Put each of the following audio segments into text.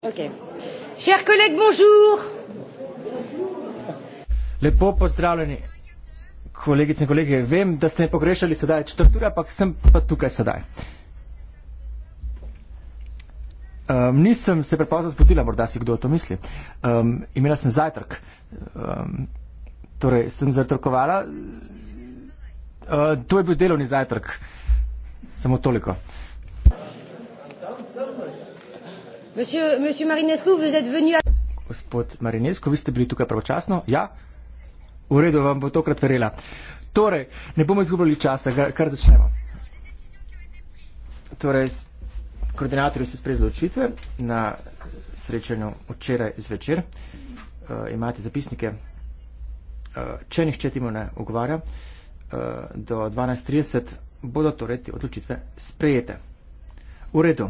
Ok. Chers collègues, bonjour. Lepo pozdravljeni, kolegice in kolege. Vem, da ste me pogrešali sedaj četrt ure, ampak sem pa tukaj sedaj. Um, nisem se prepozno zbudila, morda si kdo to misli. Um, imela sem zajtrk. Um, torej, sem zajtrkovala. Uh, to je bil delovni zajtrk. Samo toliko. Monsieur, monsieur Marinescu, vous êtes venu à... Gospod Marinescu, vi ste bili tukaj pravočasno? Ja? V redu, vam bo tokrat verjela. Torej, ne bomo izgubljali časa, kar začnemo. Torej, koordinatorji se sprejeli odločitve na srečanju včeraj zvečer. Uh, imate zapisnike, uh, če nihče timo ne ogovarja, uh, eh, do 12.30 bodo torej te odločitve sprejete. V redu,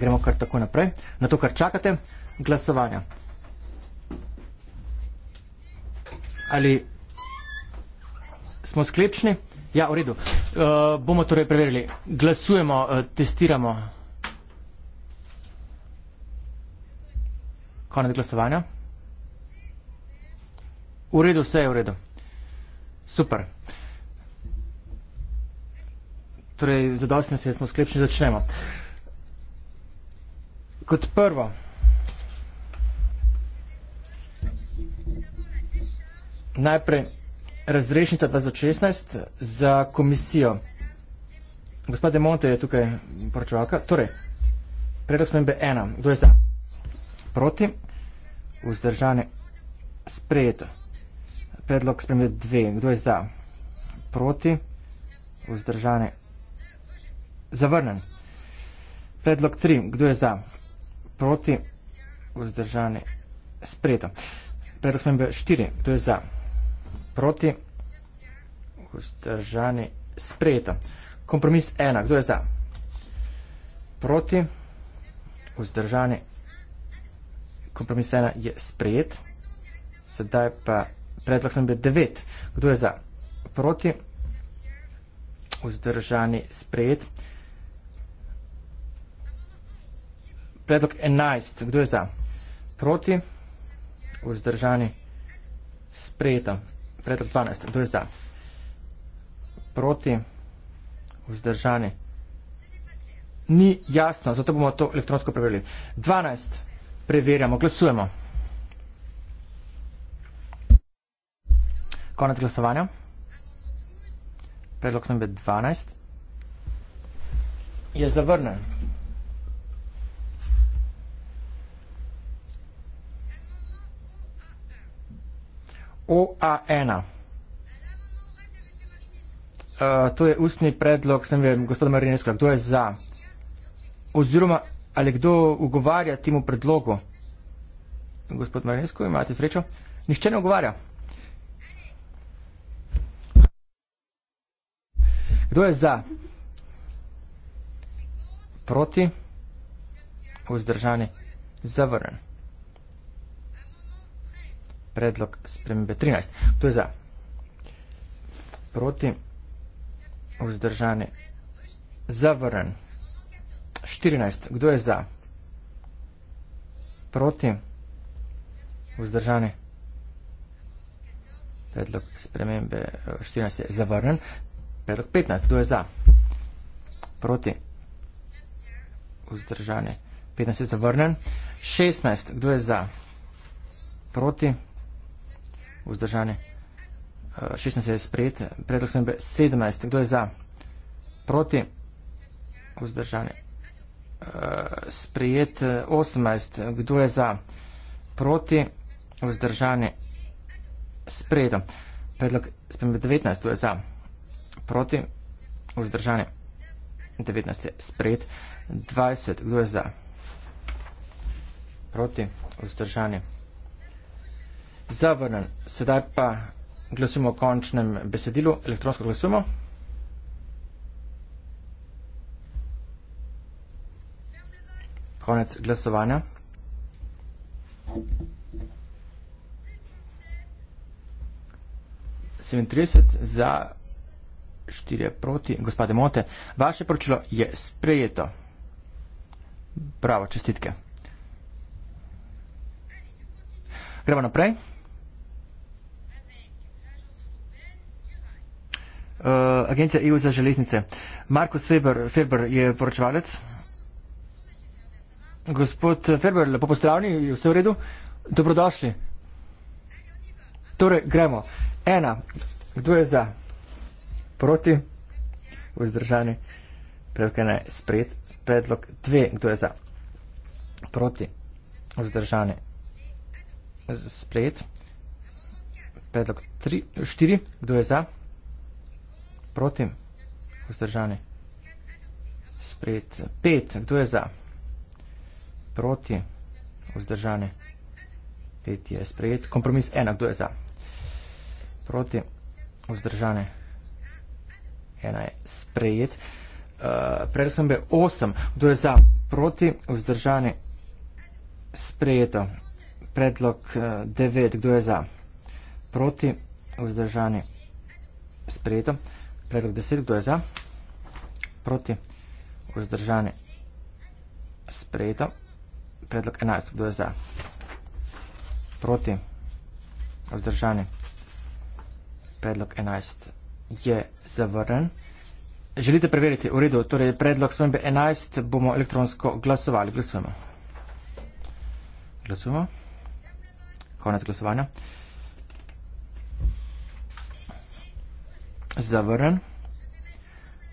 gremo kar tako naprej, na to, kar čakate, glasovanja. Ali smo sklepčni? Ja, v redu. Uh, bomo torej preverili. Glasujemo, uh, testiramo. Konec glasovanja. V redu, vse je v redu. Super. Torej, zadostne se smo sklepčni, začnemo. Uh, Kot prvo, najprej razrešnica 2016 za komisijo. Gospod Demonte je tukaj poročevalka. Torej, predlog smembe ena. Kdo je za? Proti. Vzdržane sprejeto. Predlog smembe dve. Kdo je za? Proti. Vzdržane zavrnen. Predlog tri. Kdo je za? Proti proti vzdržani spredo. Predlog spremembe štiri, to je za proti vzdržani spredo. Kompromis ena, kdo je za proti vzdržani kompromis ena je spred, sedaj pa predlog spremembe devet, kdo je za proti vzdržani spredo. predlog 11. Kdo je za? Proti? Vzdržani? Sprejeta. Predlog 12. Kdo je za? Proti? Vzdržani? Ni jasno, zato bomo to elektronsko preverili. 12. Preverjamo, glasujemo. Konec glasovanja. Predlog nr. 12 je zavrnen. OA1. Uh, to je ustni predlog, sem vem, gospod Marinesko, kdo je za? Oziroma, ali kdo ugovarja temu predlogu? Gospod Marinesko, imate srečo? Nihče ne ugovarja. Kdo je za? Proti? Vzdržani? Zavrnjen predlog spremembe 13. To je za. Proti. Vzdržani. Zavrn. 14. Kdo je za? Proti. Vzdržani. Predlog spremembe 14 eh, je zavrn. Predlog 15. Kdo je za? Proti. Vzdržani. 15 je zavrnen. 16. Kdo je za? Proti. Proti vzdržani. 16 eh, je sprejet, predlog smembe 17. Kdo je za? Proti? Vzdržani. Eh, sprejet 18. Eh, Kdo je za? Proti? Vzdržani. Sprejeto. Predlog smembe 19. Kdo je za? Proti? Vzdržani. 19 je sprejet. 20. Kdo je za? Proti? Vzdržani zavrnjen. Sedaj pa glasujemo o končnem besedilu, elektronsko glasujemo. Konec glasovanja. za 4 proti. Gospode Mote, vaše poročilo je sprejeto. Bravo, čestitke. Gremo naprej. Eh, agencija EU za železnice. Markus Feber, Feber je poročevalec. Gospod Feber, lepo pozdravljeni, vse v redu? Dobrodošli. Torej, gremo. Ena, kdo je za? Proti? Vzdržani. Predlog ne, spred. Predlog dve, kdo je za? Proti? Vzdržani. Spred. Predlog tri, štiri, kdo je za? Proti? Vzdržani? Spet. Pet. Kdo je za? Proti? Vzdržani? Pet je sprejet. Kompromis ena. Kdo je za? Proti? Vzdržani? Ena je sprejet. Uh, eh, Predstavljamo osem. Kdo je za? Proti? Vzdržani? Sprejeto. Predlog eh, devet. Kdo je za? Proti? Vzdržani? Sprejeto. Predlog deset, kdo je za? Proti. Vzdržanje. Sprejeto. Predlog enajst, kdo je za? Proti. Vzdržanje. Predlog enajst je zavrnen. Želite preveriti? V redu, torej predlog spremembe 11 bomo elektronsko glasovali. Glasujemo. Glasujemo. Konec glasovanja. zavrn.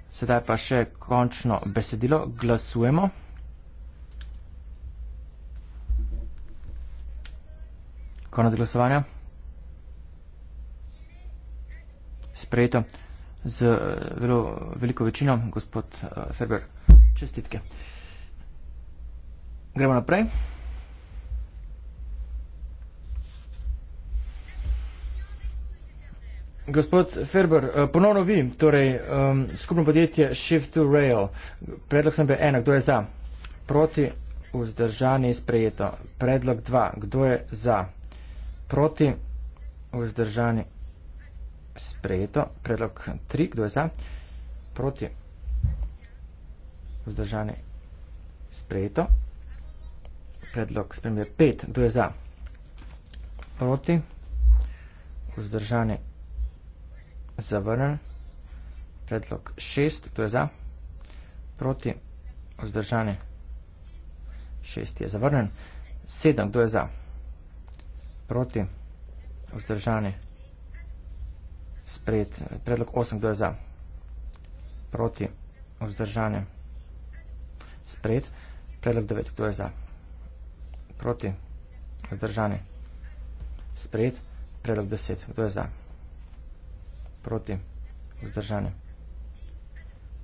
Sedaj pa še končno besedilo, glasujemo. Konec glasovanja. Sprejeto z eh, velo, veliko večino, gospod eh, Ferber. Čestitke. Gremo naprej. Gospod Ferber, eh, ponovno vi, torej um, skupno podjetje Shift to Rail. Predlog sem bil ena, kdo je za? Proti, vzdržani je sprejeto. Predlog dva, kdo je za? Proti, vzdržani sprejeto. Predlog tri, kdo je za? Proti, vzdržani sprejeto. Predlog spremembe pet, kdo je za? Proti, vzdržani sprejeto zavrnjen. Predlog šest, kdo je za? Proti, vzdržani. Šest je zavrnjen. Sedem, kdo je za? Proti, vzdržani. Sprejet. Predlog osem, kdo je za? Proti, vzdržani. Sprejet. Predlog devet, kdo je za? Proti, vzdržani. Sprejet. Predlog deset, kdo je za? Proti, vzdržani proti vzdržanju.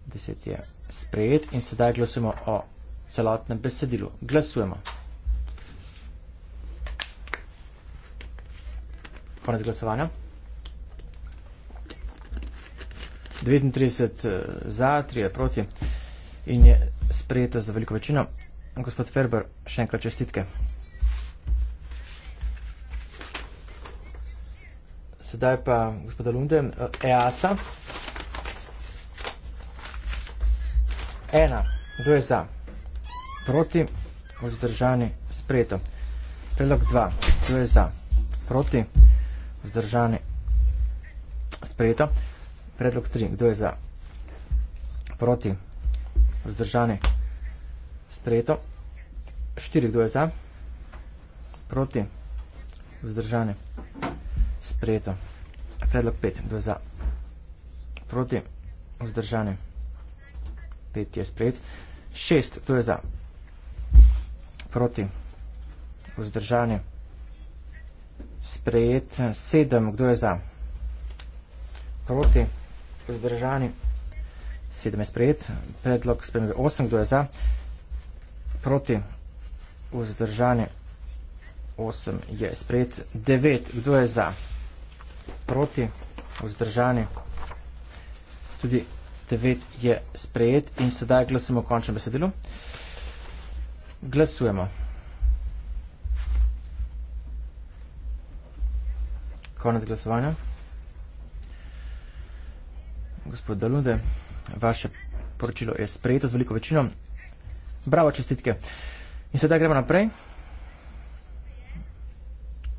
Deset je sprejet in sedaj glasujemo o celotnem besedilu. Glasujemo. Konec glasovanja. 39 eh, za, 3 je proti in je sprejeto za veliko večino. Gospod Ferber, še enkrat čestitke. sedaj pa gospoda Lunde, EASA. Eh, e Ena, kdo je za? Proti, vzdržani, spreto. Predlog dva, kdo je za? Proti, vzdržani, spreto. Predlog tri, kdo je za? Proti, vzdržani, spreto. Štiri, kdo je za? Proti, vzdržani, spreto sprejeto. Predlog pet, kdo za? Proti, vzdržani. Pet je sprejet. Šest, kdo je za? Proti, vzdržani. Sprejet. Sedem, kdo je za? Proti, vzdržani. Sedem je sprejet. Predlog spremljiv. Osem, kdo je za? Proti, vzdržani. Osem je sprejet. Devet, kdo je za? Proti, vzdržani proti, vzdržani. Tudi 9 je sprejet in sedaj glasujemo o končnem besedilu. Glasujemo. Konec glasovanja. Gospod Dalude, vaše poročilo je sprejeto z veliko večino. Bravo, čestitke. In sedaj gremo naprej.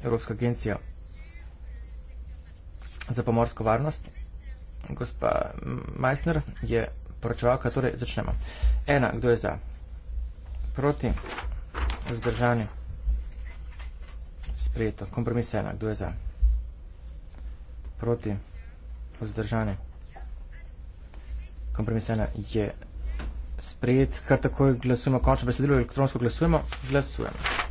Evropska agencija za pomorsko varnost. Gospa Meissner je poročevalka, torej začnemo. Ena, kdo je za? Proti vzdržanju. Sprejeto. Kompromis ena, kdo je za? Proti vzdržanju. Kompromis ena je sprejet, kar takoj glasujemo, končno besedilo elektronsko glasujemo, glasujemo.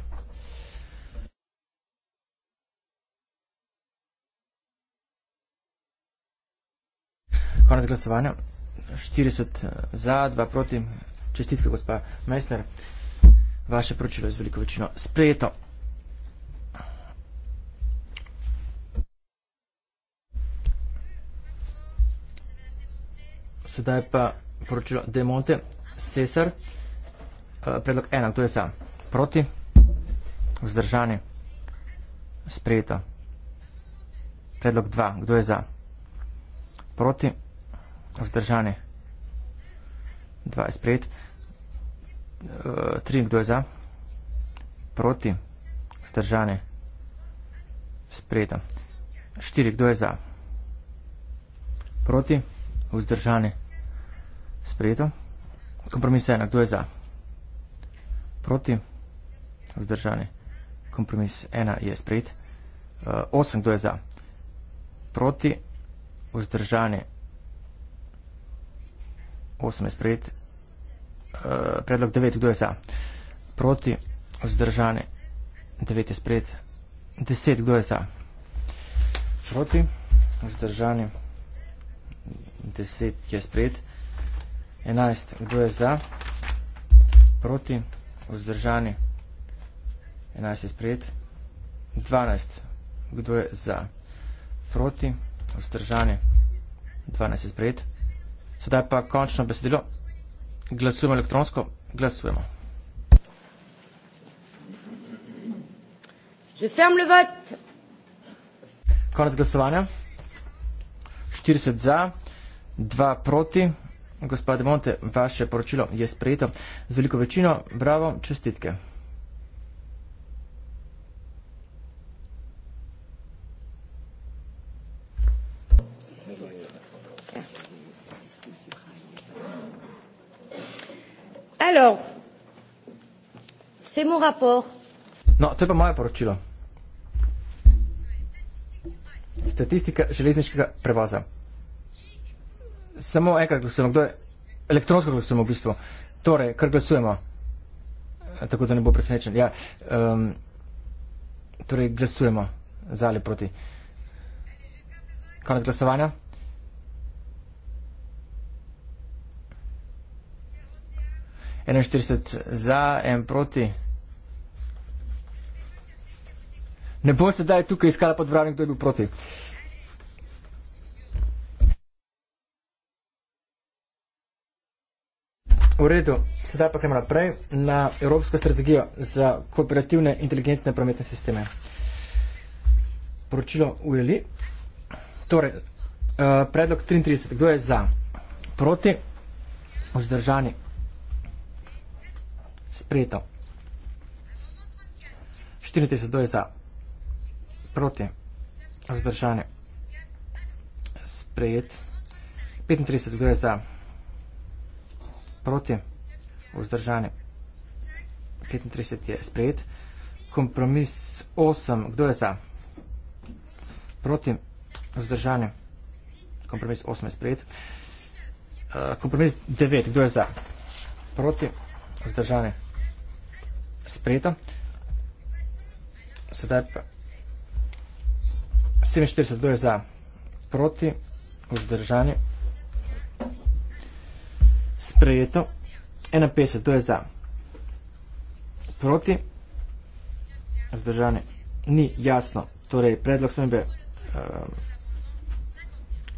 iz glasovanja. 40 eh, za, 2 proti. Čestitke, gospa Mejster. Vaše pročilo je z veliko večino sprejeto. Sedaj pa poročilo Demonte, Cesar, eh, predlog 1, to je sam, proti, vzdržani, sprejeto, predlog 2, kdo je za, proti, vzdržani. Vzdržani. Dva je spred. E, tri, kdo je za? Proti. Vzdržani. Spreda. Štiri, kdo je za? Proti. Vzdržani. Spreda. Kompromis ena, kdo je za? Proti. Vzdržani. Kompromis ena je spred. E, osem, kdo je za? Proti. Vzdržani. 8 je sprejet, uh, predlog 9, kdo je za? Proti, vzdržani, 9 je sprejet, 10, kdo je za? Proti, vzdržani, 10 je sprejet, 11, kdo je za? Proti, vzdržani, 11 je sprejet, 12, kdo je za? Proti, vzdržani, 12 je sprejet, 13. Sedaj pa končno besedilo. Glasujemo elektronsko. Glasujemo. Že sem levat. Konec glasovanja. 40 za, 2 proti. Gospod Demonte, vaše poročilo je sprejeto z veliko večino. Bravo, čestitke. mon rapport. No, to je pa moje poročilo. Statistika železniškega prevoza. Samo enkrat glasujemo, kdo je elektronsko glasujemo v bistvu. Torej, kar glasujemo, eh, tako da ne bo presenečen. Ja, um, torej, glasujemo za ali proti. Konec glasovanja. 41 za, 1 proti. Ne bom se daj tukaj iskala pod vrani, kdo je bil proti. V redu, sedaj pa gremo naprej na Evropsko strategijo za kooperativne inteligentne prometne sisteme. Poročilo ujeli. Torej, eh, predlog 33. Kdo je za? Proti? Vzdržani? Sprejeto. 34. Kdo je za? proti, vzdržani, sprejet, 35 gre za, proti, vzdržani, 35 je sprejet, kompromis 8, kdo je za, proti, vzdržani, kompromis 8 je sprejet, eh, kompromis 9, kdo je za, proti, vzdržani, sprejeto, sedaj pa, 47 za, proti, vzdržani. Sprejeto. 51 to je za, proti, vzdržani. Ni jasno. Torej, predlog smo imbe, uh,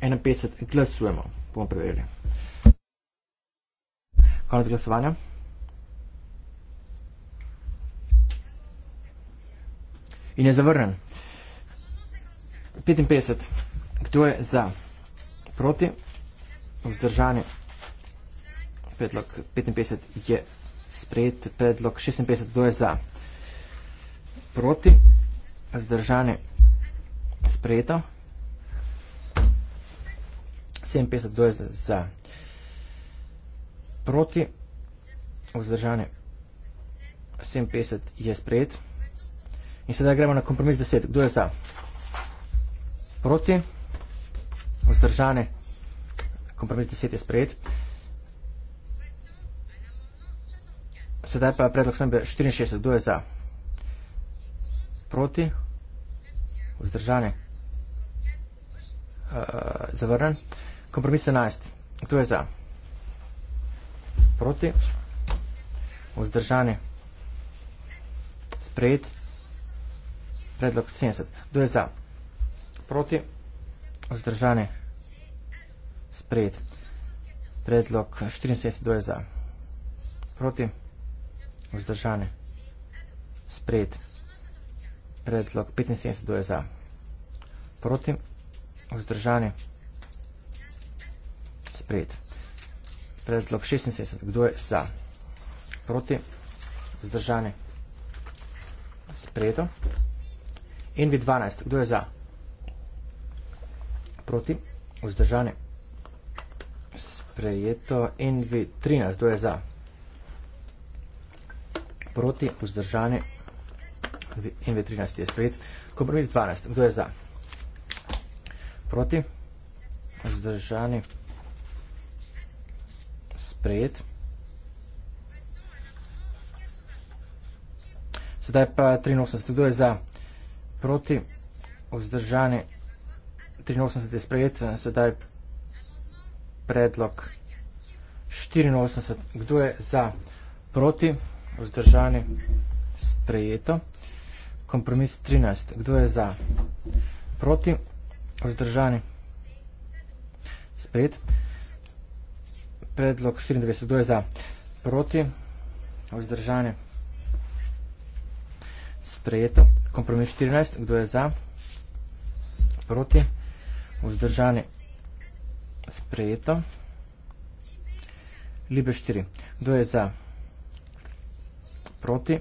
51 glasujemo. Bomo preverili. Konec glasovanja. In je zavrnen. 55. Kdo je za? Proti? Vzdržanje. Predlog 55 je sprejet. Predlog 56. Kdo je za? Proti? Vzdržanje. Sprejeto. 57. Kdo je za? Proti? Vzdržanje. 57 je sprejet. In sedaj gremo na kompromis 10. Kdo je za? Proti? proti, vzdržane, kompromis 10 je sprejet. Sedaj pa je predlog spremembe 64, kdo je za? Proti, vzdržane, uh, zavrnen, kompromis 11, kdo je za? Proti, vzdržane, sprejet, predlog 70, kdo je za? proti, vzdržani, sprejet. Predlog 74 je za, proti, vzdržani, sprejet. Predlog 75 je za, proti, vzdržani, sprejet. Predlog 76, kdo je za, proti, vzdržani, sprejeto. In vi 12, kdo je za, proti proti, vzdržane. Sprejeto NV13, kdo je za? Proti, vzdržane. NV13 je sprejet. Kompromis 12, kdo je za? Proti, vzdržane. Sprejet. Sedaj pa 83, kdo je za? Proti, vzdržane. Sprejet. 83 je sprejet, sedaj predlog 84. Kdo je za proti vzdržani sprejeto? Kompromis 13. Kdo je za proti vzdržani sprejet? Predlog 94. Kdo je za proti vzdržani sprejeto? Kompromis 14. Kdo je za proti vzdržani sprejeto? vzdržane, sprejeto. Libe 4. Kdo je za proti,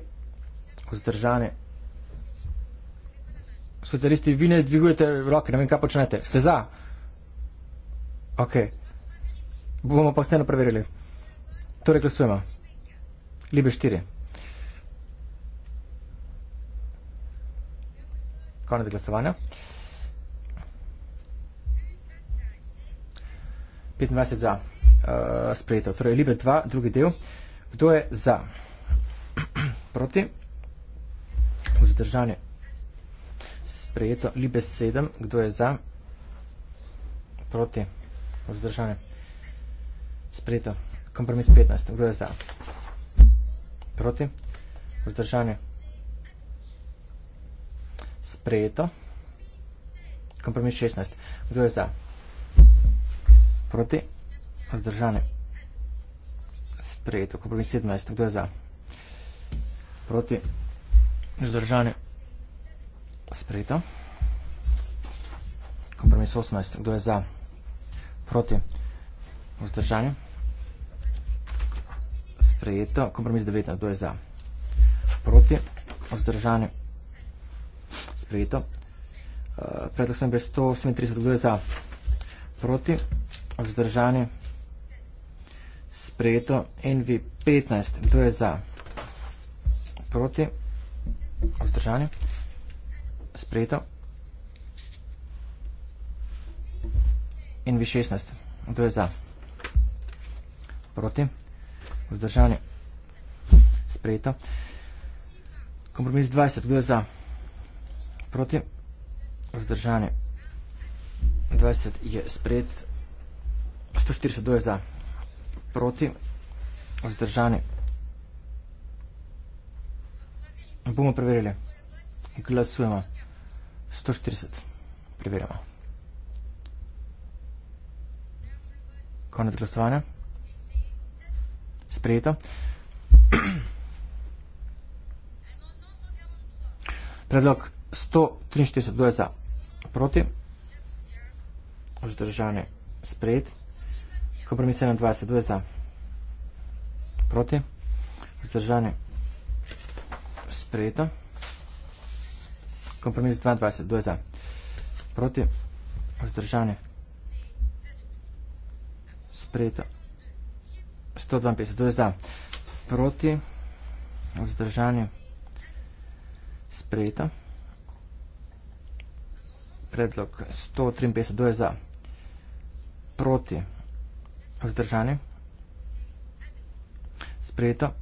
vzdržane, socialisti, vi ne dvigujete roke, ne vem, kaj počnete. Ste za? Ok. Bomo pa vseeno preverili. Torej, glasujemo. Libe 4. Konec glasovanja. 25 za uh, sprejeto. Torej, Libe 2, drugi del. Kdo je za? Proti? Vzdržanje. Sprejeto. Libe 7. Kdo je za? Proti? Vzdržanje. Sprejeto. Kompromis 15. Kdo je za? Proti? Vzdržanje. Sprejeto. Kompromis 16. Kdo je za? Proti? Vzdržani. Sprejeto. Kako pravim 17? Kdo je za? Proti? Vzdržani. Sprejeto. Kompromis 18. Kdo je za? Proti? Vzdržanje? Sprejeto. Kompromis 19. Kdo je za? Proti? Vzdržanje? Sprejeto. Eh, predlog smo je brez 138. Kdo je za? Proti? vzdržanje sprejeto NV15, to je za proti vzdržanje sprejeto NV16, to je za proti vzdržanje sprejeto kompromis 20, to je za proti vzdržanje 20 je sprejeto 142 za, proti, vzdržani. Bomo preverili. Glasujemo. 140. Preverjamo. Konec glasovanja. Sprejeto. Predlog 143 za, proti, vzdržani. Sprejeti. Kako pa mislim na 20? Dve za. Proti? Vzdržanje. Sprejeto. Kompromis 22, 2 za. Proti, vzdržanje. Sprejeto. 152, 2 za. Proti, vzdržanje. Sprejeto. Predlog 153, 2 za. Proti, vzdržanje. Vzdržanje. Sprejeto.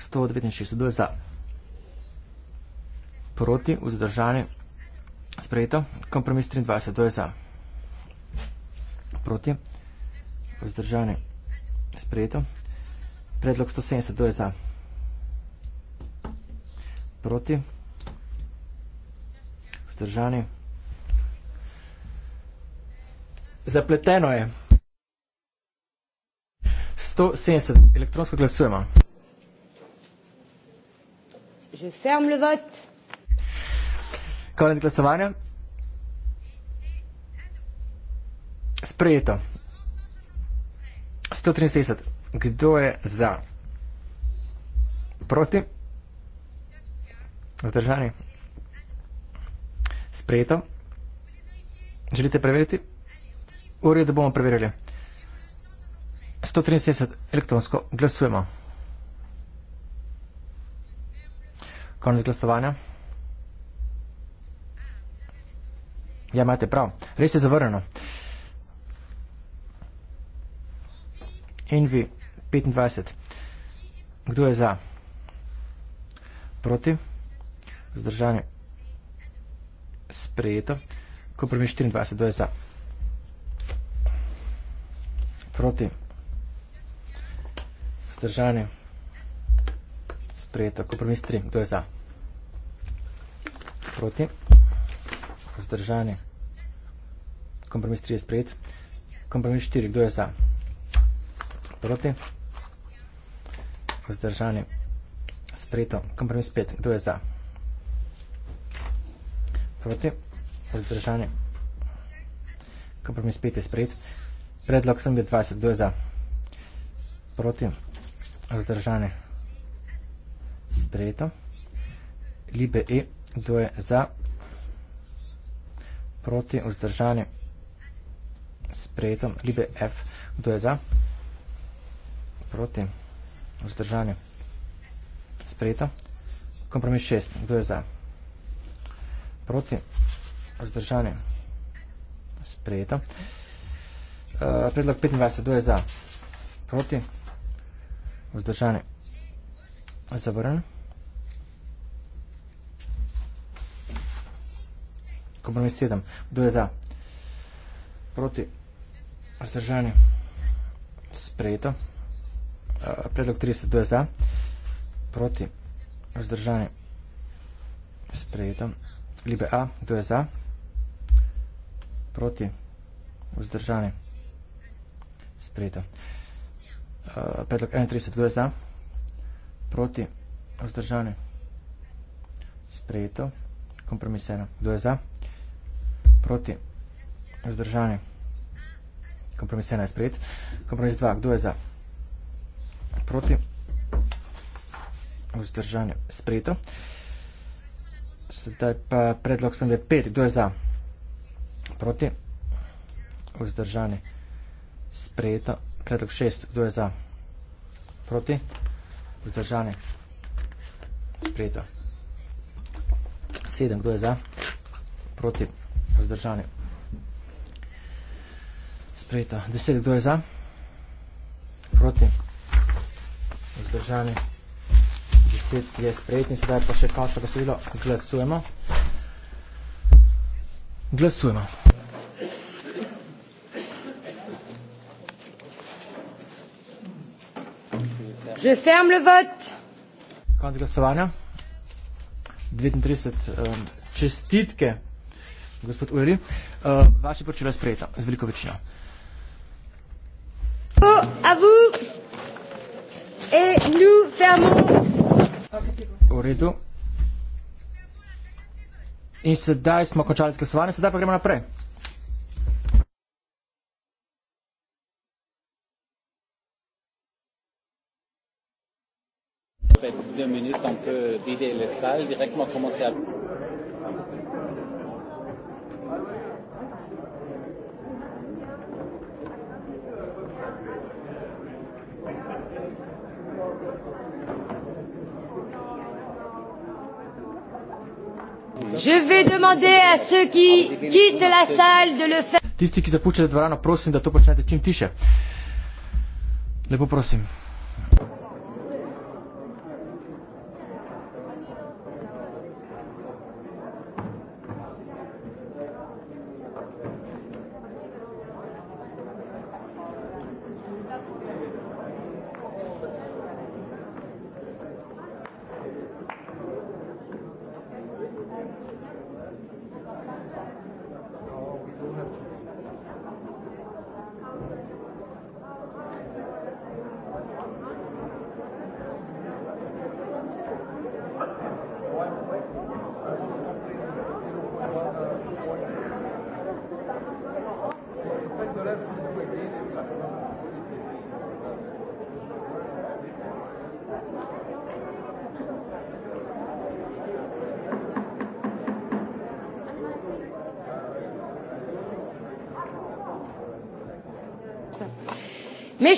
169. Do je za. Proti. Vzdržanje. Sprejeto. Kompromis 23. Do je za. Proti. Vzdržanje. Sprejeto. Predlog 170. Do je za. Proti. Vzdržanje. Zapleteno je. 170. Elektronsko glasujemo. Je ferm le vote. Konec glasovanja. Sprejeto. 173. Kdo je za? Proti? Vzdržani? Sprejeto. Želite preveriti? Ured bomo preverili. 173 elektronsko glasujemo. Konec glasovanja. Ja, imate prav. Res je zavrneno. Envi 25. Kdo je za? Proti. Zdržanje. Sprejeto. Kompromis 24. Kdo je za? Proti. Proti. Zdržanje. Sprejeto. Kompromis 3. Kdo je za? Proti. Zdržanje. Kompromis 3 je sprejet. Kompromis 4. Kdo je za? Proti. Zdržanje. Sprejeto. Kompromis 5. Kdo je za? Proti. Zdržanje. Kompromis 5 je sprejet. Predlog 20. Kdo je za? Proti. Proti. Zdržane. Sprejeto. Libe E, kdo je za? Proti, vzdržane. Sprejeto. Libe F, kdo je za? Proti, vzdržane. Sprejeto. Kompromis 6, kdo je za? Proti, vzdržane. Sprejeto. Eh, predlog 25, kdo je za? Proti, vzdržane vzdržane. Zavrn. Kompromis 7. Kdo je za? Proti. Vzdržane. Sprejeto. Eh, predlog 30. Kdo je za? Proti. Vzdržane. Sprejeto. Libe A. Kdo je za? Proti. Vzdržane. Sprejeto. Sprejeto. Eh, predlog 31 kdo je za? Proti? Vzdržani? Sprejeto. Kompromis 1. Kdo je za? Proti? Vzdržani? Kompromis 1 je sprejet. Kompromis 2. Kdo je za? Proti? Vzdržani? Sprejeto. Sedaj pa predlog spremlje 5. Kdo je za? Proti? Vzdržani? Sprejeto. Sprejeto predlog šest, kdo je za? Proti? Vzdržanje? Sprejeto. Sedem, kdo je za? Proti? Vzdržanje? Sprejeto. Deset, kdo je za? Proti? Vzdržanje? Deset je sprejetni, sedaj pa še kao so besedilo. Glasujemo. Glasujemo. Glasujemo. Je ferme le vote. Konc glasovanja. 39 uh, ehm, čestitke, gospod Ujeri. Uh, vaše poročilo je sprejeto z veliko večino. A vous. E nous fermons. V redu. In sedaj smo končali z glasovanjem, sedaj pa gremo naprej. vider les salles, directement commencer à. Je vais demander à ceux qui quittent la salle de le faire. Tisti, ki zapuščate dvorano, prosim, da to počnete čim tiše. Lepo prosim.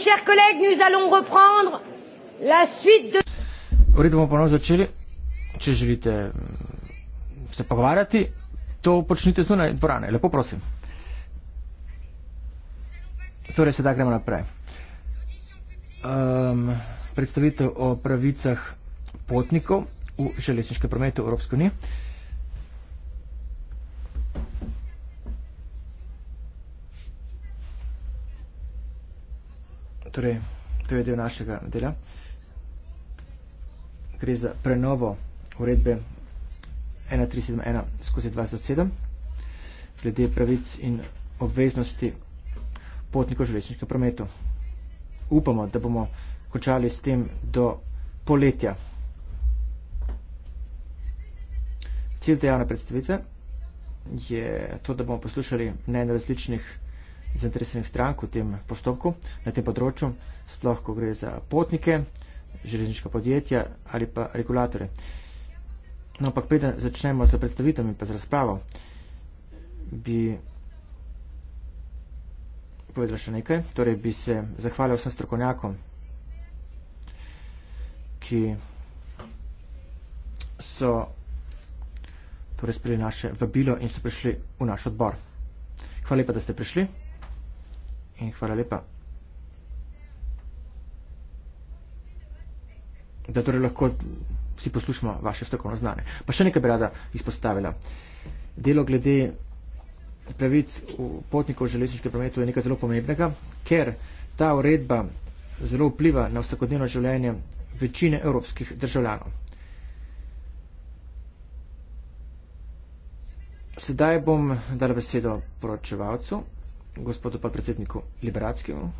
chers collègues, nous allons reprendre la suite de... V redu bomo ponovno začeli. Če želite mm, se pogovarjati, to počnite zunaj dvorane. Lepo prosim. Torej, sedaj gremo naprej. Um, predstavitev o pravicah potnikov v železniškem prometu Evropske unije. Uh, Torej, to je del našega dela. Gre za prenovo uredbe 1371 skozi 27, glede pravic in obveznosti potnikov železniškega prometa. Upamo, da bomo končali s tem do poletja. Cilj te javne predstavitve je to, da bomo poslušali mnenje različnih zainteresiranih strank v tem postopku, na tem področju, sploh, ko gre za potnike, železniška podjetja ali pa regulatore. No, ampak preden začnemo z predstavitvami pa z razpravo, bi povedala še nekaj, torej bi se zahvalil vsem strokovnjakom, ki so torej sprejeli naše vabilo in so prišli v naš odbor. Hvala lepa, da ste prišli in hvala lepa. Da torej lahko si poslušamo vaše strokovno znanje. Pa še nekaj bi rada izpostavila. Delo glede pravic potnikov v železniškem prometu je nekaj zelo pomembnega, ker ta uredba zelo vpliva na vsakodnevno življenje večine evropskih državljanov. Sedaj bom dala besedo poročevalcu gospodu podpredsedniku Liberacijo. Uh,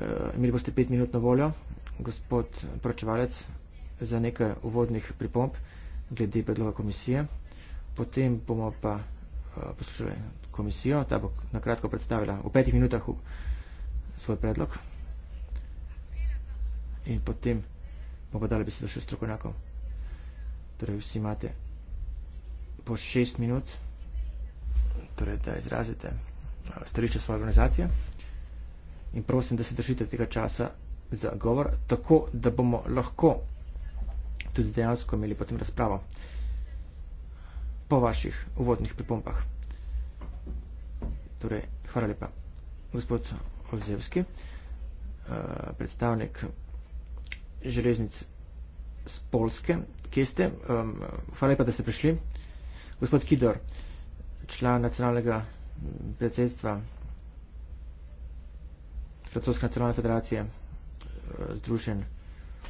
eh, imeli boste pet minut na voljo, gospod pročevalec, za nekaj uvodnih pripomp glede predloga komisije. Potem bomo pa uh, poslušali komisijo, ta bo nakratko predstavila v petih minutah v svoj predlog. In potem bomo dali besedo še strokovnjakom. Torej, vsi imate po šest minut, torej da izrazite stališče svoje organizacije in prosim, da se držite tega časa za govor, tako da bomo lahko tudi dejansko imeli potem razpravo po vaših uvodnih pripombah. Torej, hvala lepa, gospod Ozevski, predstavnik železnic z Polske, kje ste? Hvala lepa, da ste prišli. Gospod Kidor, član nacionalnega predsedstva Francoske nacionalne federacije eh, Združen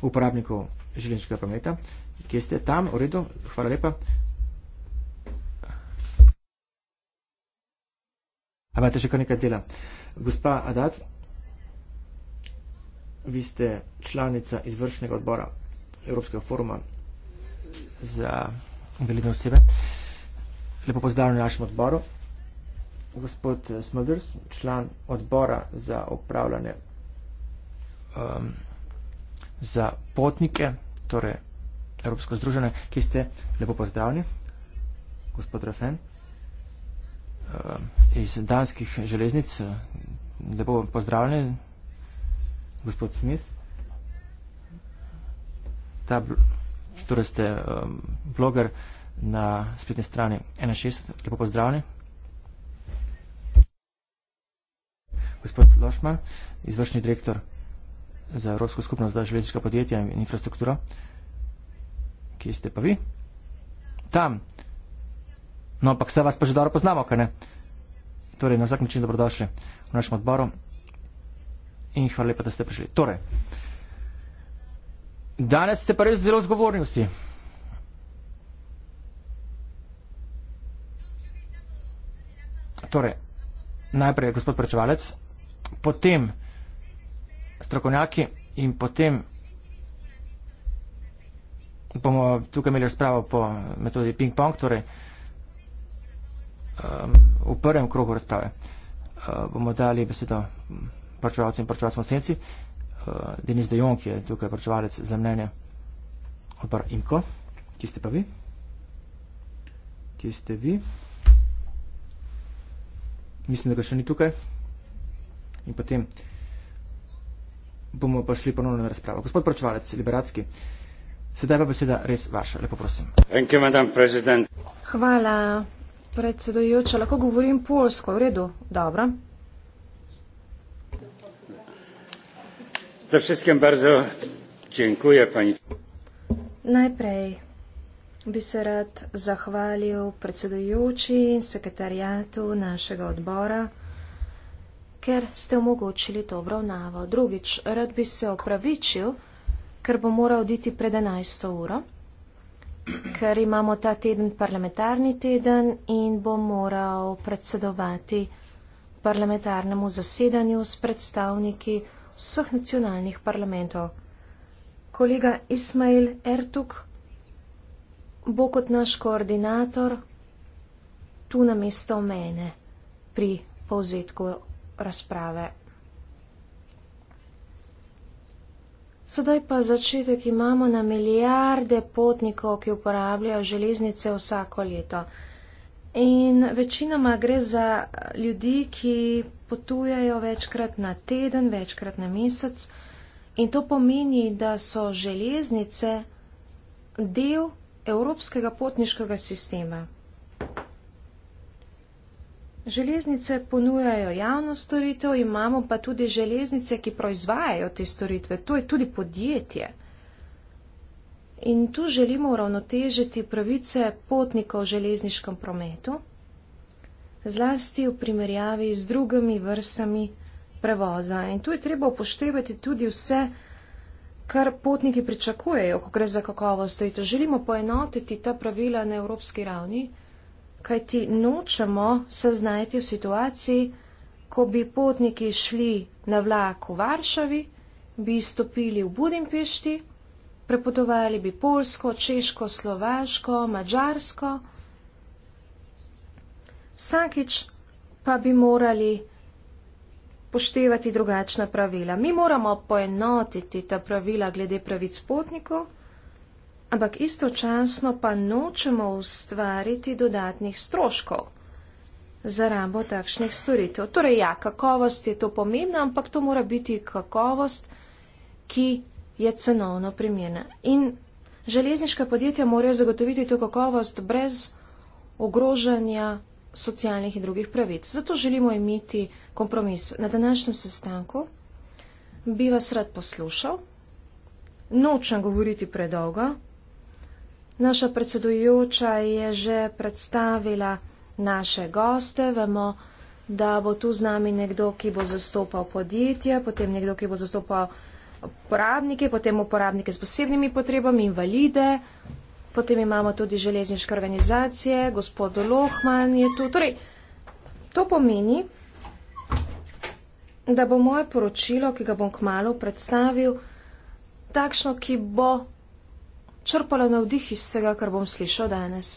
uporabnikov železniškega prometa, ki ste tam, v redu, hvala lepa. A imate še kar nekaj dela. Gospa Adat, vi ste članica izvršnega odbora Evropskega foruma za invalidne osebe. Uh, Lepo pozdravljen na našem odboru. Gospod Smulders, član odbora za upravljanje um, za potnike, torej Evropsko združenje, ki ste lepo pozdravljeni. Gospod Rafen um, iz danskih železnic, lepo pozdravljeni. Gospod Smith. Ta, torej ste um, bloger na spletni strani 61. Lepo pozdravljeni. Gospod Lošman, izvršni direktor za Evropsko skupnost za železniška podjetja in infrastrukturo. Kje ste pa vi? Tam. No, ampak se vas pa že dobro poznamo, kaj ne? Torej, na vsak način dobrodošli v našem odboru in hvala lepa, da ste prišli. Torej, danes ste pa res zelo zgovorni vsi. Torej, najprej je gospod prečevalec, potem strokovnjaki in potem bomo tukaj imeli razpravo po metodi ping-pong, torej um, v prvem krogu razprave uh, bomo dali besedo prečevalcem in prečevalcem osenci. Uh, Denis De Jong je tukaj prečevalec za mnenje odbora Inko, ki ste pa vi. Ki ste vi? mislim, da ga še ni tukaj. In potem bomo pa šli ponovno na razpravo. Gospod pročevalec, liberacki, sedaj pa beseda res vaša. Lepo prosim. Thank you, Hvala, predsedujoča. Lahko govorim polsko, v redu, dobro. Da vsem bardzo dziękuję pani. Najprej bi se rad zahvalil predsedujoči in sekretarijatu našega odbora, ker ste omogočili to obravnavo. Drugič, rad bi se opravičil, ker bom moral oditi pred 11. uro, ker imamo ta teden parlamentarni teden in bom moral predsedovati parlamentarnemu zasedanju s predstavniki vseh nacionalnih parlamentov. Kolega Ismail Ertuk, bo kot naš koordinator tu na mesto mene pri povzetku razprave. Sedaj pa začetek imamo na milijarde potnikov, ki uporabljajo železnice vsako leto. In večinoma gre za ljudi, ki potujajo večkrat na teden, večkrat na mesec. In to pomeni, da so železnice del evropskega potniškega sistema. Železnice ponujajo javno storitev, imamo pa tudi železnice, ki proizvajajo te storitve, to je tudi podjetje. In tu želimo uravnotežiti pravice potnikov v železniškem prometu, zlasti v primerjavi z drugimi vrstami prevoza. In tu je treba upoštevati tudi vse, kar potniki pričakujejo, ko gre za kakovost. To želimo poenotiti ta pravila na evropski ravni, kajti nočemo se znajti v situaciji, ko bi potniki šli na vlak v Varšavi, bi stopili v Budimpešti, prepotovali bi Polsko, Češko, Slovaško, Mačarsko. Vsakič pa bi morali poštevati drugačna pravila. Mi moramo poenotiti ta pravila glede pravic potnikov, ampak istočasno pa nočemo ustvariti dodatnih stroškov za rabo takšnih storitev. Torej, ja, kakovost je to pomembna, ampak to mora biti kakovost, ki je cenovno primerna. In železniška podjetja morajo zagotoviti to kakovost brez ogrožanja socialnih in drugih pravic. Zato želimo imeti kompromis. Na današnjem sestanku bi vas rad poslušal, nočem govoriti predolgo. Naša predsedujoča je že predstavila naše goste, vemo, da bo tu z nami nekdo, ki bo zastopal podjetje, potem nekdo, ki bo zastopal uporabnike, potem uporabnike s posebnimi potrebami, invalide, potem imamo tudi železniške organizacije, gospod Lohman je tu. Torej, to pomeni, da bo moje poročilo, ki ga bom kmalo predstavil, takšno, ki bo črpalo navdih iz tega, kar bom slišal danes.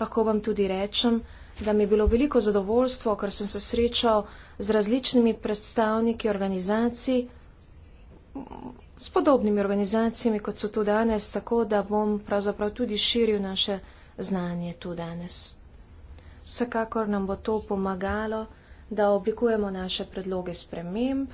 Lahko vam tudi rečem, da mi je bilo veliko zadovoljstvo, ker sem se srečal z različnimi predstavniki organizacij, s podobnimi organizacijami, kot so tu danes, tako da bom pravzaprav tudi širil naše znanje tu danes. Vsekakor nam bo to pomagalo, da oblikujemo naše predloge sprememb,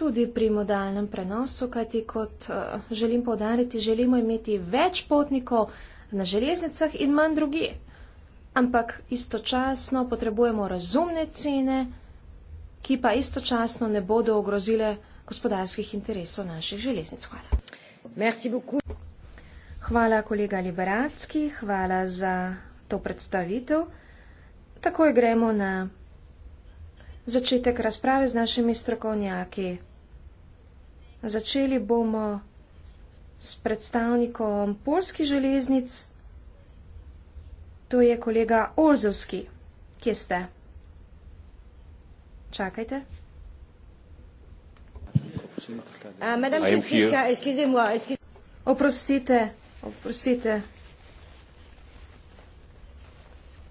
tudi pri modalnem prenosu, kajti kot eh, želim povdariti, želimo imeti več potnikov na železnicah in manj druge. Ampak istočasno potrebujemo razumne cene, ki pa istočasno ne bodo ogrozile gospodarskih interesov naših železnic. Hvala. Merci beaucoup. Hvala kolega Liberacki, hvala za to predstavitev. Takoj gremo na začetek razprave z našimi strokovnjaki. Začeli bomo s predstavnikom polskih železnic, to je kolega Olzovski. Kje ste? Čakajte. Uh, madame, excusez-moi. Oprostite, oprostite.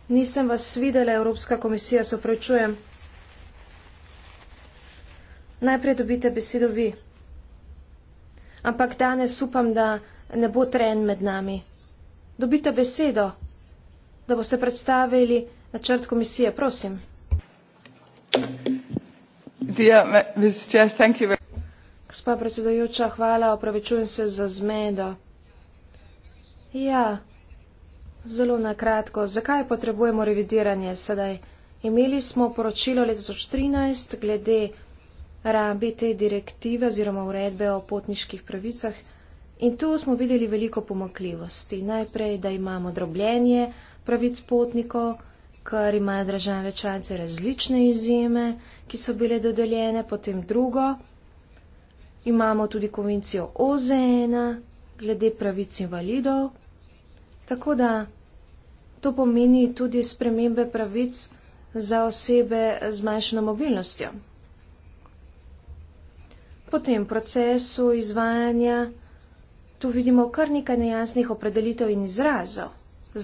Nisem vas videla, Evropska komisija, se opravičujem. Najprej dobite besedo vi. Ampak danes upam, da ne bo tren med nami. Dobite besedo, da boste predstavili načrt komisije. Prosim. Gospa predsedojoča, hvala, opravičujem se za zmedo. Ja. Zelo na kratko, zakaj potrebujemo revidiranje sedaj? Imeli smo poročilo leta 2013 glede rabi te direktive oziroma uredbe o potniških pravicah in tu smo videli veliko pomakljivosti. Najprej, da imamo drobljenje pravic potnikov, kar imajo države članice različne izjeme, ki so bile dodeljene, potem drugo. Imamo tudi konvencijo OZN glede pravic invalidov, Tako da to pomeni tudi spremembe pravic za osebe z manjšo mobilnostjo. Po tem procesu izvajanja tu vidimo kar nekaj nejasnih opredelitev in izrazov,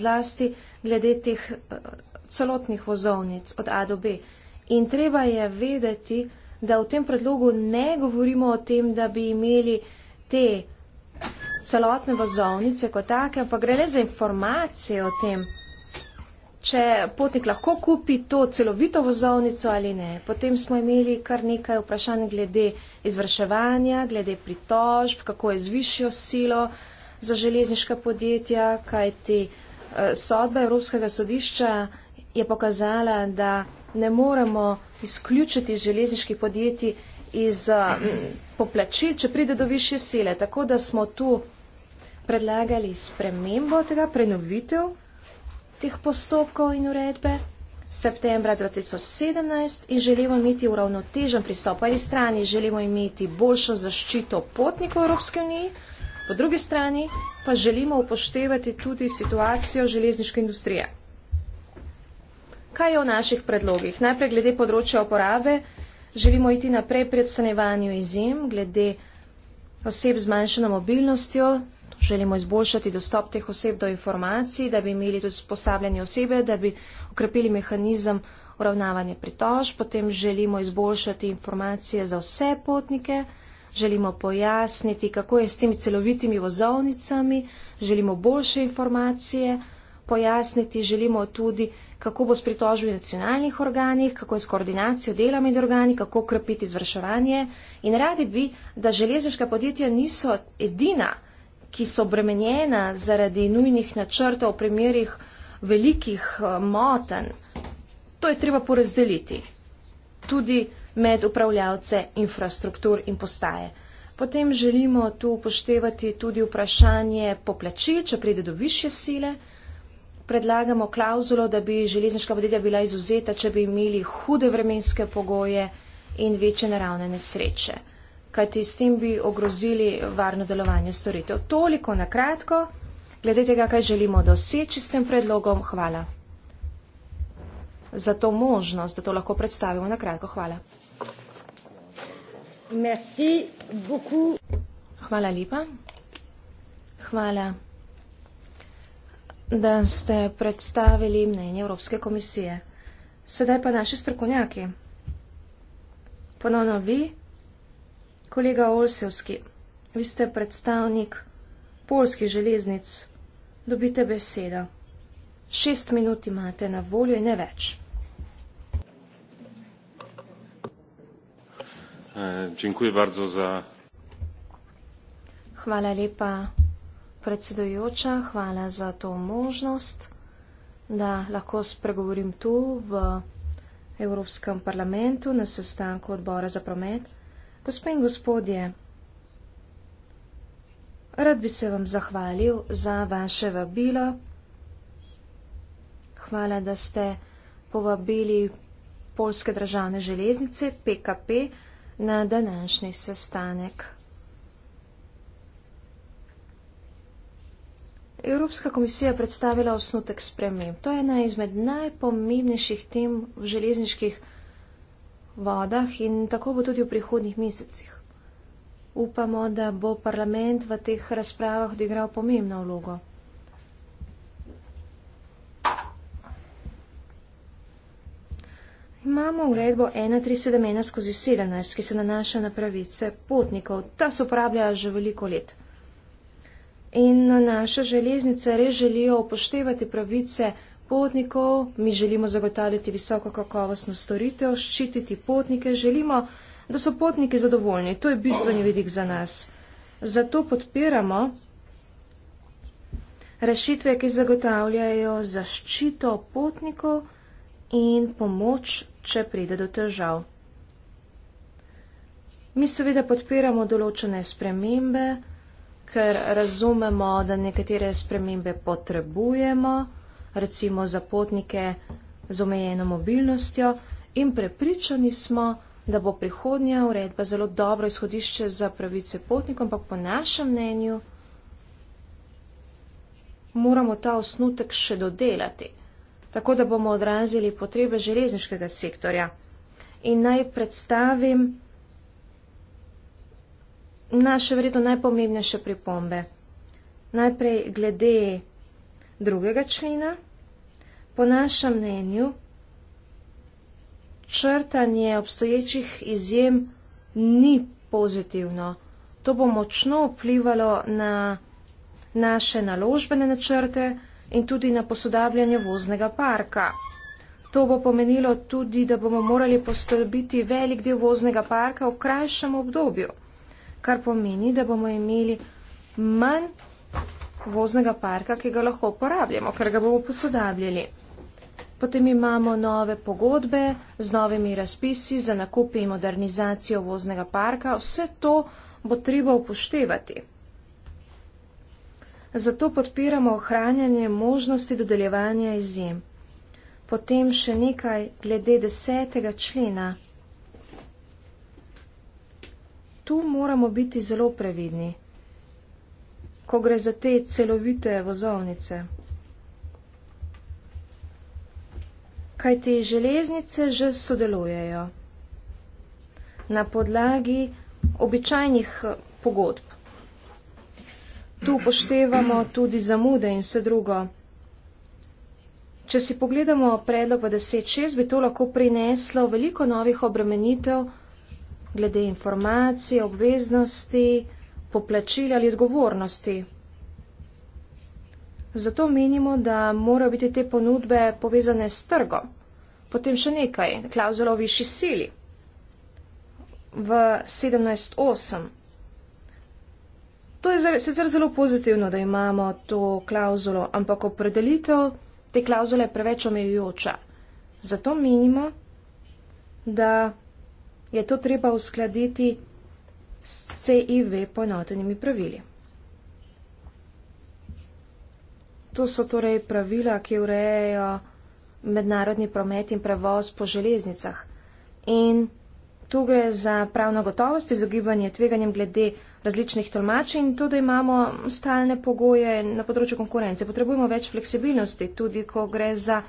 zlasti glede teh eh, celotnih vozovnic od A do B. In treba je vedeti, da v tem predlogu ne govorimo o tem, da bi imeli te celotne vozovnice kot take, ampak gre le za informacije o tem, če potnik lahko kupi to celovito vozovnico ali ne. Potem smo imeli kar nekaj vprašanj glede izvrševanja, glede pritožb, kako je z višjo silo za železniška podjetja, kaj ti eh, sodba Evropskega sodišča je pokazala, da ne moremo izključiti železniških podjetij iz eh, poplačil, če pride do više sile. Tako da smo tu predlagali spremembo tega, prenovitev teh postopkov in uredbe septembra 2017 in želimo imeti uravnotežen pristop. Po eni strani želimo imeti boljšo zaščito potnikov Evropske unije, po drugi strani pa želimo upoštevati tudi situacijo železniške industrije. Kaj je v naših predlogih? Najprej glede področja uporabe želimo iti naprej pri odstranjevanju izjem, glede oseb z manjšo mobilnostjo, Želimo izboljšati dostop teh oseb do informacij, da bi imeli tudi sposabljanje osebe, da bi ukrepili mehanizem uravnavanja pritož. Potem želimo izboljšati informacije za vse potnike, želimo pojasniti, kako je s temi celovitimi vozovnicami, želimo boljše informacije pojasniti, želimo tudi, kako bo s pritožbi v nacionalnih organih, kako je s koordinacijo dela med organi, kako ukrepiti izvrševanje. In radi bi, da železniška podjetja niso edina ki so obremenjena zaradi nujnih načrtov v primerih velikih eh, moten, to je treba porazdeliti tudi med upravljavce infrastruktur in postaje. Potem želimo tu upoštevati tudi vprašanje poplačil, če pride do više sile. Predlagamo klauzulo, da bi železniška podjetja bila izuzeta, če bi imeli hude vremenske pogoje in večje naravne nesreče kajti s tem bi ogrozili varno delovanje storitev. Toliko na kratko, glede tega, kaj želimo doseči s tem predlogom. Hvala za to možnost, da to lahko predstavimo na kratko. Hvala. Merci beaucoup. Hvala lepa. Hvala da ste predstavili mnenje Evropske komisije. Sedaj pa naši strokovnjaki. Ponovno vi. Kolega Olsevski, vi ste predstavnik polskih železnic. Dobite besedo. Šest minut imate na voljo in ne več. E, Hvala lepa, predsedujoča. Hvala za to možnost, da lahko spregovorim tu v Evropskem parlamentu na sestanku odbora za promet. Gospe in gospodje, rad bi se vam zahvalil za vaše vabilo. Hvala, da ste povabili Polske državne železnice PKP na današnji sestanek. Evropska komisija je predstavila osnutek sprememb. To je ena izmed najpomembnejših tem v železniških državah vodah in tako bo tudi v prihodnih mesecih. Upamo, da bo parlament v teh razpravah odigral pomembno vlogo. Imamo uredbo 1371 skozi 17, ki se nanaša na pravice potnikov. Ta se uporablja že veliko let. In na naše železnice res želijo upoštevati pravice potnikov potnikov, mi želimo zagotavljati visoko kakovostno storitev, ščititi potnike, želimo, da so potniki zadovoljni. To je bistveni vidik za nas. Zato podpiramo rešitve, ki zagotavljajo zaščito potnikov in pomoč, če pride do težav. Mi seveda podpiramo določene spremembe, ker razumemo, da nekatere spremembe potrebujemo recimo za potnike z omejeno mobilnostjo in prepričani smo, da bo prihodnja uredba zelo dobro izhodišče za pravice potnikov, ampak po našem mnenju moramo ta osnutek še dodelati, tako da bomo odrazili potrebe železniškega sektorja. In naj predstavim naše verjetno najpomembnejše pripombe. Najprej glede drugega člena. Po našem mnenju črtanje obstoječih izjem ni pozitivno. To bo močno vplivalo na naše naložbene načrte in tudi na posodabljanje voznega parka. To bo pomenilo tudi, da bomo morali postrbiti velik del voznega parka v krajšem obdobju, kar pomeni, da bomo imeli manj voznega parka, ki ga lahko uporabljamo, ker ga bomo posodabljali. Potem imamo nove pogodbe z novimi razpisi za nakup in modernizacijo voznega parka. Vse to bo treba upoštevati. Zato podpiramo ohranjanje možnosti dodeljevanja izjem. Potem še nekaj glede desetega člena. Tu moramo biti zelo previdni ko gre za te celovite vozovnice. Kaj te železnice že sodelujejo na podlagi običajnih eh, pogodb. Tu poštevamo tudi zamude in vse drugo. Če si pogledamo predlog v 10.6, bi to lahko prineslo veliko novih obremenitev glede informacij, obveznosti, poplačili ali odgovornosti. Zato menimo, da morajo biti te ponudbe povezane s trgo. Potem še nekaj, klauzula o višji sili. V 17.8. To je sicer zelo pozitivno, da imamo to klauzulo, ampak opredelitev te klauzule je preveč omejujoča. Zato menimo, da je to treba uskladiti s C i V ponotenimi pravili. To so torej pravila, ki urejajo mednarodni promet in prevoz po železnicah. In tu gre za pravno gotovost, izogibanje tveganjem glede različnih tolmačev in to, da imamo stalne pogoje na področju konkurence. Potrebujemo več fleksibilnosti, tudi ko gre za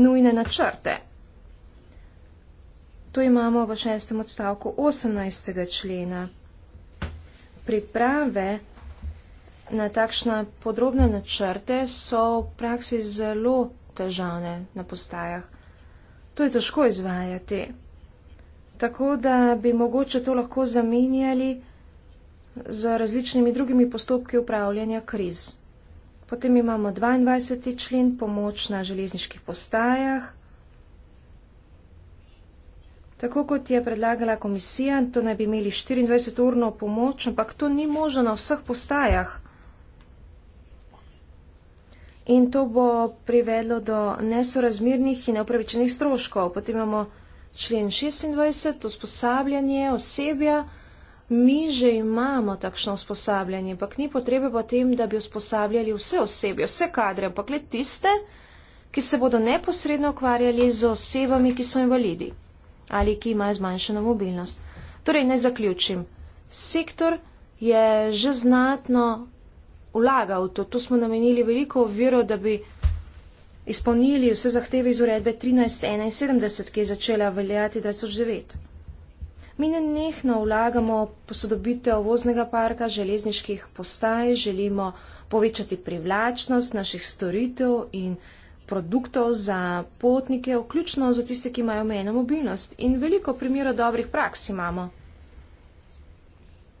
nujne načrte. To imamo v šestem odstavku 18. člena priprave na takšne podrobne načrte so v praksi zelo težavne na postajah. To je težko izvajati. Tako da bi mogoče to lahko zamenjali z različnimi drugimi postopki upravljanja kriz. Potem imamo 22. člen pomoč na železniških postajah. Tako kot je predlagala komisija, to naj bi imeli 24-urno pomoč, ampak to ni možno na vseh postajah. In to bo privedlo do nesorazmirnih in neopravičenih stroškov. Potem imamo člen 26, usposabljanje osebja. Mi že imamo takšno usposabljanje, ampak ni potrebe potem, da bi usposabljali vse osebje, vse kadre, ampak le tiste, ki se bodo neposredno ukvarjali z osebami, ki so invalidi ali ki imajo zmanjšeno mobilnost. Torej, naj zaključim. Sektor je že znatno vlagal v to. Tu smo namenili veliko viro, da bi izpolnili vse zahteve iz uredbe 1371, ki je začela veljati 2009. Mi ne nehno vlagamo posodobitev voznega parka, železniških postaj, želimo povečati privlačnost naših storitev in produktov za potnike, vključno za tiste, ki imajo omejeno mobilnost. In veliko primerov dobrih praks imamo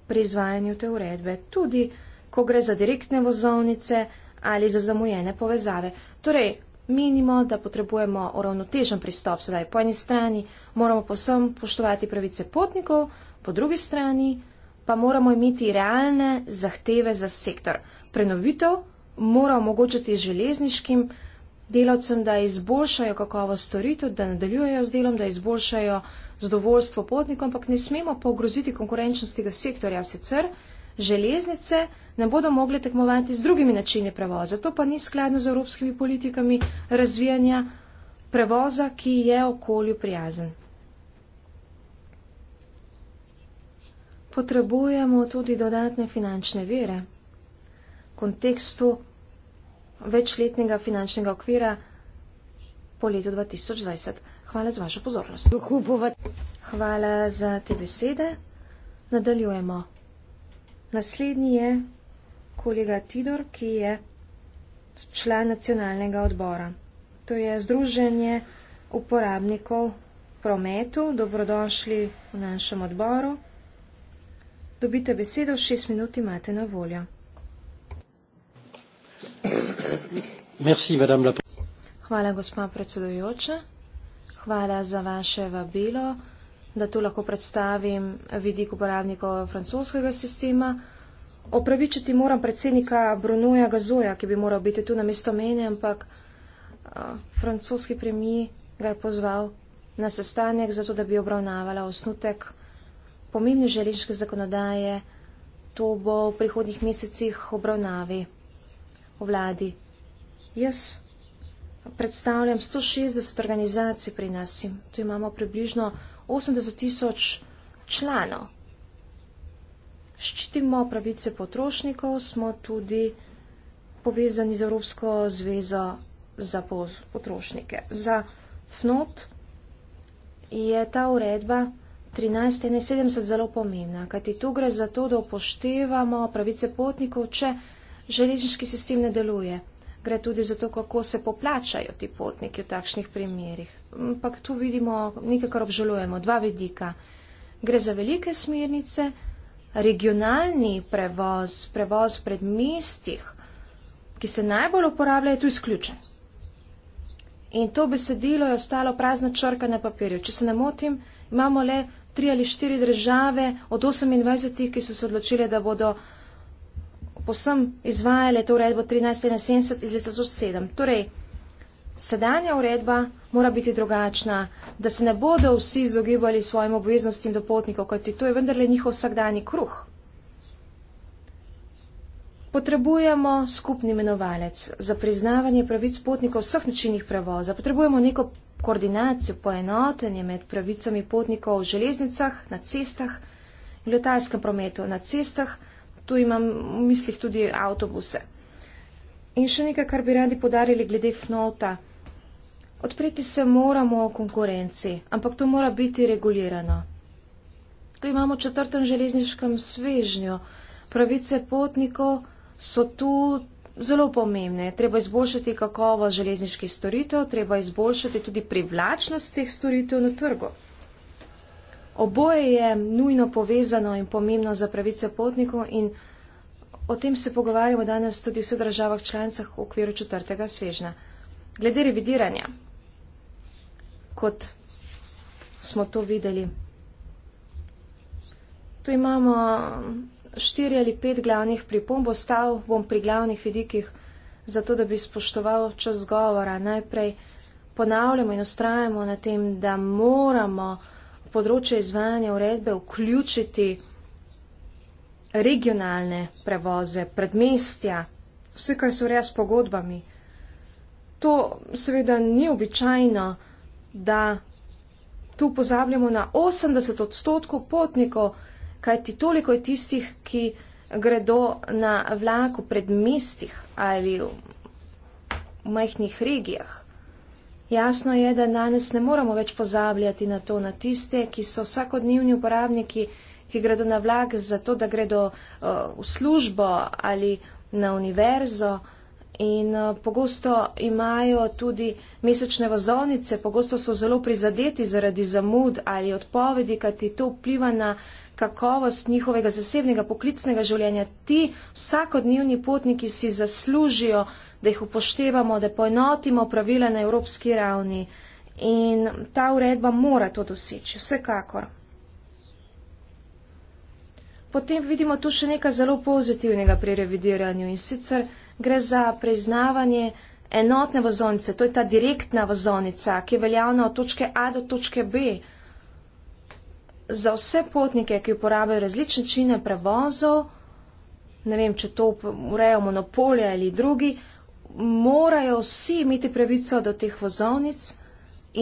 pri izvajanju te uredbe, tudi ko gre za direktne vozovnice ali za zamujene povezave. Torej, menimo, da potrebujemo uravnotežen pristop. Sedaj, po eni strani moramo posem poštovati pravice potnikov, po drugi strani pa moramo imeti realne zahteve za sektor. Prenovitev mora omogočiti železniškim, delavcem, da izboljšajo kakovost storitev, da nadaljujejo z delom, da izboljšajo zadovoljstvo potnikov, ampak ne smemo pa ogroziti konkurenčnosti sektorja. Sicer železnice ne bodo mogle tekmovati z drugimi načini prevoza. To pa ni skladno z evropskimi politikami razvijanja prevoza, ki je okolju prijazen. Potrebujemo tudi dodatne finančne vire. V kontekstu večletnega finančnega okvira po letu 2020. Hvala za vašo pozornost. Hvala za te besede. Nadaljujemo. Naslednji je kolega Tidor, ki je član nacionalnega odbora. To je Združenje uporabnikov prometu. Dobrodošli v našem odboru. Dobite besedo, šest minut imate na voljo. Hvala, gospa predsedujoča. Hvala za vaše vabilo, da tu lahko predstavim vidik uporabnikov francoskega sistema. Opravičiti moram predsednika Brunoja Gazoja, ki bi moral biti tu na mesto mene, ampak francoski premij ga je pozval na sestanek, zato da bi obravnavala osnutek pomembne železniške zakonodaje. To bo v prihodnjih mesecih obravnavi v vladi. Jaz predstavljam 160 organizacij pri nas in tu imamo približno 80 tisoč članov. Ščitimo pravice potrošnikov, smo tudi povezani z Evropsko zvezo za potrošnike. Za FNOT je ta uredba 13.71 zelo pomembna, kajti tu gre za to, da upoštevamo pravice potnikov, če potrošnikov železniški sistem ne deluje. Gre tudi za to, kako se poplačajo ti potniki v takšnih primerih. Ampak tu vidimo nekaj, kar obžalujemo, dva vidika. Gre za velike smernice, regionalni prevoz, prevoz pred mestih, ki se najbolj uporablja, je tu izključen. In to besedilo je ostalo prazna črka na papirju. Če se ne motim, imamo le tri ali štiri države od 28, ki so se odločili, da bodo posem izvajale to uredbo 1371 iz leta 2007. Torej, sedanja uredba mora biti drugačna, da se ne bodo vsi izogibali svojim obveznostim do potnikov, kot je to je vendarle njihov vsakdani kruh. Potrebujemo skupni imenovalec za priznavanje pravic potnikov vseh načinih prevoza. Potrebujemo neko koordinacijo, poenotenje med pravicami potnikov v železnicah, na cestah, v letalskem prometu, na cestah, tu imam v mislih tudi avtobuse. In še nekaj, kar bi radi podarili glede fnota. Odpreti se moramo o konkurenci, ampak to mora biti regulirano. Tu imamo četrtem železniškem svežnju. Pravice potnikov so tu zelo pomembne. Treba izboljšati kakovo železniških storitev, treba izboljšati tudi privlačnost teh storitev na trgu oboje je nujno povezano in pomembno za pravice potnikov in o tem se pogovarjamo danes tudi v vseh državah članicah v okviru četrtega svežna. Glede revidiranja, kot smo to videli, tu imamo štiri ali pet glavnih pripomb, ostal bom pri glavnih vidikih, zato da bi spoštoval čas govora. Najprej ponavljamo in ustrajamo na tem, da moramo področje izvajanja uredbe vključiti regionalne prevoze, predmestja, vse, kar se ureja s pogodbami. To seveda ni običajno, da tu pozabljamo na 80 odstotkov potnikov, kajti toliko je tistih, ki gredo na vlaku predmestih ali v majhnih regijah. Jasno je, da danes ne moramo več pozabljati na to, na tiste, ki so vsakodnevni uporabniki, ki gredo na vlak za to, da gredo uh, v službo ali na univerzo in uh, pogosto imajo tudi mesečne vozovnice, pogosto so zelo prizadeti zaradi zamud ali odpovedi, kajti to vpliva na uh, kakovost njihovega zasebnega poklicnega življenja. Ti vsakodnevni potniki si zaslužijo, da jih upoštevamo, da poenotimo pravila na evropski ravni in ta uredba mora to doseči, vsekakor. Potem vidimo tu še nekaj zelo pozitivnega pri revidiranju in sicer gre za priznavanje enotne vozonice, to je ta direktna vozonica, ki je veljavna od točke A do točke B za vse potnike, ki uporabljajo različne čine prevozov, ne vem, če to urejo monopolija ali drugi, morajo vsi imeti pravico do teh vozovnic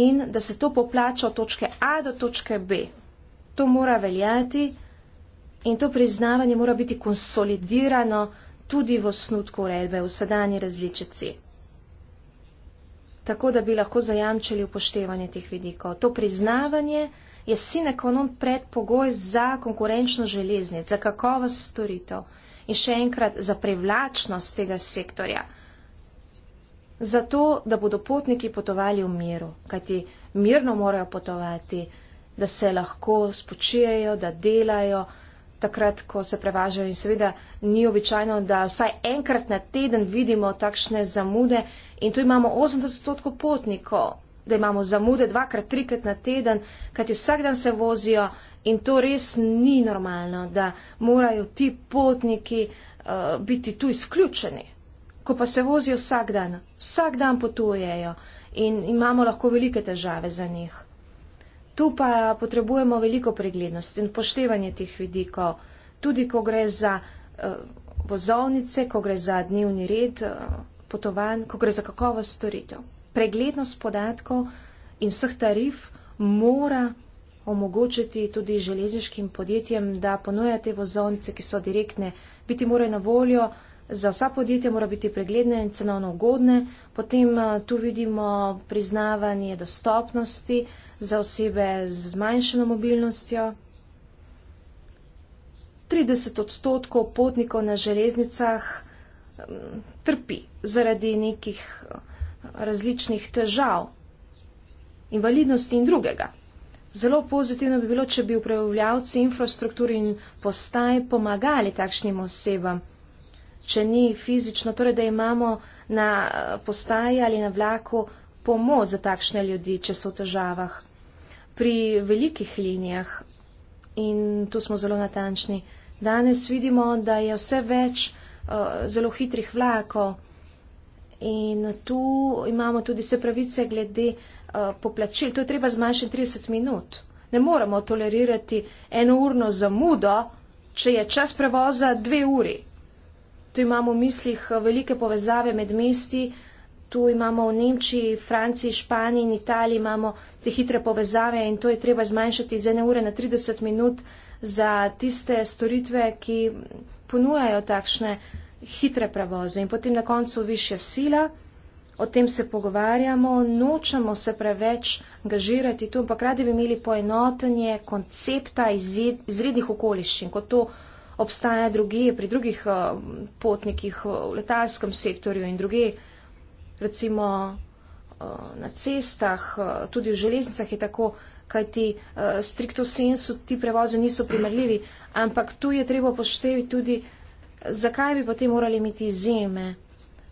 in da se to poplača od točke A do točke B. To mora veljati in to priznavanje mora biti konsolidirano tudi v osnutku urejbe v sedanji različici. Tako da bi lahko zajamčili upoštevanje teh vidikov. To priznavanje je sine konon predpogoj za konkurenčno železnic, za kakovost storitev in še enkrat za privlačnost tega sektorja. Zato, da bodo potniki potovali v miru, kajti mirno morajo potovati, da se lahko spočijajo, da delajo, takrat, ko se prevažajo in seveda ni običajno, da vsaj enkrat na teden vidimo takšne zamude in tu imamo 80% potnikov da imamo zamude dvakrat, trikrat na teden, kajti vsak dan se vozijo in to res ni normalno, da morajo ti potniki uh, biti tu izključeni. Ko pa se vozijo vsak dan, vsak dan potujejo in imamo lahko velike težave za njih. Tu pa potrebujemo veliko preglednosti in poštevanje teh vidikov, tudi ko gre za uh, vozovnice, ko gre za dnevni red uh, potovanj, ko gre za kakovost storitev preglednost podatkov in vseh tarif mora omogočiti tudi železniškim podjetjem, da ponujajo te vozovnice, ki so direktne, biti morajo na voljo. Za vsa podjetja mora biti pregledne in cenovno ugodne. Potem eh, tu vidimo priznavanje dostopnosti za osebe z zmanjšeno mobilnostjo. 30 odstotkov potnikov na železnicah mm, trpi zaradi nekih eh, različnih težav, invalidnosti in drugega. Zelo pozitivno bi bilo, če bi upravljavci infrastrukturi in postaj pomagali takšnim osebam, če ni fizično, torej da imamo na eh, postaji ali na vlaku pomoč za takšne ljudi, če so v težavah. Pri velikih linijah, in tu smo zelo natančni, danes vidimo, da je vse več uh, zelo hitrih vlakov. In tu imamo tudi vse pravice glede uh, poplačil. To je treba zmanjšati 30 minut. Ne moramo tolerirati eno urno zamudo, če je čas prevoza dve uri. Tu imamo v mislih eh, velike povezave med mesti. Tu imamo v Nemčiji, Franciji, Španiji in Italiji imamo te hitre povezave in to je treba zmanjšati iz ene ure na 30 minut za tiste storitve, ki ponujajo takšne hitre prevoze in potem na koncu višja sila, o tem se pogovarjamo, nočemo se preveč angažirati tu, ampak radi bi imeli poenotenje koncepta izrednih okoliščin, kot to obstaja druge, pri drugih eh, potnikih eh, v letalskem sektorju in druge, recimo eh, na cestah, tudi v železnicah je tako, kaj ti strikto sensu ti prevoze niso primerljivi, ampak tu je treba poštevi tudi zakaj bi potem morali imeti izjeme.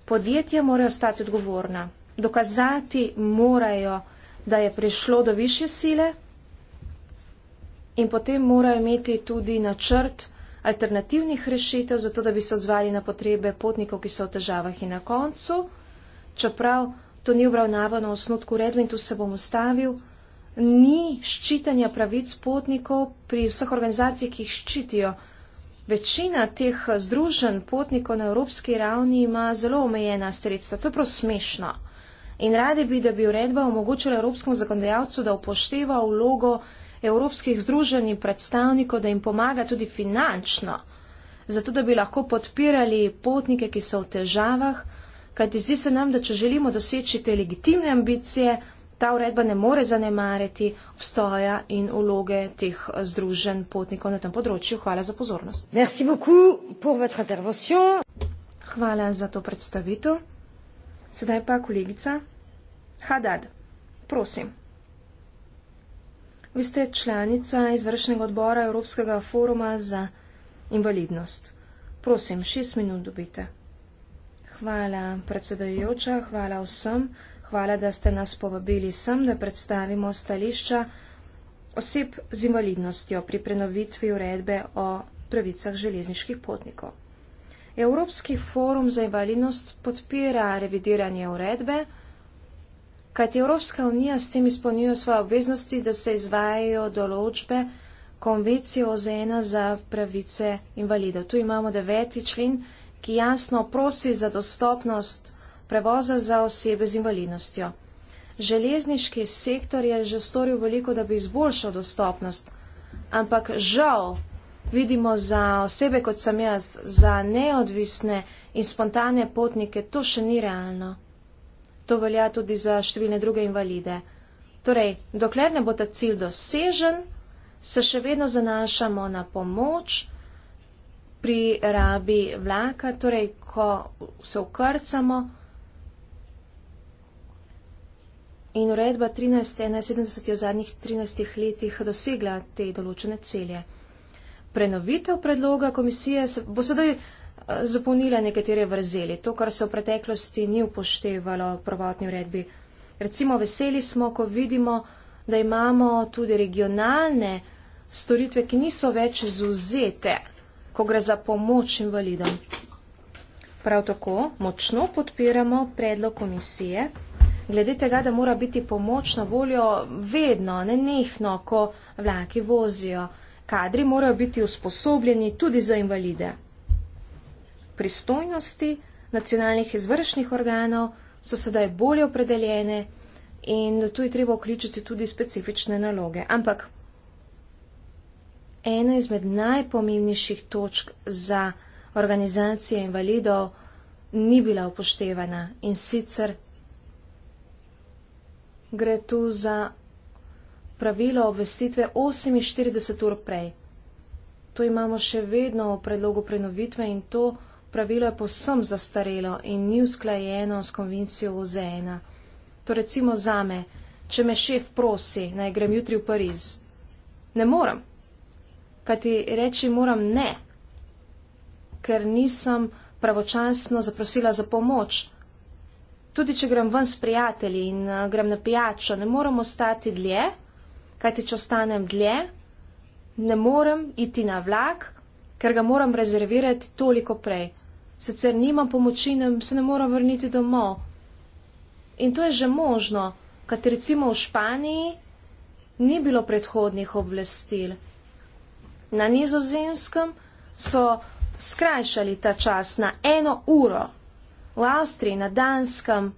Podjetja morajo stati odgovorna. Dokazati morajo, da je prišlo do više sile in potem morajo imeti tudi načrt alternativnih rešitev, zato da bi se odzvali na potrebe potnikov, ki so v težavah in na koncu. Čeprav to ni obravnavano v osnutku redu in tu se bom ustavil, ni ščitanja pravic potnikov pri vseh organizacijah, ki jih ščitijo večina teh združen potnikov na evropski ravni ima zelo omejena sredstva. To je prav smešno. In radi bi, da bi uredba omogočila evropskemu zakonodajalcu, da upošteva vlogo evropskih združen in predstavnikov, da jim pomaga tudi finančno, zato da bi lahko podpirali potnike, ki so v težavah, kajti zdi se nam, da če želimo doseči te legitimne ambicije, ta uredba ne more zanemariti obstoja in uloge teh združen potnikov na tem področju. Hvala za pozornost. Hvala za to predstavitev. Sedaj pa kolegica Hadad, prosim. Vi ste članica izvršnega odbora Evropskega foruma za invalidnost. Prosim, šest minut dobite. Hvala, predsedojoča, hvala vsem. Hvala, da ste nas povabili sem, da predstavimo stališča oseb z invalidnostjo pri prenovitvi uredbe o pravicah železniških potnikov. Evropski forum za invalidnost podpira revidiranje uredbe, kajti Evropska unija s tem izpolnjuje svoje obveznosti, da se izvajajo določbe konvencije OZN za pravice invalidov. Tu imamo deveti člen, ki jasno prosi za dostopnost prevoza za osebe z invalidnostjo. Železniški sektor je že storil veliko, da bi izboljšal dostopnost, ampak žal vidimo za osebe kot sem jaz, za neodvisne in spontane potnike, to še ni realno. To velja tudi za številne druge invalide. Torej, dokler ne bo ta cilj dosežen, se še vedno zanašamo na pomoč pri rabi vlaka, torej, ko se ukrcamo. in uredba 1371 je v zadnjih 13 letih dosegla te določene celje. Prenovitev predloga komisije se bo sedaj eh, zapolnila nekatere vrzeli, to, kar se v preteklosti ni upoštevalo v prvotni uredbi. Recimo veseli smo, ko vidimo, da imamo tudi regionalne storitve, ki niso več zuzete, ko gre za pomoč invalidom. Prav tako močno podpiramo predlog komisije, glede tega, da mora biti pomoč na voljo vedno, ne nehno, ko vlaki vozijo. Kadri morajo biti usposobljeni tudi za invalide. Pristojnosti nacionalnih izvršnih organov so sedaj bolje opredeljene in tu je treba vključiti tudi specifične naloge. Ampak ena izmed najpomembnejših točk za organizacije invalidov ni bila upoštevana in sicer gre tu za pravilo obvestitve 48 ur prej. To imamo še vedno v predlogu prenovitve in to pravilo je posem zastarelo in ni usklajeno s konvencijo OZN. To recimo zame, če me šef prosi, naj grem jutri v Pariz. Ne moram, kajti reči moram ne, ker nisem pravočasno zaprosila za pomoč. Tudi, če grem ven s prijatelji in uh, grem na pijačo, ne morem ostati dlje, kajti, če ostanem dlje, ne morem iti na vlak, ker ga moram rezervirati toliko prej. Sicer nimam pomoči, ne, se ne morem vrniti domov. In to je že možno, kot recimo v Španiji ni bilo predhodnih oblastil. Na nizozemskem so skrajšali ta čas na eno uro. V Avstriji, na Danskem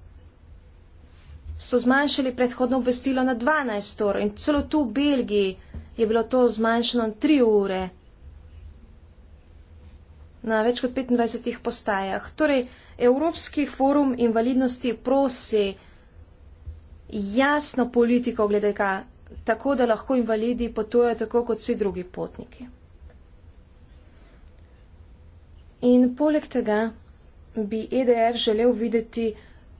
so zmanjšali predhodno obvestilo na 12 ur in celo tu v Belgiji je bilo to zmanjšeno na 3 ure na več kot 25 postajah. Torej, Evropski forum invalidnosti prosi jasno politiko glede ga, tako da lahko invalidi potujejo tako kot vsi drugi potniki. In poleg tega bi EDR želel videti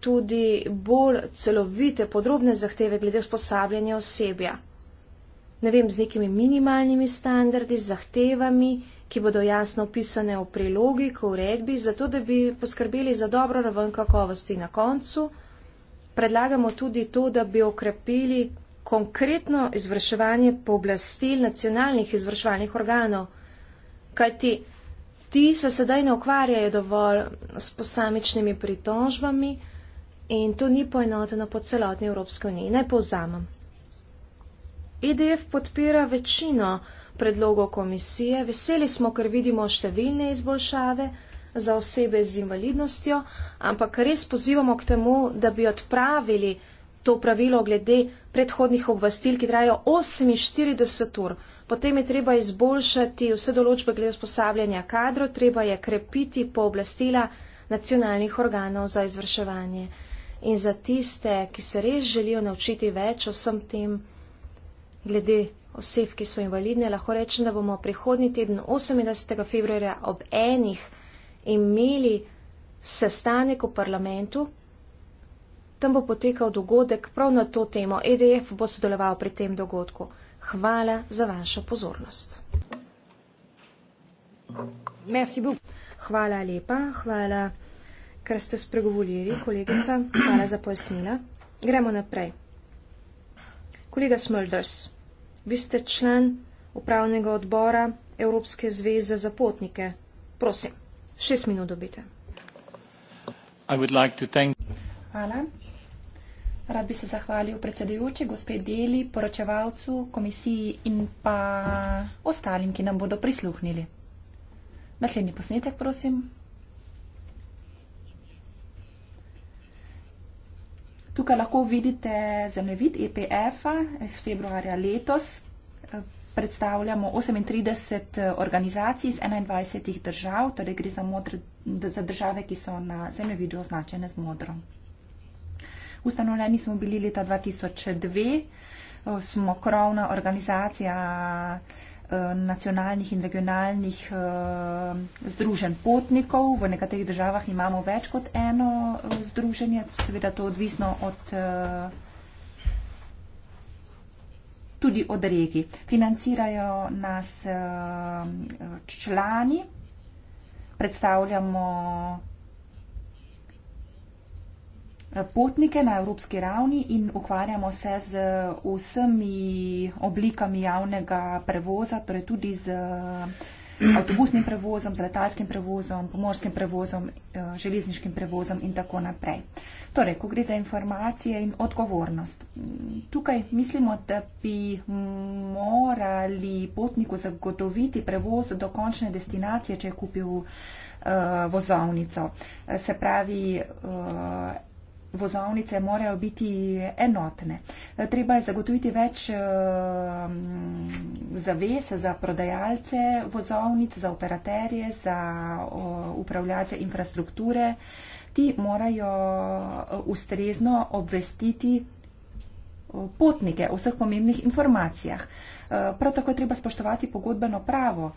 tudi bolj celovite, podrobne zahteve glede usposabljanja osebja. Ne vem, z nekimi minimalnimi standardi, zahtevami, ki bodo jasno opisane v prilogi k uredbi, zato da bi poskrbeli za dobro raven kakovosti na koncu. Predlagamo tudi to, da bi okrepili konkretno izvrševanje pooblastil nacionalnih izvrševalnih organov, kajti Ti se sedaj ne ukvarjajo dovolj s posamičnimi pritožbami in to ni poenoteno po celotni Evropski uniji. Naj povzamem. IDF e podpira večino predlogov komisije, veseli smo, ker vidimo številne izboljšave za osebe z invalidnostjo, ampak res pozivamo k temu, da bi odpravili to pravilo glede predhodnih obvestil, ki trajajo 48 ur. Potem je treba izboljšati vse določbe glede usposabljanja kadrov, treba je krepiti pooblastila nacionalnih organov za izvrševanje. In za tiste, ki se res želijo naučiti več o vsem tem glede oseb, ki so invalidne, lahko rečem, da bomo prihodnji teden 28. februarja ob enih imeli sestanek v parlamentu. Tam bo potekal dogodek prav na to temo. EDF bo sodeloval pri tem dogodku. Hvala za vašo pozornost. Hvala lepa, hvala, ker ste spregovorili, kolegica. Hvala za pojasnila. Gremo naprej. Kolega Smulders, vi ste član upravnega odbora Evropske zveze za potnike. Prosim, šest minut dobite. Hvala. Rad bi se zahvalil predsedujoči, gospod Deli, poročevalcu, komisiji in pa ostalim, ki nam bodo prisluhnili. Naslednji posnetek, prosim. Tukaj lahko vidite zemljevid EPF-a iz februarja letos. Predstavljamo 38 eh, organizacij iz 21 držav, torej gre za, modre, za države, ki so na zemljevidu označene z modrom. Ustanovljeni smo bili leta 2002, smo krovna organizacija e, nacionalnih in regionalnih e, združen potnikov. V nekaterih državah imamo več kot eno e, združenje, seveda to odvisno od tudi od regi. Financirajo nas člani, predstavljamo potnike na evropski ravni in ukvarjamo se z vsemi oblikami javnega prevoza, torej tudi z eh, avtobusnim prevozom, z letalskim prevozom, pomorskim prevozom, eh, železniškim prevozom in tako naprej. Torej, ko gre za informacije in odgovornost. Tukaj mislimo, da bi morali potniku zagotoviti prevoz do končne destinacije, če je kupil uh, vozovnico. Se pravi, uh, vozovnice morajo biti enotne. E, treba je zagotoviti več e, zavez za prodajalce vozovnic, za operaterje, za upravljalce infrastrukture. Ti morajo e, ustrezno obvestiti potnike o vseh pomembnih informacijah. Prav tako je treba spoštovati pogodbeno pravo.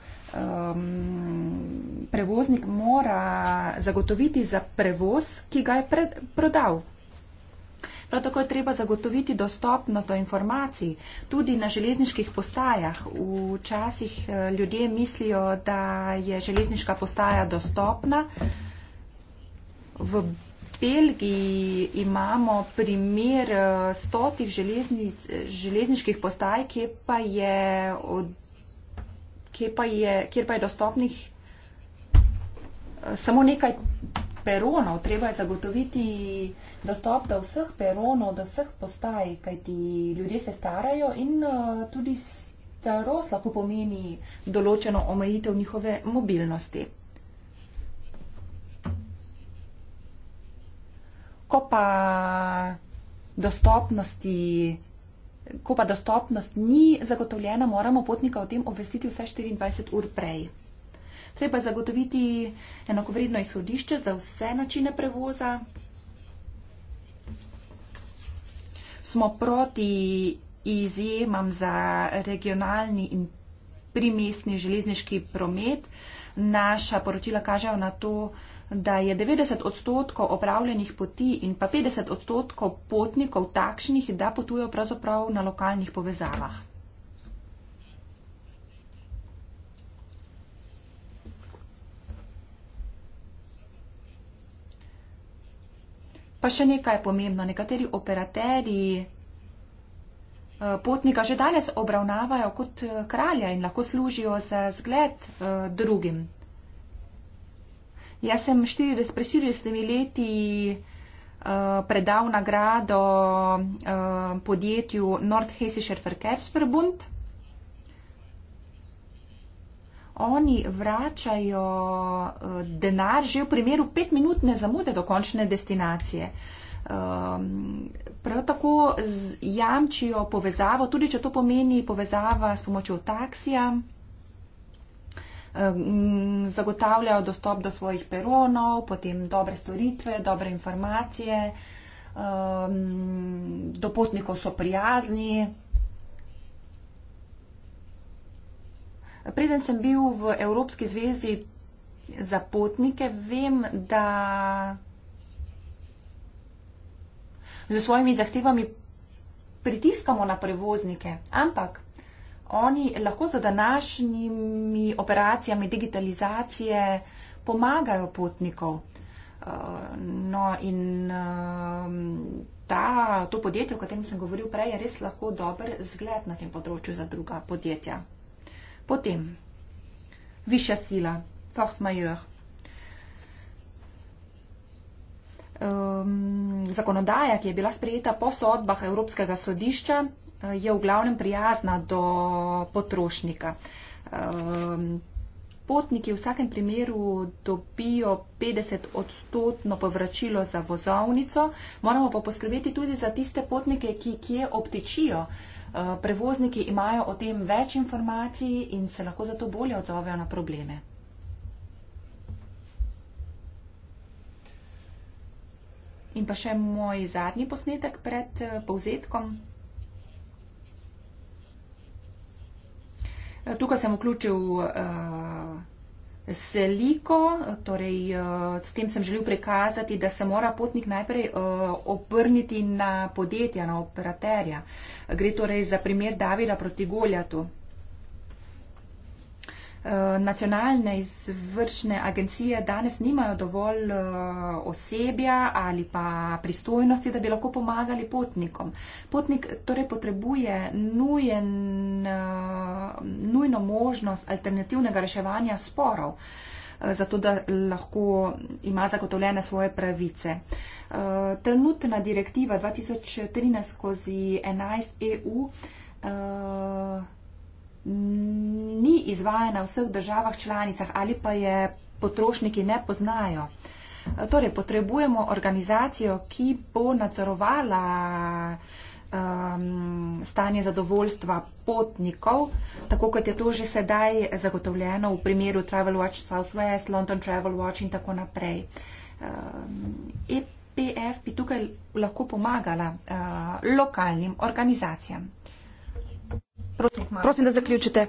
Prevoznik mora zagotoviti za prevoz, ki ga je pred, prodal. Prav tako je treba zagotoviti dostopnost do informacij tudi na železniških postajah. Včasih eh, ljudje mislijo, da je železniška postaja dostopna. V Belgiji imamo primer eh, stotih železnic, železniških postaj, kjer pa je, od, kjer pa je, kjer pa je dostopnih eh, samo nekaj peronov. Treba je zagotoviti dostop do vseh peronov, do vseh postaj, kajti ljudje se starajo in eh, tudi starost lahko pomeni določeno omejitev njihove mobilnosti. ko pa dostopnosti, ko pa dostopnost ni zagotovljena, moramo potnika o tem obvestiti vse 24 ur prej. Treba zagotoviti enakovredno izhodišče za vse načine prevoza. Smo proti izjemam za regionalni in primestni železniški promet. Naša poročila kažejo na to, da je 90 odstotkov opravljenih poti in pa 50 odstotkov potnikov takšnih, da potujejo pravzaprav na lokalnih povezavah. Pa še nekaj je pomembno. Nekateri operateri eh, potnika že danes obravnavajo kot eh, kralja in lahko služijo za zgled eh, drugim. Jaz sem pred 40 leti uh, predal nagrado uh, podjetju Nordhessischer Verkehrsverbund. Oni vračajo uh, denar že v primeru pet minutne zamude do končne destinacije. Um, prav tako z, jamčijo povezavo, tudi če to pomeni povezava s pomočjo taksija zagotavljajo dostop do svojih peronov, potem dobre storitve, dobre informacije, do potnikov so prijazni. Preden sem bil v Evropski zvezi za potnike, vem, da z svojimi zahtevami pritiskamo na prevoznike, ampak oni lahko z današnjimi operacijami digitalizacije pomagajo potnikov. Eh, no in ehm, ta, to podjetje, o katerem sem govoril prej, je res lahko dober zgled na tem področju za druga podjetja. Potem, višja sila, force majeure. Um, zakonodaja, ki je bila sprejeta po sodbah Evropskega sodišča, je v glavnem prijazna do potrošnika. Ehm, potniki v vsakem primeru dobijo 50 odstotno povračilo za vozovnico, moramo pa poskrbeti tudi za tiste potnike, ki kje obtečijo. Ehm, prevozniki imajo o tem več informacij in se lahko zato bolje odzovejo na probleme. In pa še moj zadnji posnetek pred eh, povzetkom. Tukaj sem vključil uh, seliko, torej uh, s tem sem želel prikazati, da se mora potnik najprej uh, obrniti na podjetja, na operaterja. Gre torej za primer Davila proti Goljatu. Eh, nacionalne izvršne agencije danes nimajo dovolj eh, osebja ali pa pristojnosti, da bi lahko pomagali potnikom. Potnik torej potrebuje nujen, eh, nujno možnost alternativnega reševanja sporov zato da lahko ima zagotovljene svoje pravice. Trenutna direktiva 2013 skozi 11 EU ni izvajana v vseh državah članicah ali pa je potrošniki ne poznajo. Torej, potrebujemo organizacijo, ki bo nadzorovala um, stanje zadovoljstva potnikov, tako kot je to že sedaj zagotovljeno v primeru Travel Watch Southwest, London Travel Watch in tako naprej. Um, EPF bi tukaj lahko pomagala uh, lokalnim organizacijam. Uh, Prosim, da zaključite.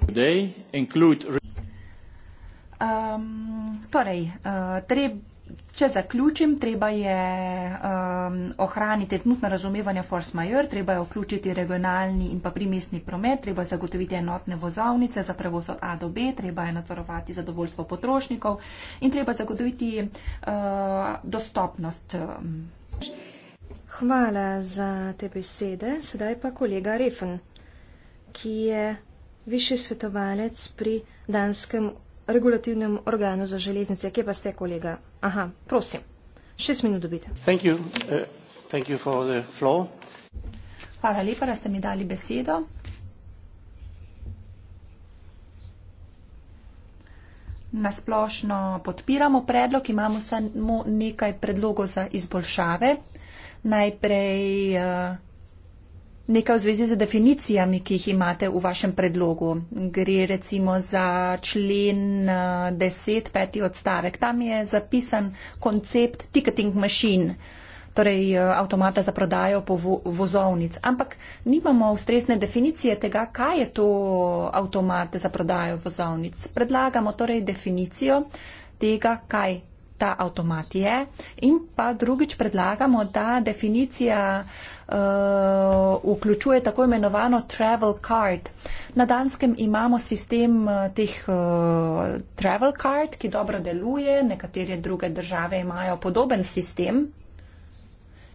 Um, torej, eh, treb, če zaključim, treba je um, ohraniti trenutno razumevanje force major, treba je vključiti regionalni in pa primestni promet, treba je zagotoviti enotne vozovnice za prevoz od A do B, treba je nadzorovati zadovoljstvo potrošnikov in treba zagotoviti uh, dostopnost. Hvala za te besede. Sedaj pa kolega Refen ki je više svetovalec pri danskem regulativnem organu za železnice. Kje pa ste, kolega? Aha, prosim, šest minut dobite. Thank you. Uh, thank you for the floor. Hvala lepa, da ste mi dali besedo. Nasplošno podpiramo predlog, imamo samo nekaj predlogov za izboljšave. Najprej eh, Nekaj v zvezi z definicijami, ki jih imate v vašem predlogu. Gre recimo za člen 10, eh, peti odstavek. Tam je zapisan koncept ticketing machine, torej eh, avtomata za prodajo po vozovnic. Ampak nimamo ustresne definicije tega, kaj je to avtomat za prodajo vozovnic. Predlagamo torej definicijo tega, kaj ta avtomat je. In pa drugič predlagamo, da definicija uh, vključuje tako imenovano travel card. Na Danskem imamo sistem uh, teh uh, travel card, ki dobro deluje, nekatere druge države imajo podoben sistem.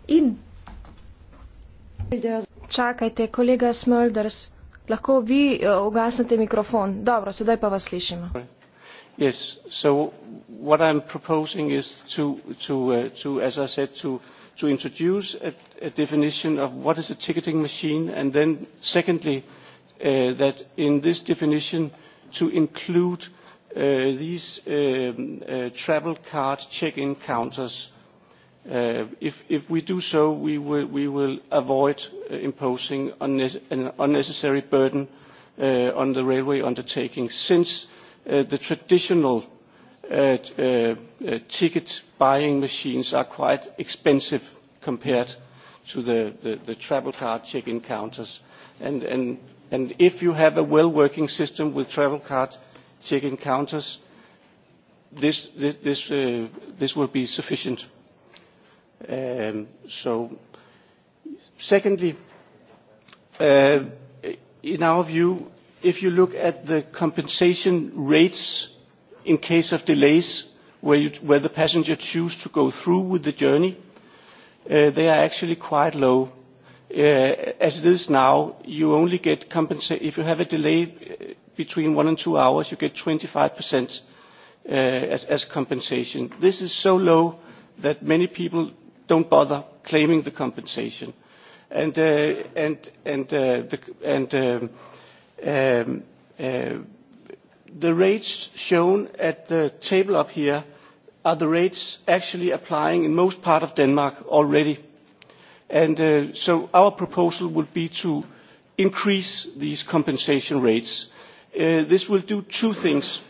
In Čakajte, kolega Smulders, lahko vi ugasnete mikrofon. Dobro, sedaj pa vas slišimo. Okay. Yes. What I'm proposing is to, to, uh, to as I said, to, to introduce a, a definition of what is a ticketing machine, and then secondly, uh, that in this definition, to include uh, these um, uh, travel card check-in counters. Uh, if, if we do so, we will, we will avoid uh, imposing unne an unnecessary burden uh, on the railway undertaking, since Uh, the traditional uh, uh, uh, ticket buying machines are quite expensive compared to the, the, the travel card check-in counters. And, and, and if you have a well-working system with travel card check-in counters, this, this, this, uh, this will be sufficient. Um, so, secondly, uh, in our view, if you look at the compensation rates in case of delays where the passenger choose to go through with the journey, uh, they are actually quite low. Uh, as it is now, you only get compensation if you have a delay uh, between one and two hours, you get 25% as compensation. This is so low that many people don't bother claiming the compensation. The um, Um, um, the rates shown at the table up here are the rates actually applying in most part of Denmark already. Uh, our proposal would be to increase these compensation rates. Uh, this will do two things.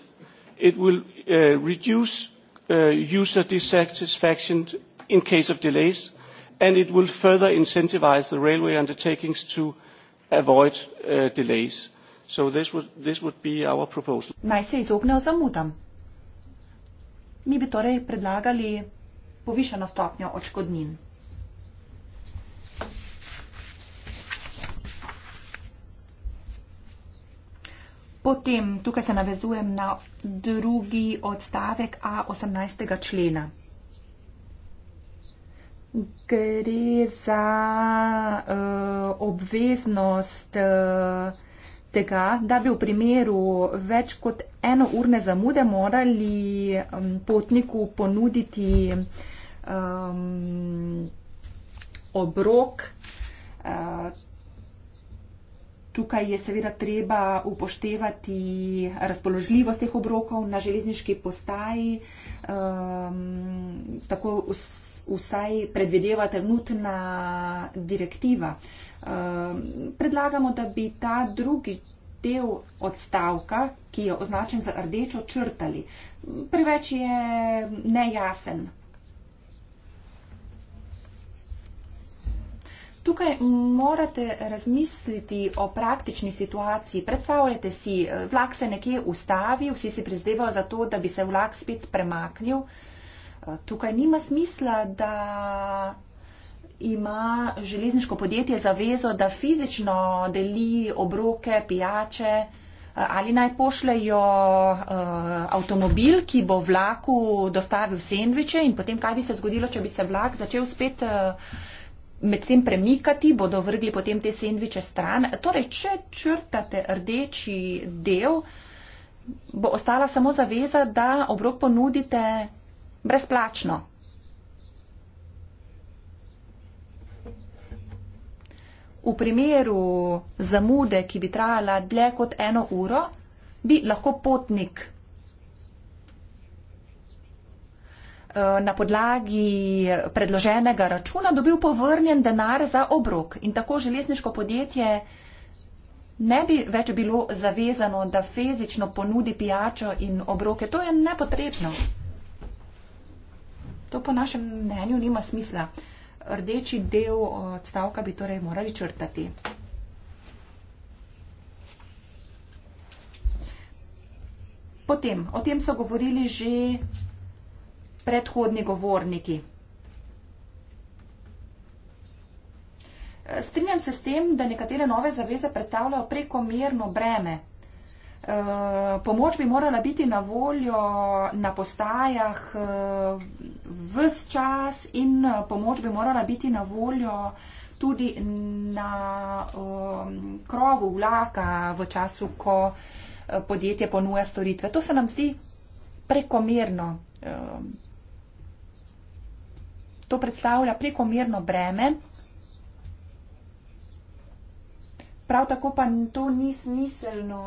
It will uh, reduce user dissatisfaction in case of delays, and it will further incentivize the railway undertakings to avoid delays. So this would, this would Naj se izognejo zamudam. Mi bi torej predlagali povišeno stopnjo očkodnin. Potem, tukaj se navezujem na drugi odstavek A18. člena. Gre za uh, obveznost. Uh, tega, da bi v primeru več kot eno urne zamude morali um, potniku ponuditi um, obrok, tukaj je seveda treba upoštevati razpoložljivost teh obrokov na železniški postaji. Um, tako vsaj predvideva trenutna direktiva. Um, predlagamo, da bi ta drugi del odstavka, ki je označen za rdečo, črtali. Preveč je nejasen. Tukaj morate razmisliti o praktični situaciji. Predstavljate si, eh, vlak se nekje ustavi, vsi si prizdevajo za to, da bi se vlak spet premaknil. Eh, tukaj nima smisla, da ima železniško podjetje zavezo, da fizično deli obroke, pijače eh, ali naj pošljajo uh, avtomobil, ki bo vlaku dostavil sendviče in potem kaj bi se zgodilo, če bi se vlak začel spet. Uh, med tem premikati, bodo vrgli potem te sendviče stran. Torej, če črtate rdeči del, bo ostala samo zaveza, da obrok ponudite brezplačno. V primeru zamude, ki bi trajala dlje kot eno uro, bi lahko potnik Eh, na podlagi predloženega računa dobil povrnjen denar za obrok in tako železniško podjetje ne bi več bilo zavezano, da fizično ponudi pijačo in obroke. To je nepotrebno. To po našem mnenju nima smisla. Rdeči del eh, odstavka bi torej morali črtati. Potem, o tem so govorili že predhodni govorniki. Eh, strinjam se s tem, da nekatere nove zaveze predstavljajo prekomerno breme. Eh, pomoč bi morala biti na voljo na postajah eh, vse čas in pomoč bi morala biti na voljo tudi na ehm, krovu vlaka v času, ko podjetje ponuja storitve. To se nam zdi prekomerno. Ehm, To predstavlja prekomerno breme. Prav tako pa to ni smiselno.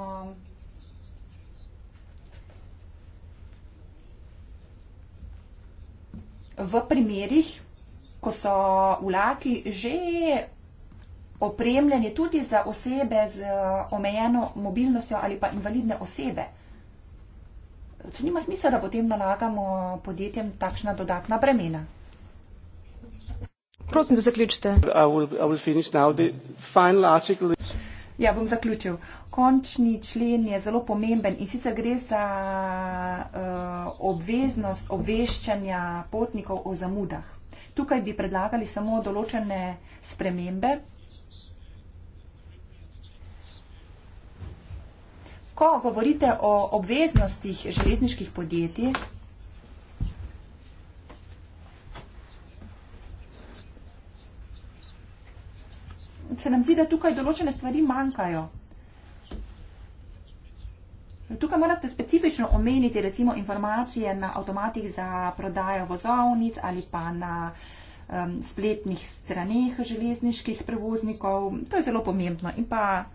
V primerih, ko so vlaki že opremljeni tudi za osebe z eh, omejeno mobilnostjo ali pa invalidne osebe, to nima smisla, da potem nalagamo podjetjem takšna dodatna bremena. Prosim, da zaključite. I will, I will article... Ja, bom zaključil. Končni člen je zelo pomemben in sicer gre za uh, obveznost obveščanja potnikov o zamudah. Tukaj bi predlagali samo določene spremembe. Ko govorite o obveznostih železniških podjetij, se nam zdi, da tukaj določene stvari manjkajo. Tukaj morate specifično omeniti recimo informacije na avtomatih za prodajo vozovnic ali pa na um, spletnih straneh železniških prevoznikov. To je zelo pomembno. In pa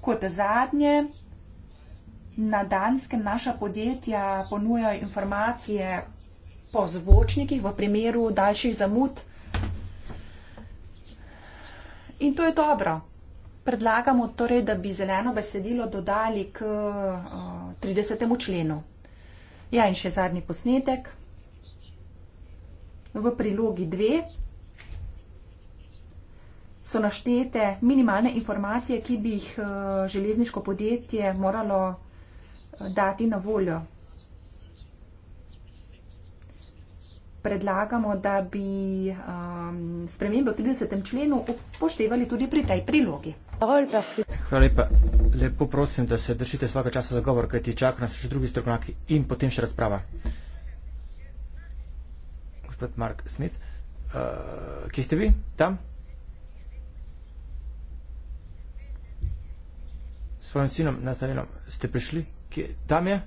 kot zadnje, na danskem naša podjetja ponujajo informacije po zvočnikih v primeru daljših zamud. In to je dobro. Predlagamo torej, da bi zeleno besedilo dodali k uh, eh, 30. členu. Ja, in še zadnji posnetek. V prilogi 2 so naštete minimalne informacije, ki bi jih uh, železniško podjetje moralo uh, dati na voljo. predlagamo, da bi um, spremembe v 30. členu upoštevali tudi pri tej prilogi. Hvala lepa. Lepo prosim, da se držite svega časa za govor, kajti čaka nas še drugi strokovnjaki in potem še razprava. Gospod Mark Smith, uh, ki ste vi tam? S svojim sinom Natalinom ste prišli? Kje? Tam je?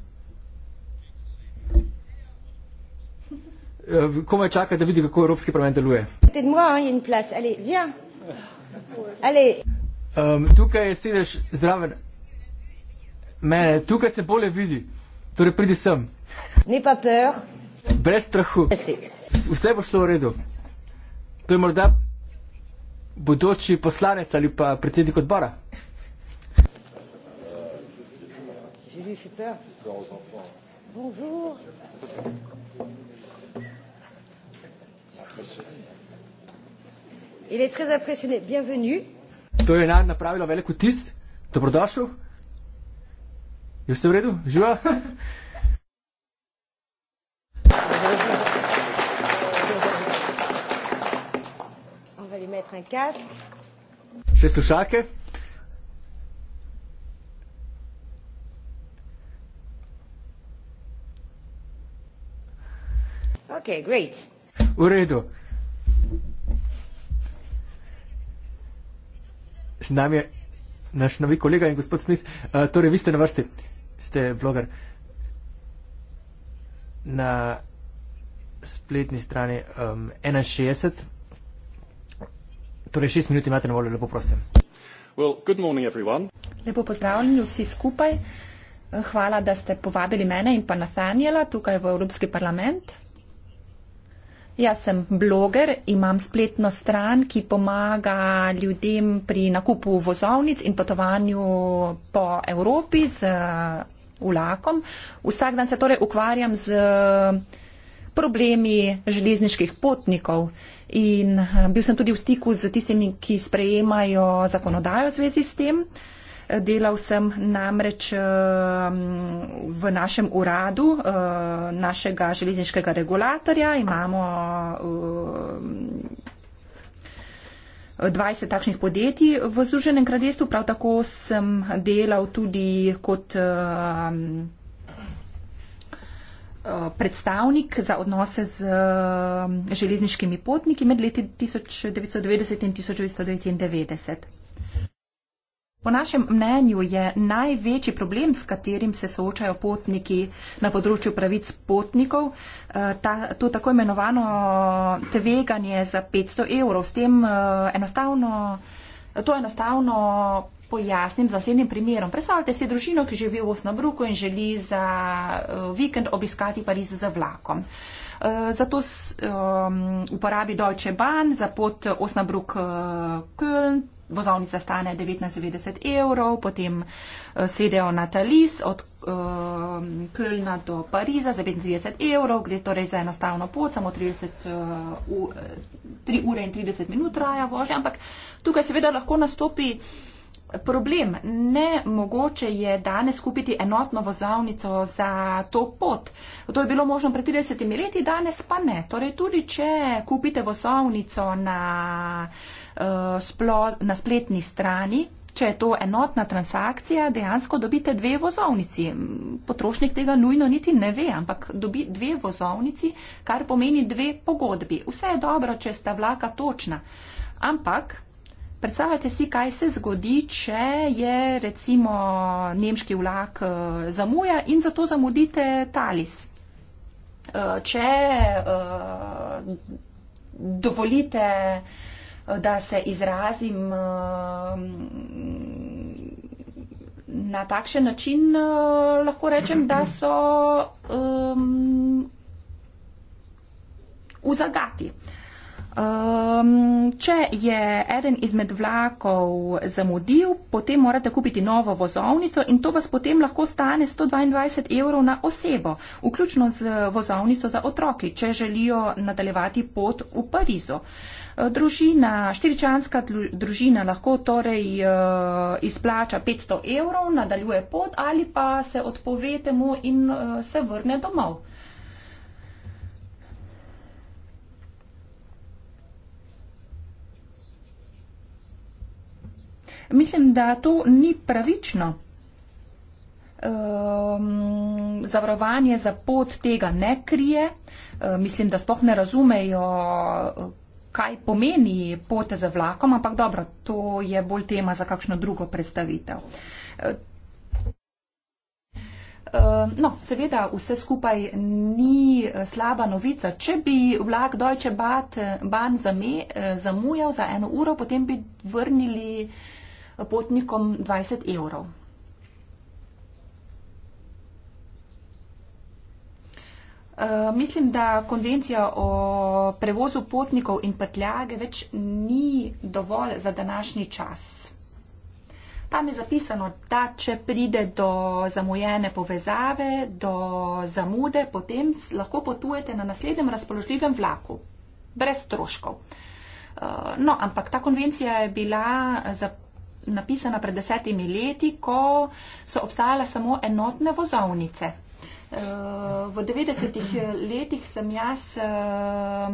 Eh, komaj čaka, da vidi, kako Evropski parlament deluje. Um, tukaj je sedež zraven mene, tukaj se bolje vidi, torej pridi sem. Brez strahu. Vse bo šlo v redu. To je morda bodoči poslanec ali pa predsednik odbora. Bonjour. Il est très impressionné. Bienvenue. To je nam napravilo velik vtis. Dobrodošel. Je vse v redu? Živa? On va lui mettre un casque. Še slušalke. Okay, great. V redu. Z nami je naš novi kolega in gospod Smith. Eh, torej, vi ste na vrsti, ste bloger. Na spletni strani um, 61. Torej, šest minut imate na voljo, lepo prosim. Well, good morning, everyone. Lepo pozdravljeni vsi skupaj. Hvala, da ste povabili mene in pa Nathaniela tukaj v Evropski parlament. Jaz sem bloger, imam spletno stran, ki pomaga ljudem pri nakupu vozovnic in potovanju po Evropi z uh, vlakom. Vsak dan se torej ukvarjam z uh, problemi železniških potnikov in uh, bil sem tudi v stiku z tistimi, ki sprejemajo zakonodajo v zvezi s tem. Delal sem namreč eh, v našem uradu eh, našega železniškega regulatorja. Imamo 20 eh, takšnih podjetij v Združenem kraljestvu. Prav tako sem delal tudi kot predstavnik za odnose z železniškimi potniki med leti 1990 in 1999. Po našem mnenju je največji problem, s katerim se soočajo potniki na področju pravic potnikov, eh, ta, to tako imenovano tveganje za 500 evrov. S tem eh, enostavno, to enostavno pojasnim z naslednjim primerom. Predstavljate si družino, ki živi v Osnabruku in želi za eh, vikend obiskati Pariz z vlakom. Zato um, uporabi Deutsche Bahn za pot Osnabruk-Köln, vozovnica stane 19,90 evrov, potem uh, sedejo na Talis od uh, Kölna do Pariza za 35 evrov, gre torej za enostavno pot, samo 30, uh, eh, u, 3 ure in 30 minut traja vožnja, ampak tukaj seveda lahko nastopi problem. Ne mogoče je danes kupiti enotno vozovnico za to pot. To je bilo možno pred 30 leti, danes pa ne. Torej tudi, če kupite vozovnico na. Eh, splo, na spletni strani. Če je to enotna transakcija, dejansko dobite dve vozovnici. Potrošnik tega nujno niti ne ve, ampak dobi dve vozovnici, kar pomeni dve pogodbi. Vse je dobro, če sta vlaka točna. Ampak predstavljajte si, kaj se zgodi, če je recimo nemški vlak eh, zamuja in zato zamudite talis. Eh, če uh, dovolite. Uh, da se izrazim um, na takšen način, uh, lahko rečem, da so um, v zagati. Um, če je eden izmed vlakov zamudil, potem morate kupiti novo vozovnico in to vas potem lahko stane 122 evrov na osebo, vključno z vozovnico za otroki, če želijo nadaljevati pot v Parizo. Uh, Družina, štiričanska družina lahko torej eh, izplača 500 evrov, nadaljuje pot ali pa se odpove temu in eh, se vrne domov. Mislim, da to ni pravično. Um, zavarovanje za pot tega ne krije. Uh, mislim, da spoh ne razumejo, kaj pomeni pote za vlakom, ampak dobro, to je bolj tema za kakšno drugo predstavitev. Eh, eh, no, seveda vse skupaj ni eh, slaba novica. Če bi vlak Deutsche Bahn zamujal za eno uro, potem bi vrnili potnikom 20 evrov. Eh, mislim, da konvencija o prevozu potnikov in prtljage več ni dovolj za današnji čas. Tam je zapisano, da če pride do zamujene povezave, do zamude, potem lahko potujete na naslednjem razpoložljivem vlaku, brez stroškov. Eh, no, ampak ta konvencija je bila napisana pred desetimi leti, ko so obstajale samo enotne vozovnice. Eh, v 90-ih eh, letih sem jaz eh,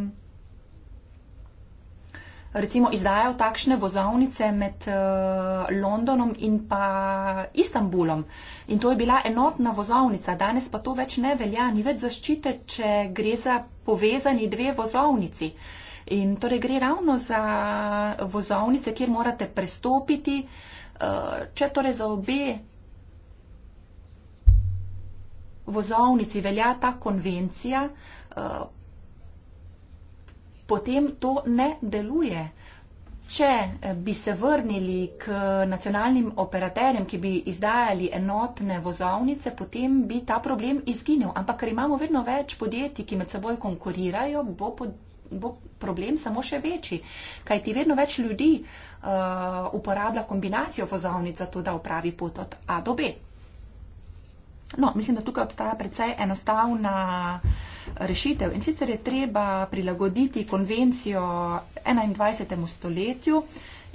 recimo izdajal takšne vozovnice med Londonom in pa Istanbulom. In to je bila enotna vozovnica, danes pa to več ne velja, ni več zaščite, če gre za povezani dve vozovnici. In torej gre ravno za vozovnice, kjer morate prestopiti. Če torej za obe vozovnici velja ta konvencija, eh, potem to ne deluje. Če eh, bi se vrnili k nacionalnim operaterjem, ki bi izdajali enotne vozovnice, potem bi ta problem izginil. Ampak ker imamo vedno več podjetij, ki med seboj konkurirajo, bo, pod, bo problem samo še večji. Kaj ti vedno več ljudi uh, uporablja kombinacijo vozovnic za to, da upravi pot od A do B. No, mislim, da tukaj obstaja precej enostavna rešitev in sicer je treba prilagoditi konvencijo 21. stoletju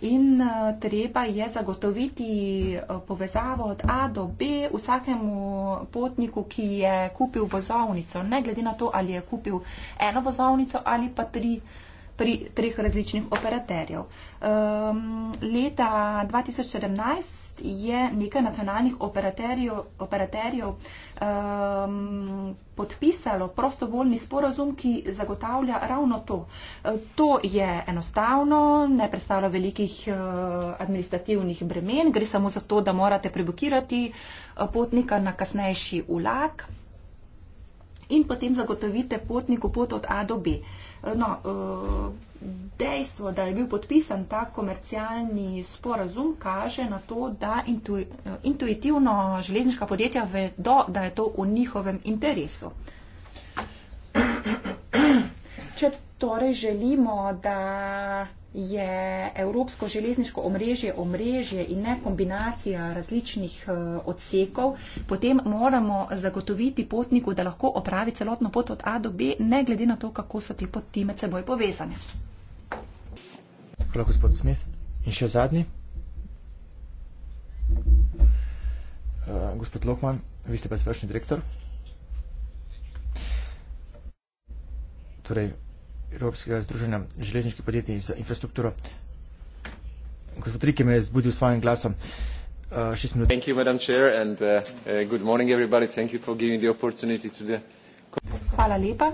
in eh, treba je zagotoviti eh, povezavo od A do B vsakemu potniku, ki je kupil vozovnico, ne glede na to, ali je kupil eno vozovnico ali pa tri vozovnice pri treh različnih operaterjev. Um, leta 2017 je nekaj nacionalnih operaterjev, operaterjev um, podpisalo prostovoljni sporazum, ki zagotavlja ravno to. E, to je enostavno, ne predstavlja velikih e, administrativnih bremen, gre samo za to, da morate preblokirati e, potnika na kasnejši vlak in potem zagotovite potniku pot od A do B. Eh, no, eh, dejstvo, da je bil podpisan ta komercialni sporazum, kaže na to, da eh, intuitivno železniška podjetja vedo, da je to v njihovem interesu. Če torej želimo, da je evropsko železniško omrežje omrežje in ne kombinacija različnih eh, odsekov, potem moramo zagotoviti potniku, da lahko opravi celotno pot od A do B, ne glede na to, kako so te poti med seboj povezane. Hvala, gospod Smith. In še zadnji. Uh, gospod Lokman, vi ste pa izvršni direktor. Torej, Evropskega združenja železniških podjetij za infrastrukturo. Gospod Rik je me zbudil svojim glasom. Uh, šest minut. Uh, uh, Hvala lepa.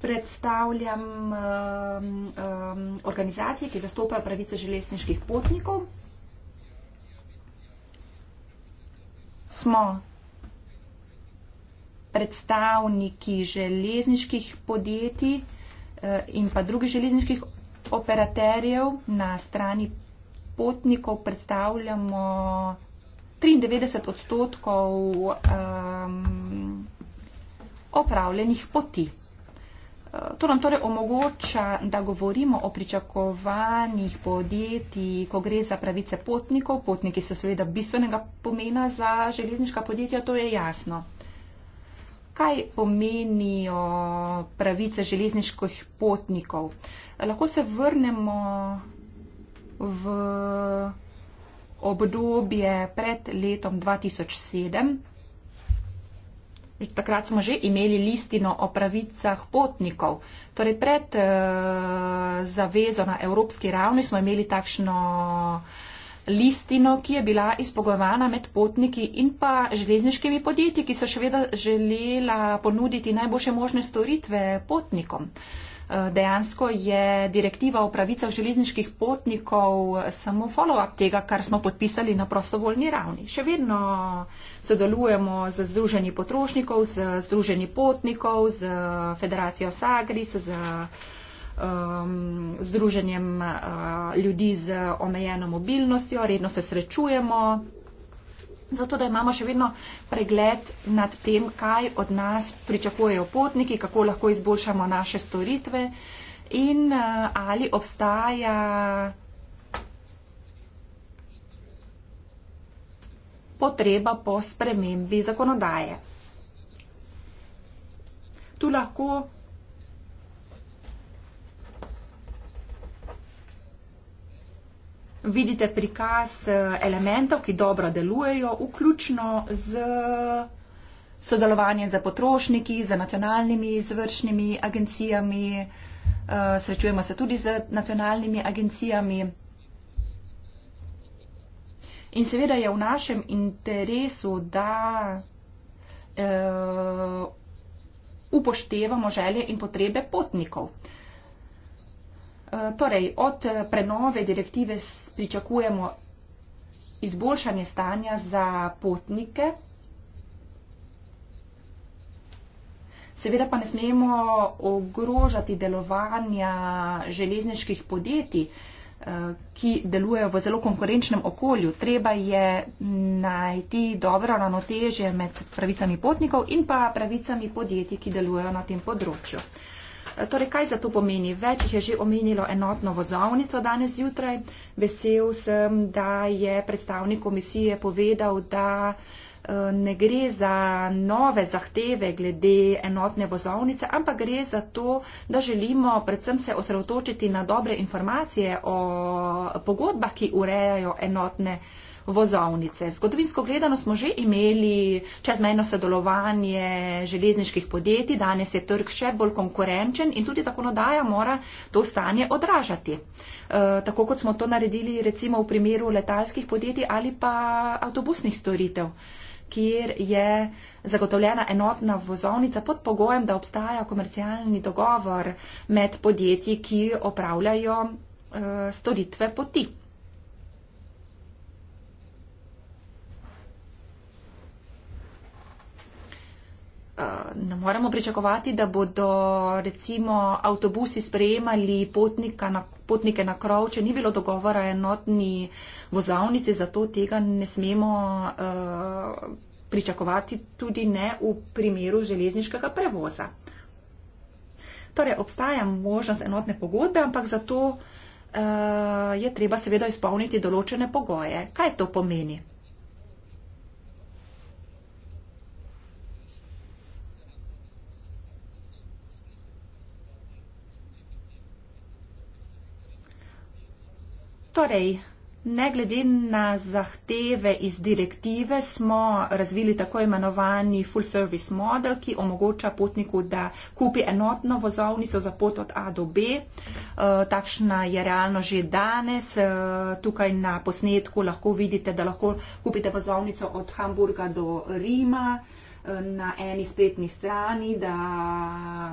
Predstavljam um, um, organizacije, ki zastopajo pravice železniških potnikov. Smo predstavniki železniških podjetij eh, in pa drugih železniških operaterjev na strani potnikov predstavljamo 93 odstotkov um, opravljenih poti. Eh, to nam torej omogoča, da govorimo o pričakovanjih podjetij, ko gre za pravice potnikov. Potniki so seveda bistvenega pomena za železniška podjetja, to je jasno kaj pomenijo pravice železniških potnikov. Lahko se vrnemo v obdobje pred letom 2007. Takrat smo že imeli listino o pravicah potnikov. Torej pred uh, zavezo na evropski ravni smo imeli takšno uh, listino, ki je bila izpogovana med potniki in pa železniškimi podjetji, ki so še vedno želela ponuditi najboljše možne storitve potnikom. Eh, dejansko je direktiva o pravicah železniških potnikov samo follow-up tega, kar smo podpisali na prostovoljni ravni. Še vedno sodelujemo z Združenji potrošnikov, z Združenji potnikov, z Federacijo Sagris, z um, združenjem uh, ljudi z omejeno mobilnostjo, redno se srečujemo. Zato, da imamo še vedno pregled nad tem, kaj od nas pričakujejo potniki, kako lahko izboljšamo naše storitve in uh, ali obstaja. potreba po spremembi zakonodaje. Tu lahko vidite prikaz eh, elementov, ki dobro delujejo, vključno z sodelovanjem za potrošniki, za nacionalnimi izvršnimi agencijami. Eh, srečujemo se tudi z nacionalnimi agencijami. In seveda je v našem interesu, da eh, upoštevamo želje in potrebe potnikov. Eh, torej, od eh, prenove direktive pričakujemo izboljšanje stanja za potnike. Seveda pa ne smemo ogrožati delovanja železniških podjetij, eh, ki delujejo v zelo konkurenčnem okolju. Treba je najti dobro ravnotežje med pravicami potnikov in pa pravicami podjetij, ki delujejo na tem področju. Torej, kaj za to pomeni? Več jih je že omenilo enotno vozovnico danes zjutraj. Vesel sem, da je predstavnik komisije povedal, da eh, ne gre za nove zahteve glede enotne vozovnice, ampak gre za to, da želimo predvsem se osredotočiti na dobre informacije o pogodbah, ki urejajo enotne vozovnice vozovnice. Zgodovinsko gledano smo že imeli čezmejno sodelovanje železniških podjetij, danes je trg še bolj konkurenčen in tudi zakonodaja mora to stanje odražati. E, tako kot smo to naredili recimo v primeru letalskih podjetij ali pa avtobusnih storitev kjer je zagotovljena enotna vozovnica pod pogojem, da obstaja komercialni dogovor med podjetji, ki opravljajo e, storitve poti. ne moremo pričakovati, da bodo recimo avtobusi sprejemali potnika na, potnike na krov, če ni bilo dogovora enotni vozavnici, zato tega ne smemo uh, pričakovati tudi ne v primeru železniškega prevoza. Torej, obstaja možnost enotne pogodbe, ampak zato uh, eh, je treba seveda izpolniti določene pogoje. Kaj to pomeni? Torej, ne glede na zahteve iz direktive, smo razvili tako imenovani full service model, ki omogoča potniku, da kupi enotno vozovnico za pot od A do B. E, takšna je realno že danes. E, tukaj na posnetku lahko vidite, da lahko kupite vozovnico od Hamburga do Rima na eni spletni strani, da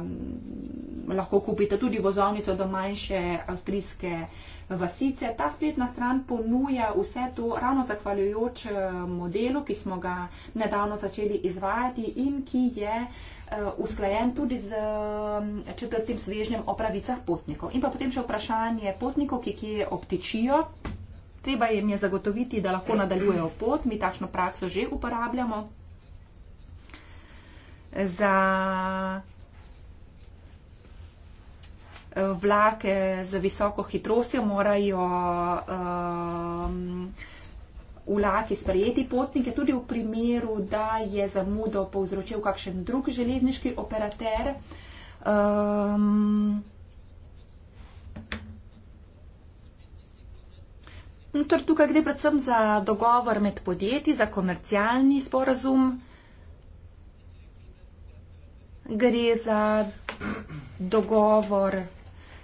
mm, lahko kupite tudi vozovnico do manjše avstrijske vasice. Ta spletna stran ponuja vse to ravno zahvaljujoč eh, modelu, ki smo ga nedavno začeli izvajati in ki je eh, usklajen tudi z mm, četrtim svežnjem o pravicah potnikov. In pa potem še vprašanje potnikov, ki kje obtičijo. Treba jim je zagotoviti, da lahko nadaljujejo pot. Mi takšno prakso že uporabljamo za eh, vlake z visoko hitrostjo, morajo um, vlaki sprejeti potnike, tudi v primeru, da je zamudo povzročil kakšen drug železniški operater. Um, Tukaj gre predvsem za dogovor med podjetji, za komercialni sporazum. Uh, gre za dogovor,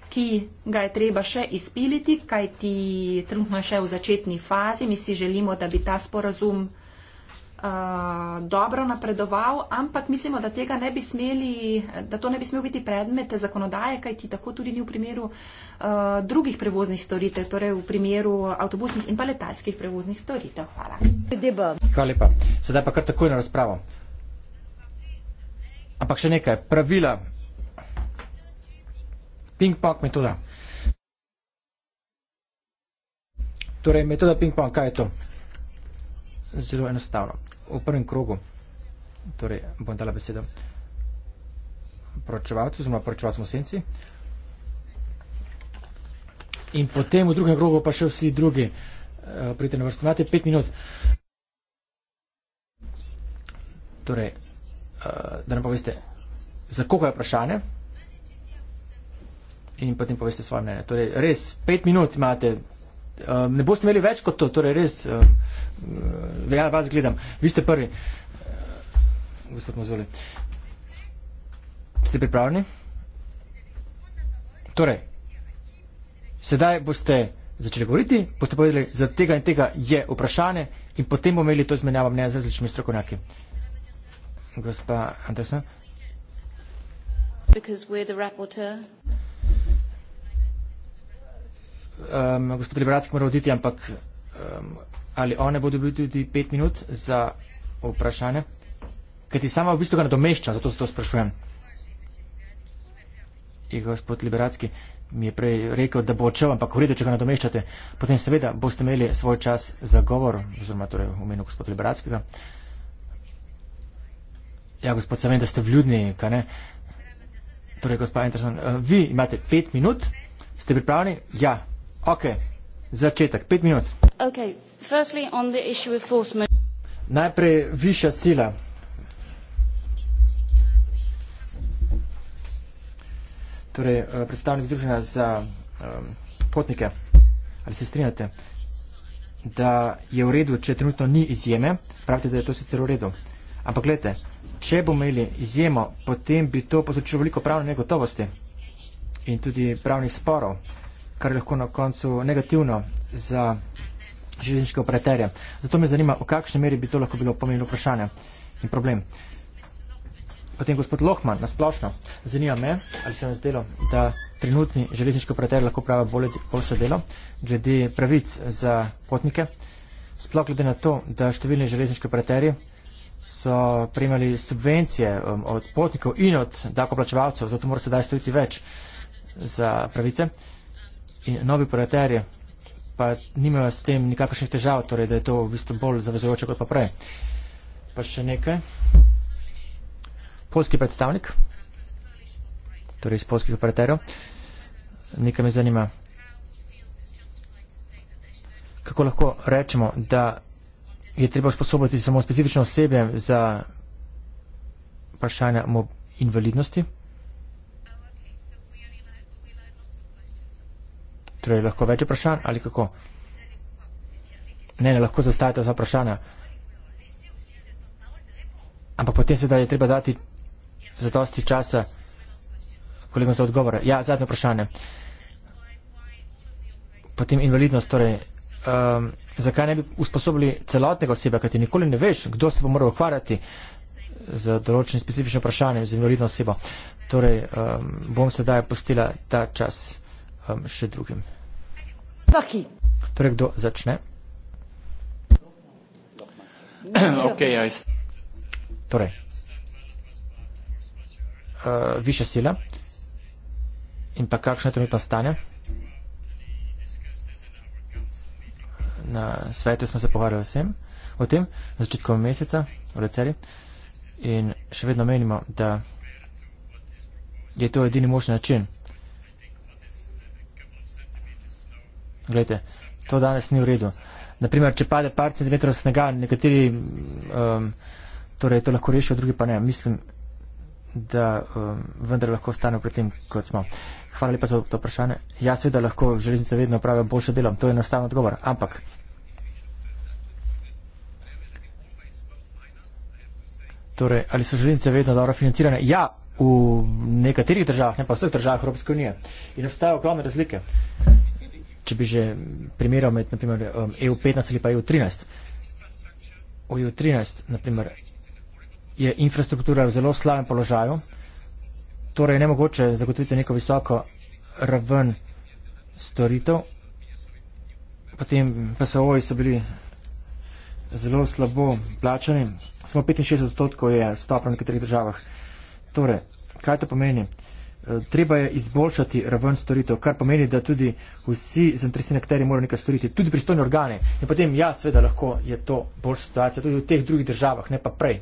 ki ga je treba še izpiliti, kaj ti trenutno še v začetni fazi. Mi si želimo, da bi ta sporazum uh, dobro napredoval, ampak mislimo, da, bi smeli, da to ne bi smel biti predmet zakonodaje, kaj ti tako tudi ni v primeru uh, drugih prevoznih storitev, torej v primeru avtobusnih in paletalskih prevoznih storitev. Hvala. Hvala lepa. Sedaj pa kar takoj na razpravo. Ampak še nekaj, pravila. Ping-pong metoda. Torej, metoda ping-pong, kaj je to? Zelo enostavno. V prvem krogu, torej, bom dala besedo poročevalcu, zelo poročevalcu v senci. In potem v drugem krogu pa še vsi drugi. Eh, pridite na vrsto, imate pet minut. Torej, Eh, da nam poveste, za koga je vprašanje in potem poveste svoje mnenje. Torej, res, pet minut imate, um, ne boste imeli več kot to, torej res, um, ja vas gledam, vi ste prvi, uh, gospod Mozoli. Ste pripravljeni? Torej, sedaj boste začeli govoriti, boste povedali, za tega in tega je vprašanje in potem bomo imeli to izmenjavo mnenja z različnimi strokovnjaki gospa Anderson. Um, gospod Liberacki mora oditi, ampak um, ali on ne bo dobil tudi pet minut za vprašanje? Ker ti sama v bistvu ga nadomešča, zato se to sprašujem. In gospod Liberacki mi je prej rekel, da bo odšel, ampak v redu, če ga nadomeščate, potem seveda boste imeli svoj čas za govor, oziroma torej v imenu gospod Liberackega. Uh, Ja, gospod, sem vem, da ste vljudni, kaj ne? Torej, gospod Anderson, eh, vi imate pet minut, ste pripravljeni? Ja, ok, začetek, pet minut. Okay. Firstly, on the issue of force Najprej višja sila. Torej, eh, predstavnik združenja za um, potnike, ali se strinjate, da je v redu, če trenutno ni izjeme, pravite, da je to sicer v redu. Ampak gledajte, če bomo imeli izjemo, potem bi to poslučilo veliko pravne negotovosti in tudi pravnih sporov, kar je lahko na koncu negativno za železniške operaterje. Zato me zanima, v kakšni meri bi to lahko bilo pomembno vprašanje in problem. Potem gospod Lohman, nasplošno, zanima me, ali se vam zdelo, da trenutni železniški operater lahko pravi boljše delo glede pravic za potnike, sploh glede na to, da številni železniški operaterji so prejemali subvencije um, od potnikov in od davkoplačevalcev, zato mora sedaj storiti več za pravice. In novi operaterje pa nimajo s tem nikakršnih težav, torej da je to v bistvu bolj zavezujoče kot pa prej. Pa še nekaj. Polski predstavnik, torej iz polskih operaterjev, nekaj me zanima. Kako lahko rečemo, da je treba usposobiti samo specifično osebe za vprašanja invalidnosti. Torej, lahko več vprašanj ali kako? Ne, ne lahko zastavite vsa vprašanja. Ampak potem seveda je treba dati za dosti časa kolegom za odgovore. Ja, zadnje vprašanje. Potem invalidnost, torej um, zakaj ne bi usposobili celotnega osebe, kajti nikoli ne veš, kdo se bo moral ukvarjati z določenim specifičnim vprašanjem, z invalidno osebo. Torej, um, bom sedaj pustila ta čas um, še drugim. Paki. Torej, kdo začne? okay, ja, torej, uh, više sila in pa kakšno je trenutno stanje? na svetu smo se pogovarjali vsem o tem, na začetku meseca, v receli, in še vedno menimo, da je to edini možen način. Glejte, to danes ni v redu. Naprimer, če pade par centimetrov snega, nekateri um, torej to lahko rešijo, drugi pa ne. Mislim, da um, vendar lahko ostanemo pri tem, kot smo. Hvala lepa za to vprašanje. Jaz seveda lahko železnica vedno opravlja boljše delo. To je enostavno odgovor. Ampak Torej, ali so železnice vedno dobro financirane? Ja, v nekaterih državah, ne pa v vseh državah Evropske unije. In obstajajo ogromne razlike. Če bi že primeral med naprimer, um, EU15 ali pa EU13. V EU13 naprimer, je infrastruktura v zelo slabem položaju, torej je nemogoče zagotoviti neko visoko raven storitev. Potem pa so oji so bili zelo slabo plačani, samo 65 odstotkov je stopno v nekaterih državah. Torej, kaj to pomeni? E, treba je izboljšati raven storitev, kar pomeni, da tudi vsi zainteresirani akteri morajo nekaj storiti, tudi pristojni organi. In potem, ja, seveda lahko je to boljša situacija tudi v teh drugih državah, ne pa prej.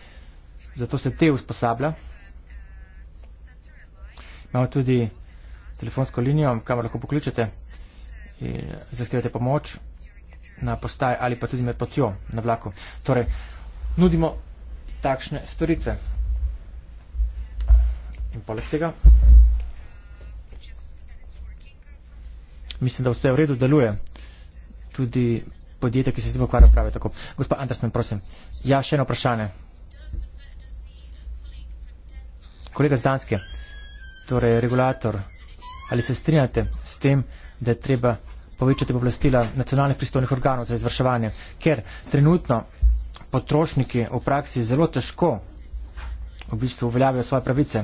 zato se te usposablja. Imamo tudi telefonsko linijo, kamor lahko pokličete in zahtevate pomoč na postaji ali pa tudi med potjo na vlaku. Torej, nudimo takšne storitve. In poleg tega, mislim, da vse v redu deluje. Tudi podjetje, ki se s tem ukvarja, pravi tako. Gospod Andersen, prosim. Ja, še eno vprašanje. Kolega Zdanske, torej regulator, ali se strinjate s tem, da je treba povečati povlastila nacionalnih pristojnih organov za izvrševanje, ker trenutno potrošniki v praksi zelo težko v bistvu uveljavijo svoje pravice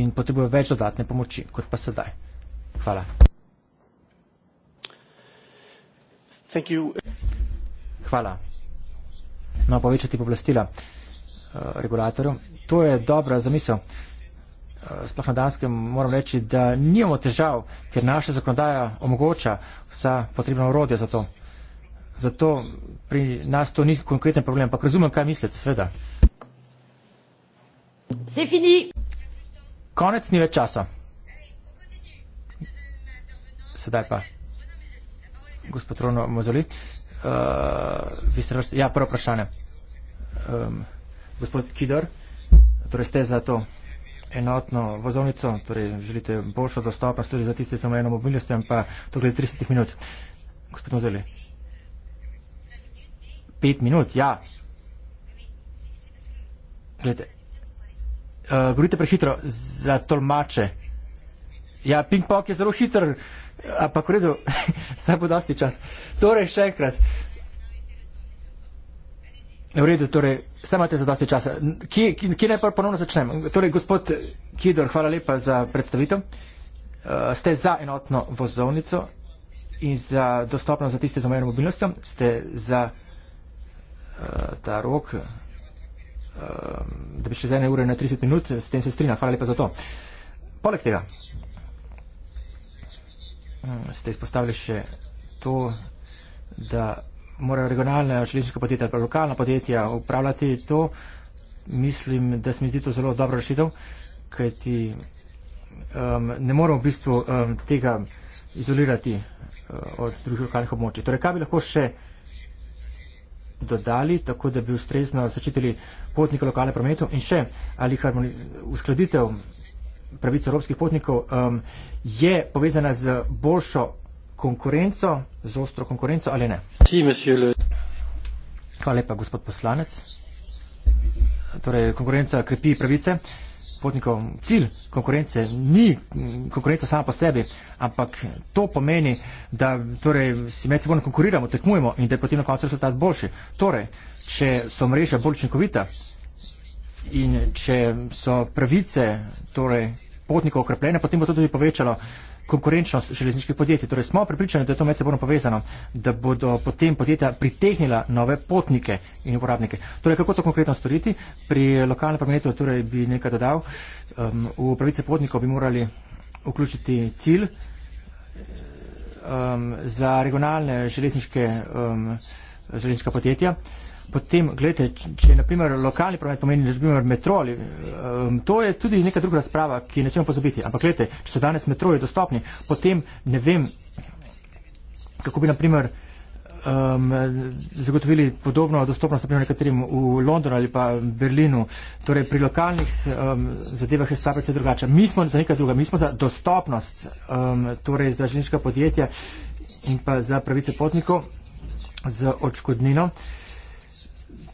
in potrebujejo več dodatne pomoči, kot pa sedaj. Hvala. Hvala. No, povečati povlastila regulatorju. To je dobra zamisel. Eh, sploh na danskem moram reči, da nimamo težav, ker naša zakonodaja omogoča vsa potrebna urodja za to. Zato pri nas to ni konkreten problem, ampak razumem, kaj mislite, seveda. Se fini. Konec ni več časa. Sedaj pa. Gospod Rono Mozoli, uh, vi ste vrsti. Ja, prvo vprašanje. Um, Gospod Kidor, torej ste za to enotno vozovnico, torej želite boljšo dostopnost tudi za tiste samo eno mobilnost, pa to glede 30 minut. Gospod Mozeli. Pet minut, ja. Gledajte. Uh, eh, govorite prehitro za tolmače. Ja, ping-pong je zelo hiter, a pa kredo, saj bo dosti čas. Torej, še enkrat. V redu, torej, samo imate za dosti časa. Kje, kje, kje najprej ponovno začnem? Torej, gospod Kidor, hvala lepa za predstavitev. Uh, ste za enotno vozovnico in za dostopnost za tiste z omejeno mobilnostjo? Ste za uh, ta rok, uh, da bi še za ene ure na 30 minut, s tem se strinjam. Hvala lepa za to. Poleg tega um, ste izpostavili še to, da morajo regionalne železniške podjetja, pa lokalna podjetja upravljati to, mislim, da se mi zdi to zelo dobro rešitev, kajti um, ne moramo v bistvu um, tega izolirati uh, od drugih lokalnih območij. Torej, kaj bi lahko še dodali, tako da bi ustrezno začetili potnike lokalne prometu in še ali uskladitev pravic evropskih potnikov um, je povezana z boljšo konkurenco, z ostro konkurenco ali ne? Si, le... Hvala lepa, gospod poslanec. Torej, konkurenca krepi pravice potnikov. Cilj konkurence ni konkurenca sama po sebi, ampak to pomeni, da torej, si med seboj konkuriramo, tekmujemo in da je potem na koncu rezultat boljši. Torej, če so mreža bolj učinkovita in če so pravice torej, potnikov okrepljene, potem bo to tudi povečalo konkurenčnost železniških podjetij. Torej smo pripričani, da je to medsebojno povezano, da bodo potem podjetja pritehnila nove potnike in uporabnike. Torej, kako to konkretno storiti? Pri lokalnem prometu torej, bi nekaj dodal. Um, v pravice potnikov bi morali vključiti cilj um, za regionalne železniške um, podjetja potem, gledajte, če je naprimer lokalni promet pomeni, da naprimer metroli, um, to je tudi neka druga razprava, ki ne smemo pozabiti. Ampak gledajte, če so danes metroli dostopni, potem ne vem, kako bi naprimer um, zagotovili podobno dostopnost naprimer nekaterim v Londonu ali pa Berlinu. Torej pri lokalnih um, zadevah je stvar precej drugače. Mi smo za nekaj druga, mi smo za dostopnost, um, torej za želiška podjetja in pa za pravice potnikov z očkodnino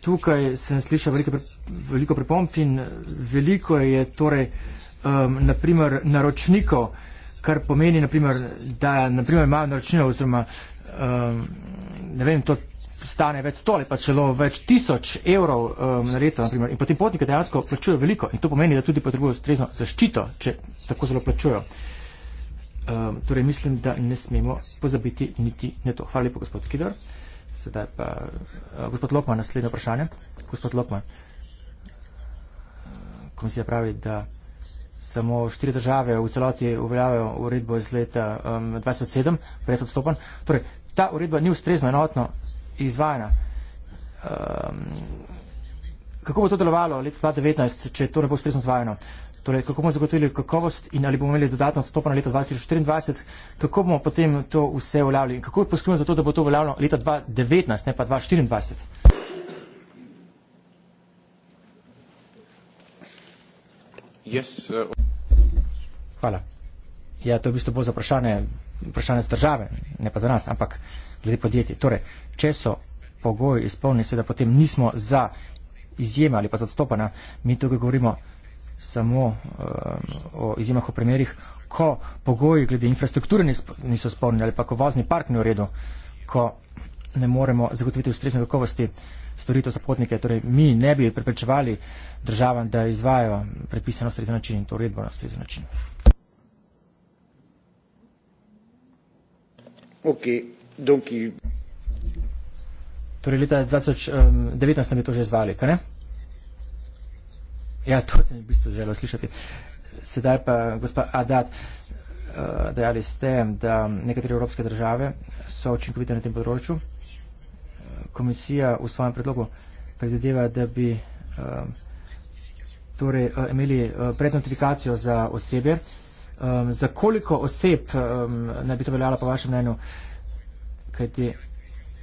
tukaj sem slišal veliko, veliko pripomb in veliko je torej um, naprimer naročnikov, kar pomeni naprimer, da naprimer imajo naročnino oziroma um, ne vem, to stane več sto ali pa celo več tisoč evrov um, na leto naprimer. in potem potnike dejansko plačujejo veliko in to pomeni, da tudi potrebujejo ustrezno zaščito, če tako zelo plačujejo. Um, torej mislim, da ne smemo pozabiti niti na to. Hvala lepo, gospod Kidor. Sedaj pa uh, gospod Lokman, naslednje vprašanje. Gospod Lokman, eh, komisija pravi, da samo štiri države v celoti uveljavljajo uredbo iz leta um, 2007, brez odstopen. Torej, ta uredba ni ustrezno enotno izvajana. Um, kako bo to delovalo leta 2019, če to ne bo ustrezno izvajano? Uh, Torej, kako bomo zagotovili kakovost in ali bomo imeli dodatno stopno leta 2024, kako bomo potem to vse uveljavili in kako poskrbimo za to, da bo to uveljavljeno leta 2019, ne pa 2024. Yes, uh... Hvala. Ja, to je v bistvu bolj za vprašanje, vprašanje z države, ne pa za nas, ampak glede podjetij. Torej, če so pogoji izpolnjeni, seveda potem nismo za izjeme ali pa za odstopanja, mi tukaj govorimo samo uh, o izjemah v primerih, ko pogoji glede infrastrukture niso spolni ali pa ko vozni park ni v redu, ko ne moremo zagotoviti ustrezne kakovosti storitev za potnike. Torej, mi ne bi preprečevali državam, da izvajajo predpisano ustrezen način in to uredbo na ustrezen način. Ok, donki. Torej, leta 2019 eh, nam je to že izvali, kaj ne? Ja, to sem v bistvu želel slišati. Sedaj pa, gospa Adat, eh, dejali ste, da nekatere evropske države so očinkovite na tem področju. Eh, komisija v svojem predlogu predvideva, da bi eh, torej, imeli prednotifikacijo za osebe. Za koliko oseb naj bi to veljalo po vašem mnenju? Kajti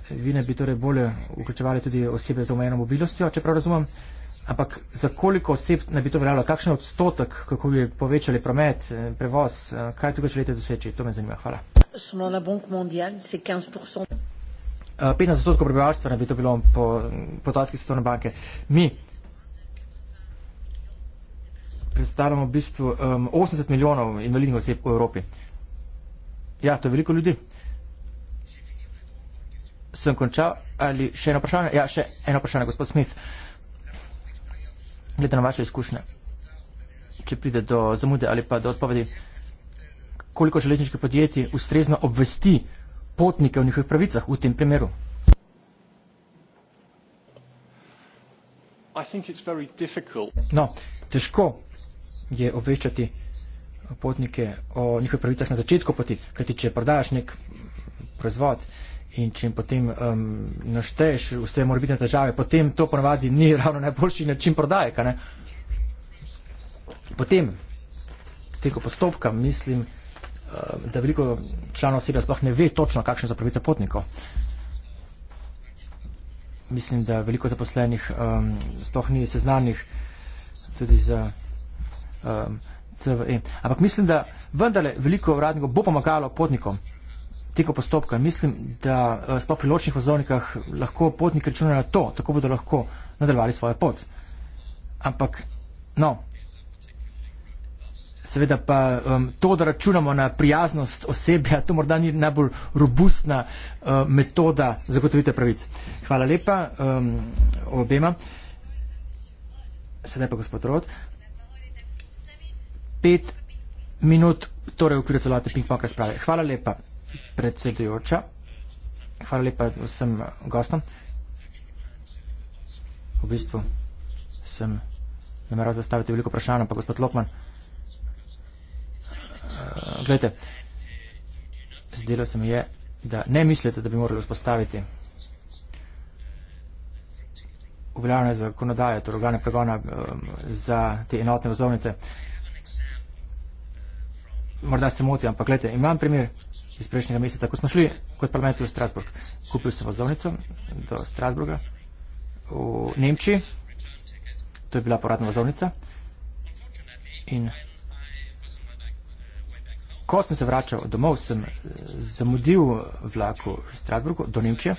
vi ne bi torej bolje vključevali tudi osebe z omejeno mobilnostjo, če prav razumem. Ampak za koliko oseb naj bi to veljalo, kakšen odstotek, kako bi povečali promet, eh, prevoz, eh, kaj tukaj želite doseči? To me zanima. Hvala. 15 eh, odstotkov prebivalstva naj bi to bilo po podatkih Svetovne banke. Mi predstavljamo v bistvu um, 80 milijonov invalidnih oseb v Evropi. Ja, to je veliko ljudi. Sem končal ali še eno vprašanje? Ja, še eno vprašanje, gospod Smith. Uh, glede na vaše izkušnje, če pride do zamude ali pa do odpovedi, koliko železniških podjetij ustrezno obvesti potnike o njihovih pravicah v tem primeru? No, težko je obveščati potnike o njihovih pravicah na začetku poti, kajti če prodajaš nek proizvod, In če jim potem um, našteješ vse morbitne težave, potem to ponavadi ni ravno najboljši način prodaje. Potem, teko postopka, mislim, uh, da veliko članov osebja sploh ne ve točno, kakšne so pravice potnikov. Mislim, da veliko zaposlenih um, sploh ni seznanih tudi z um, CVE. Ampak mislim, da vendarle veliko uradnikov bo pomagalo potnikom teko postopka. Mislim, da eh, sploh pri ločnih vozovnikah lahko potniki računajo to, tako bodo lahko nadaljevali svojo pot. Ampak, no, seveda pa um, to, da računamo na prijaznost osebja, to morda ni najbolj robustna um, metoda zagotovite pravic. Hvala lepa um, obema. Sedaj pa gospod Rod. Pet minut, torej v okviru celote ping-pong razprave. Hvala lepa predsedujoča. Hvala lepa vsem gostom. V bistvu sem nameral zastaviti veliko vprašanj, ampak gospod Lokman, eh, gledajte, zdelo se mi je, da ne mislite, da bi morali vzpostaviti uveljavljene zakonodaje, torej organe pregona eh, za te enotne vozovnice. Morda se moti, ampak gledajte, imam primer iz prejšnjega meseca, ko smo šli kot parlament v Strasburg. Kupil sem vozovnico do Strasburga v Nemčiji. To je bila poradna vozovnica. In ko sem se vračal domov, sem eh, zamudil vlak v Strasburgu do Nemčije.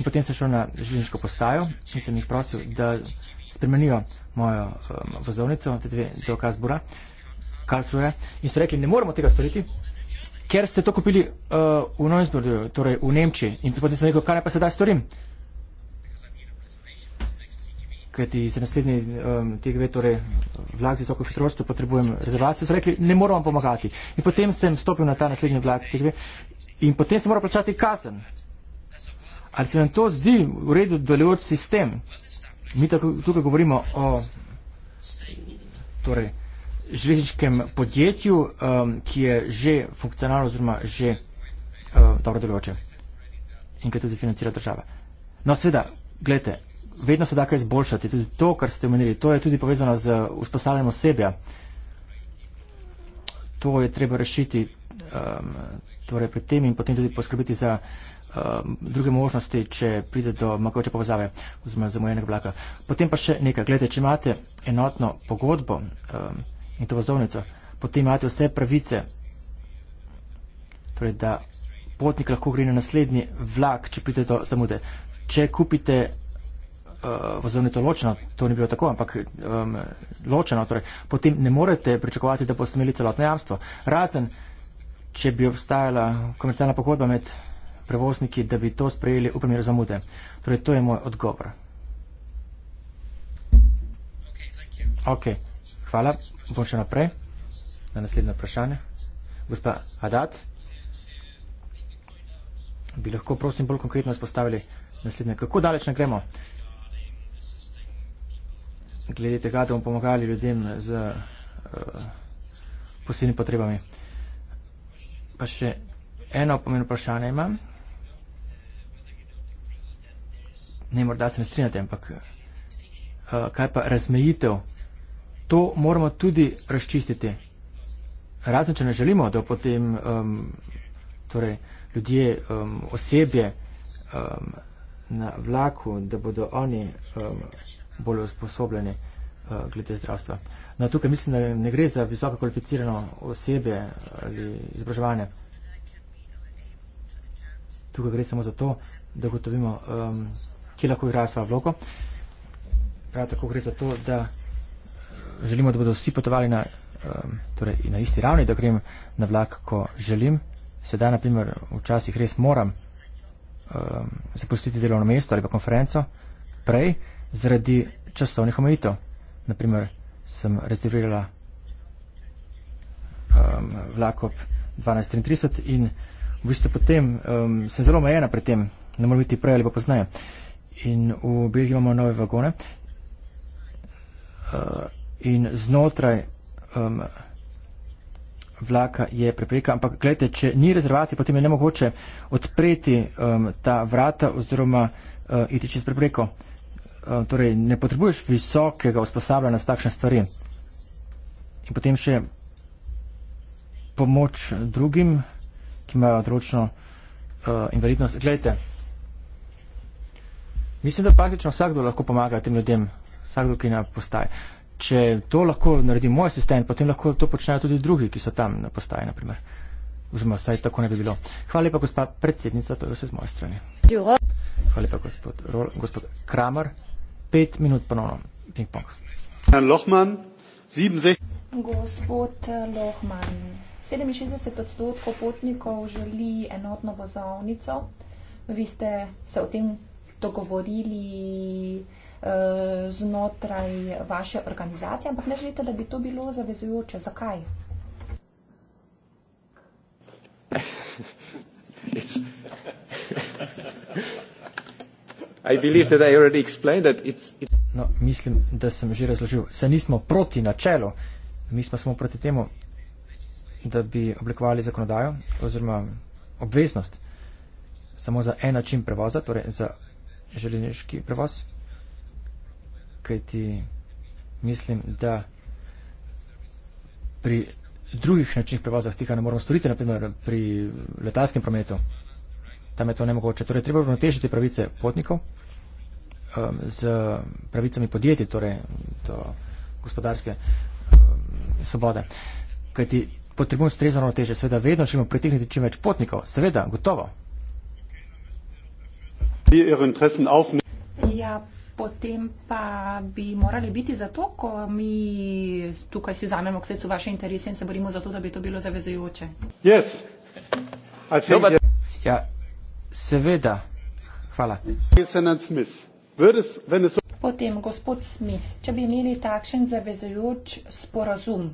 In potem sem šel na železniško postajo in sem jih prosil, da spremenijo mojo um, vozovnico, te dve do Kasbura, Karlsruhe. In so rekli, ne moramo tega storiti, ker ste to kupili uh, v Neuensburgu, torej v Nemčiji, in potem sem rekel, kaj pa sedaj storim? Ker ti za naslednji um, TGV, torej vlak z visoko hitrostjo, potrebujem rezervacijo, so rekli, ne moramo pomagati. In potem sem stopil na ta naslednji vlak TGV in potem sem moral plačati kazen. Ali se vam to zdi v redu delujoč sistem? Mi tako, tukaj govorimo o. Torej, železniškem podjetju, um, ki je že funkcionalno oziroma že uh, dobro delujoče in ki tudi financira države. No, seveda, gledajte, vedno se da kaj izboljšati. Tudi to, kar ste omenili, to je tudi povezano z usposabljanjem osebja. To je treba rešiti um, torej pred tem in potem tudi poskrbiti za um, druge možnosti, če pride do mogoče povezave oziroma zamojenega vlaka. Potem pa še nekaj, gledajte, če imate enotno pogodbo, in to vozovnico, potem imate vse pravice, torej da potnik lahko gre na naslednji vlak, če pride do zamude. Če kupite uh, vozovnico ločeno, to ni bilo tako, ampak um, ločeno, torej, potem ne morete pričakovati, da boste imeli celotno jamstvo. Razen, če bi obstajala komercialna pogodba med prevozniki, da bi to sprejeli v primeru zamude. Torej, to je moj odgovor. Okay, Hvala. Bom še naprej na naslednje vprašanje. Gospa Adat, bi lahko prosim bolj konkretno izpostavili naslednje. Kako daleč ne gremo? Glede tega, da bomo pomagali ljudem z uh, posebnimi potrebami. Pa še eno pomembno vprašanje imam. Ne, morda se ne strinjate, ampak uh, kaj pa razmejitev to moramo tudi razčistiti. Razen, če ne želimo, da potem um, torej, ljudje, um, osebje um, na vlaku, da bodo oni um, bolj usposobljeni uh, glede zdravstva. No, tukaj mislim, da ne gre za visoko kvalificirano osebje ali izobraževanje. Tukaj gre samo za to, da gotovimo, um, kje lahko igrajo svojo vlogo. Prav tako gre za to, da želimo, da bodo vsi potovali na, um, torej na isti ravni, da grem na vlak, ko želim. Sedaj, na primer, včasih res moram um, zapustiti delovno mesto ali pa konferenco prej zaradi časovnih omejitev. Naprimer, sem rezervirala um, vlak ob 12.30 in v bistvu potem um, sem zelo omejena pri tem, ne morem biti prej ali pa pozneje. In v Belgiji imamo nove vagone. Uh, in znotraj um, vlaka je prepreka. Ampak gledajte, če ni rezervacije, potem je nemogoče odpreti um, ta vrata oziroma uh, iti čez prepreko. Um, torej, ne potrebuješ visokega usposabljanja za takšne stvari. In potem še pomoč drugim, ki imajo odročno uh, invalidnost. Gledajte, mislim, da praktično vsakdo lahko pomaga tem ljudem, vsakdo, ki na postaji če to lahko naredi moj asistent, potem lahko to počnejo tudi drugi, ki so tam na postaji, naprimer. Oziroma, saj tako ne bi bilo. Hvala lepa, gospa predsednica, to je vse z moje strani. Hvala lepa, gospod, Rol, gospod Kramer. Pet minut ponovno. Ping-pong. Lohman, 67. Gospod eh, Lohman, 67 odstotkov potnikov želi enotno vozovnico. Vi ste se o tem dogovorili. Eh, znotraj vaše organizacije, ampak ne želite, da bi to bilo zavezujoče. Zakaj? It's No, mislim, da sem že razložil. Se nismo proti načelu, mi smo samo proti temu, da bi oblikovali zakonodajo oziroma obveznost samo za en način prevoza, torej za železniški prevoz, kajti mislim, da pri drugih načinih prevozah tega ne moramo storiti, naprimer pri letalskem prometu, tam je to nemogoče. Torej, treba uravnotežiti pravice potnikov um, z pravicami podjetij, torej do gospodarske um, svobode. Kajti potrebujemo ustrezno ravnoteže, seveda vedno želimo pritegniti čim več potnikov, seveda, gotovo. Ja, potem pa bi morali biti zato, ko mi tukaj si vzamemo k srcu vaše interese in se borimo za to, da bi to bilo zavezujoče. Yes. Ja, seveda. Hvala. Potem, gospod Smith, če bi imeli takšen zavezujoč sporazum,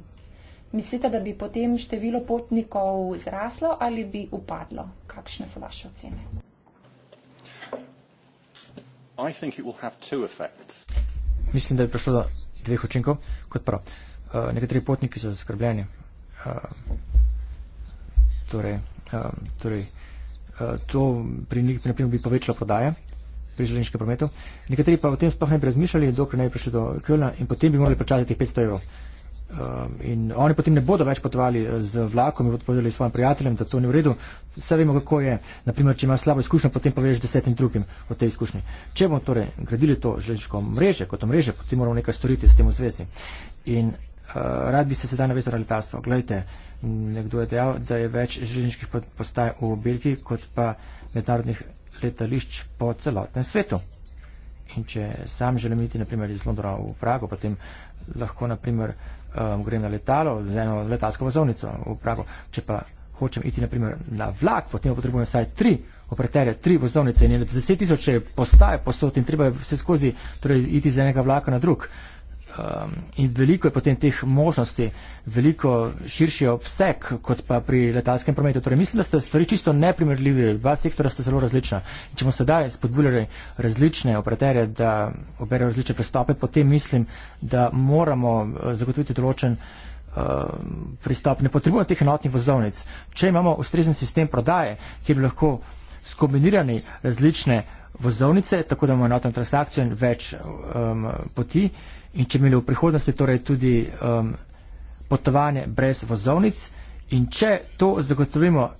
mislite, da bi potem število potnikov zraslo ali bi upadlo? Kakšne so vaše ocene? Mislim, da je prišlo do dveh učinkov. Kot prvo, uh, eh, nekateri potniki so zaskrbljeni. Uh, torej, uh, torej, uh, to pri njih bi povečalo prodaje pri železniškem prometu. Nekateri pa o tem sploh ne bi razmišljali, dokler ne bi prišli do Kölna in potem bi morali plačati teh 500 evrov. Um, in oni potem ne bodo več potovali eh, z vlakom in bodo povedali svojim prijateljem, da to ni v redu. Vse vemo, kako je. Naprimer, če imaš slabo izkušnjo, potem poveš desetim drugim o tej izkušnji. Če bomo torej gradili to železniško mreže kot mreže, potem moramo nekaj storiti s tem v zvezi. In uh, rad bi se sedaj navezal na letalstvo. Gledajte, nekdo je dejal, da je več železniških postaj v Belgiji kot pa mednarodnih letališč po celotnem svetu. In če sam želim iti, naprimer, iz Londona v Prago, potem lahko, naprimer, um, grem na letalo, vzamem letalsko vozovnico v Prago. Če pa hočem iti naprimer na vlak, potem potrebujem vsaj tri operaterje, tri vozovnice in je na deset tisoče postaje posod in treba je vse skozi torej, iti z enega vlaka na drug. Uh, Um, in veliko je potem teh možnosti, veliko širši obseg, kot pa pri letalskem prometu. Torej, mislim, da ste stvari čisto neprimerljivi, dva sektora sta zelo različna. In če bomo sedaj spodbujali različne operaterje, da oberejo različne pristope, potem mislim, da moramo uh, zagotoviti določen uh, pristop. Ne potrebujemo teh enotnih vozovnic. Če imamo ustrezen sistem prodaje, kjer bi lahko skombinirani različne vozovnice, tako da imamo enotno transakcijo in več um, poti, in če imeli v prihodnosti torej tudi um, potovanje brez vozovnic. In če to zagotovimo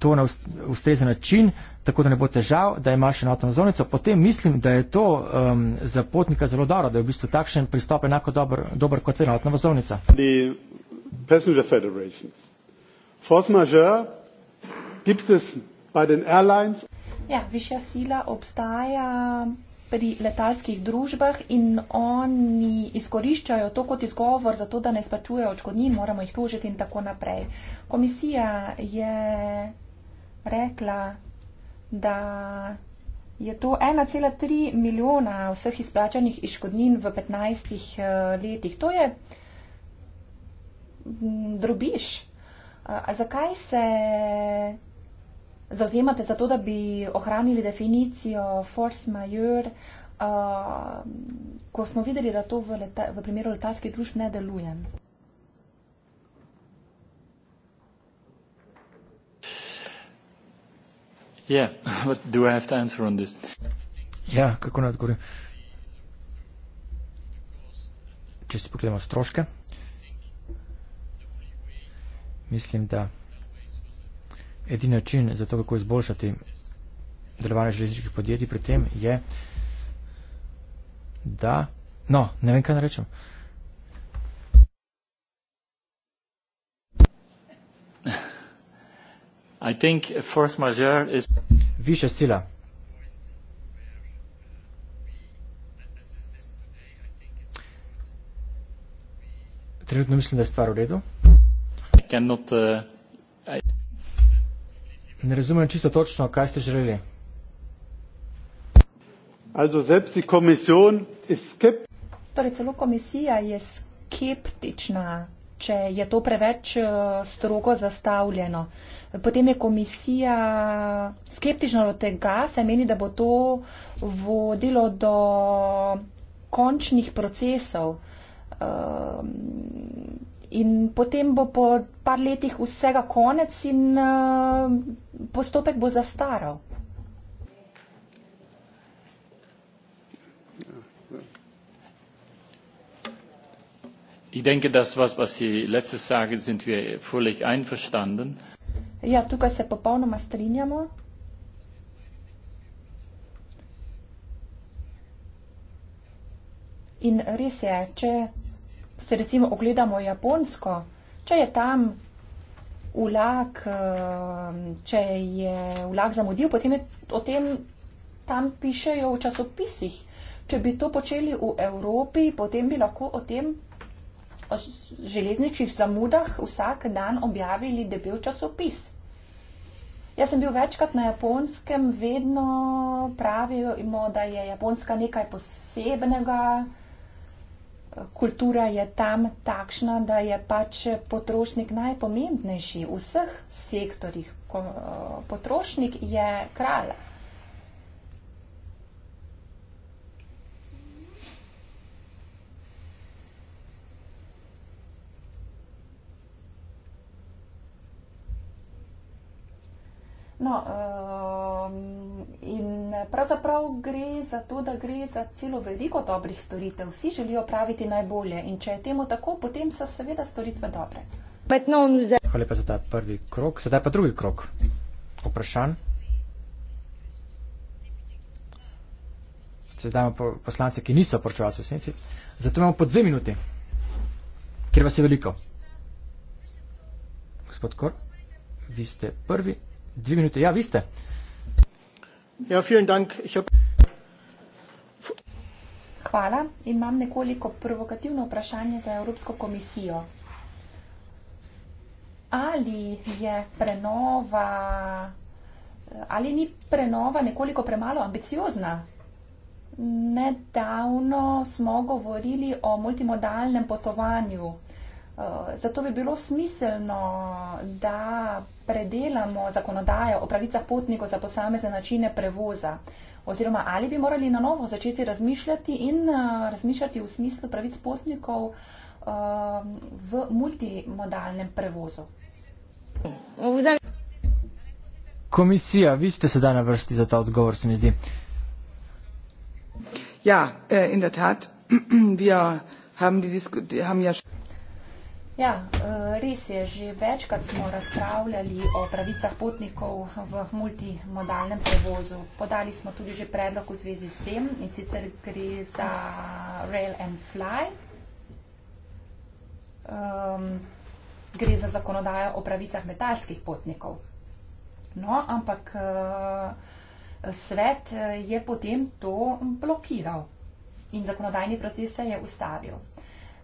to na ustrezen način, tako da ne bo težav, da imaš enotno vozovnico, potem mislim, da je to um, za potnika zelo dobro, da je v bistvu takšen pristop enako dober, dober kot enotna vozovnica. Ja, višja sila obstaja pri letalskih družbah in oni izkoriščajo to kot izgovor za to, da ne splačujejo očkodnin, moramo jih tožiti in tako naprej. Komisija je rekla, da je to 1,3 milijona vseh izplačanih iškodnin v 15 eh, letih. To je drobiš. A zakaj se zauzemate za to, da bi ohranili definicijo force majeure, uh, ko smo videli, da to v, leta, v primeru letalskih družb ne deluje. Yeah. Ja, kako naj odgovorim? Če si pogledamo stroške, mislim, da. Edini način za to, kako izboljšati delovanje železniških podjetij pri tem je, da, no, ne vem, kaj narečem. I think force majeure is... Višja sila. Trenutno mislim, da je stvar v redu. I cannot... Uh... Ne razumem čisto točno, kaj ste želeli. Torej, celo komisija je skeptična, če je to preveč eh, strogo zastavljeno. Potem je komisija skeptična do tega, saj meni, da bo to vodilo do končnih procesov. Ehm, In potem bo po par letih vsega konec in uh, postopek bo zastaral. Ich denke, das, was, was Sie letztes sagen, sind wir völlig einverstanden. Ja, tukaj se popolnoma strinjamo. In res je, če se recimo ogledamo Japonsko, če je tam vlak, eh, če je vlak zamudil, potem je, o tem tam pišejo v časopisih. Če bi to počeli v Evropi, potem bi lahko o tem o železničnih zamudah vsak dan objavili debel časopis. Jaz sem bil večkrat na japonskem, vedno pravijo, da je japonska nekaj posebnega, kultura je tam takšna, da je pač potrošnik najpomembnejši v vseh sektorjih. Eh, potrošnik je kralj. No, ehm, in pravzaprav gre za to, da gre za celo veliko dobrih storitev. Vsi želijo praviti najbolje in če je temu tako, potem so seveda storitve dobre. Hvala lepa za ta prvi krok. Sedaj pa drugi krok. Vprašanj. Sedaj imamo poslance, ki niso poročevalci v senci. Zato imamo po dve minuti, ker vas je veliko. Gospod Kor, vi ste prvi. Две минуты. Я, вы сте. Я, vielen Dank. Ich hab... Hvala. Imam nekoliko provokativno vprašanje za Evropsko komisijo. Ali je prenova, ali ni prenova nekoliko premalo ambiciozna? Nedavno smo govorili o multimodalnem potovanju. Eh, zato bi bilo smiselno, da predelamo zakonodajo o pravicah potnikov za posamezne načine prevoza? Oziroma, ali bi morali na novo začeti razmišljati in eh, razmišljati v smislu pravic potnikov eh, v multimodalnem prevozu? Komisija, vi ste sedaj na vrsti za ta odgovor, se mi zdi. Ja, eh, in da tat, vi haben die, haben ja. Ja, eh, res je, že večkrat smo razpravljali o pravicah potnikov v multimodalnem prevozu. Podali smo tudi že predlog v zvezi s tem in sicer gre za Rail and Fly. Um, gre za zakonodajo o pravicah metalskih potnikov. No, ampak uh, svet je potem to blokiral in zakonodajni proces se je ustavil.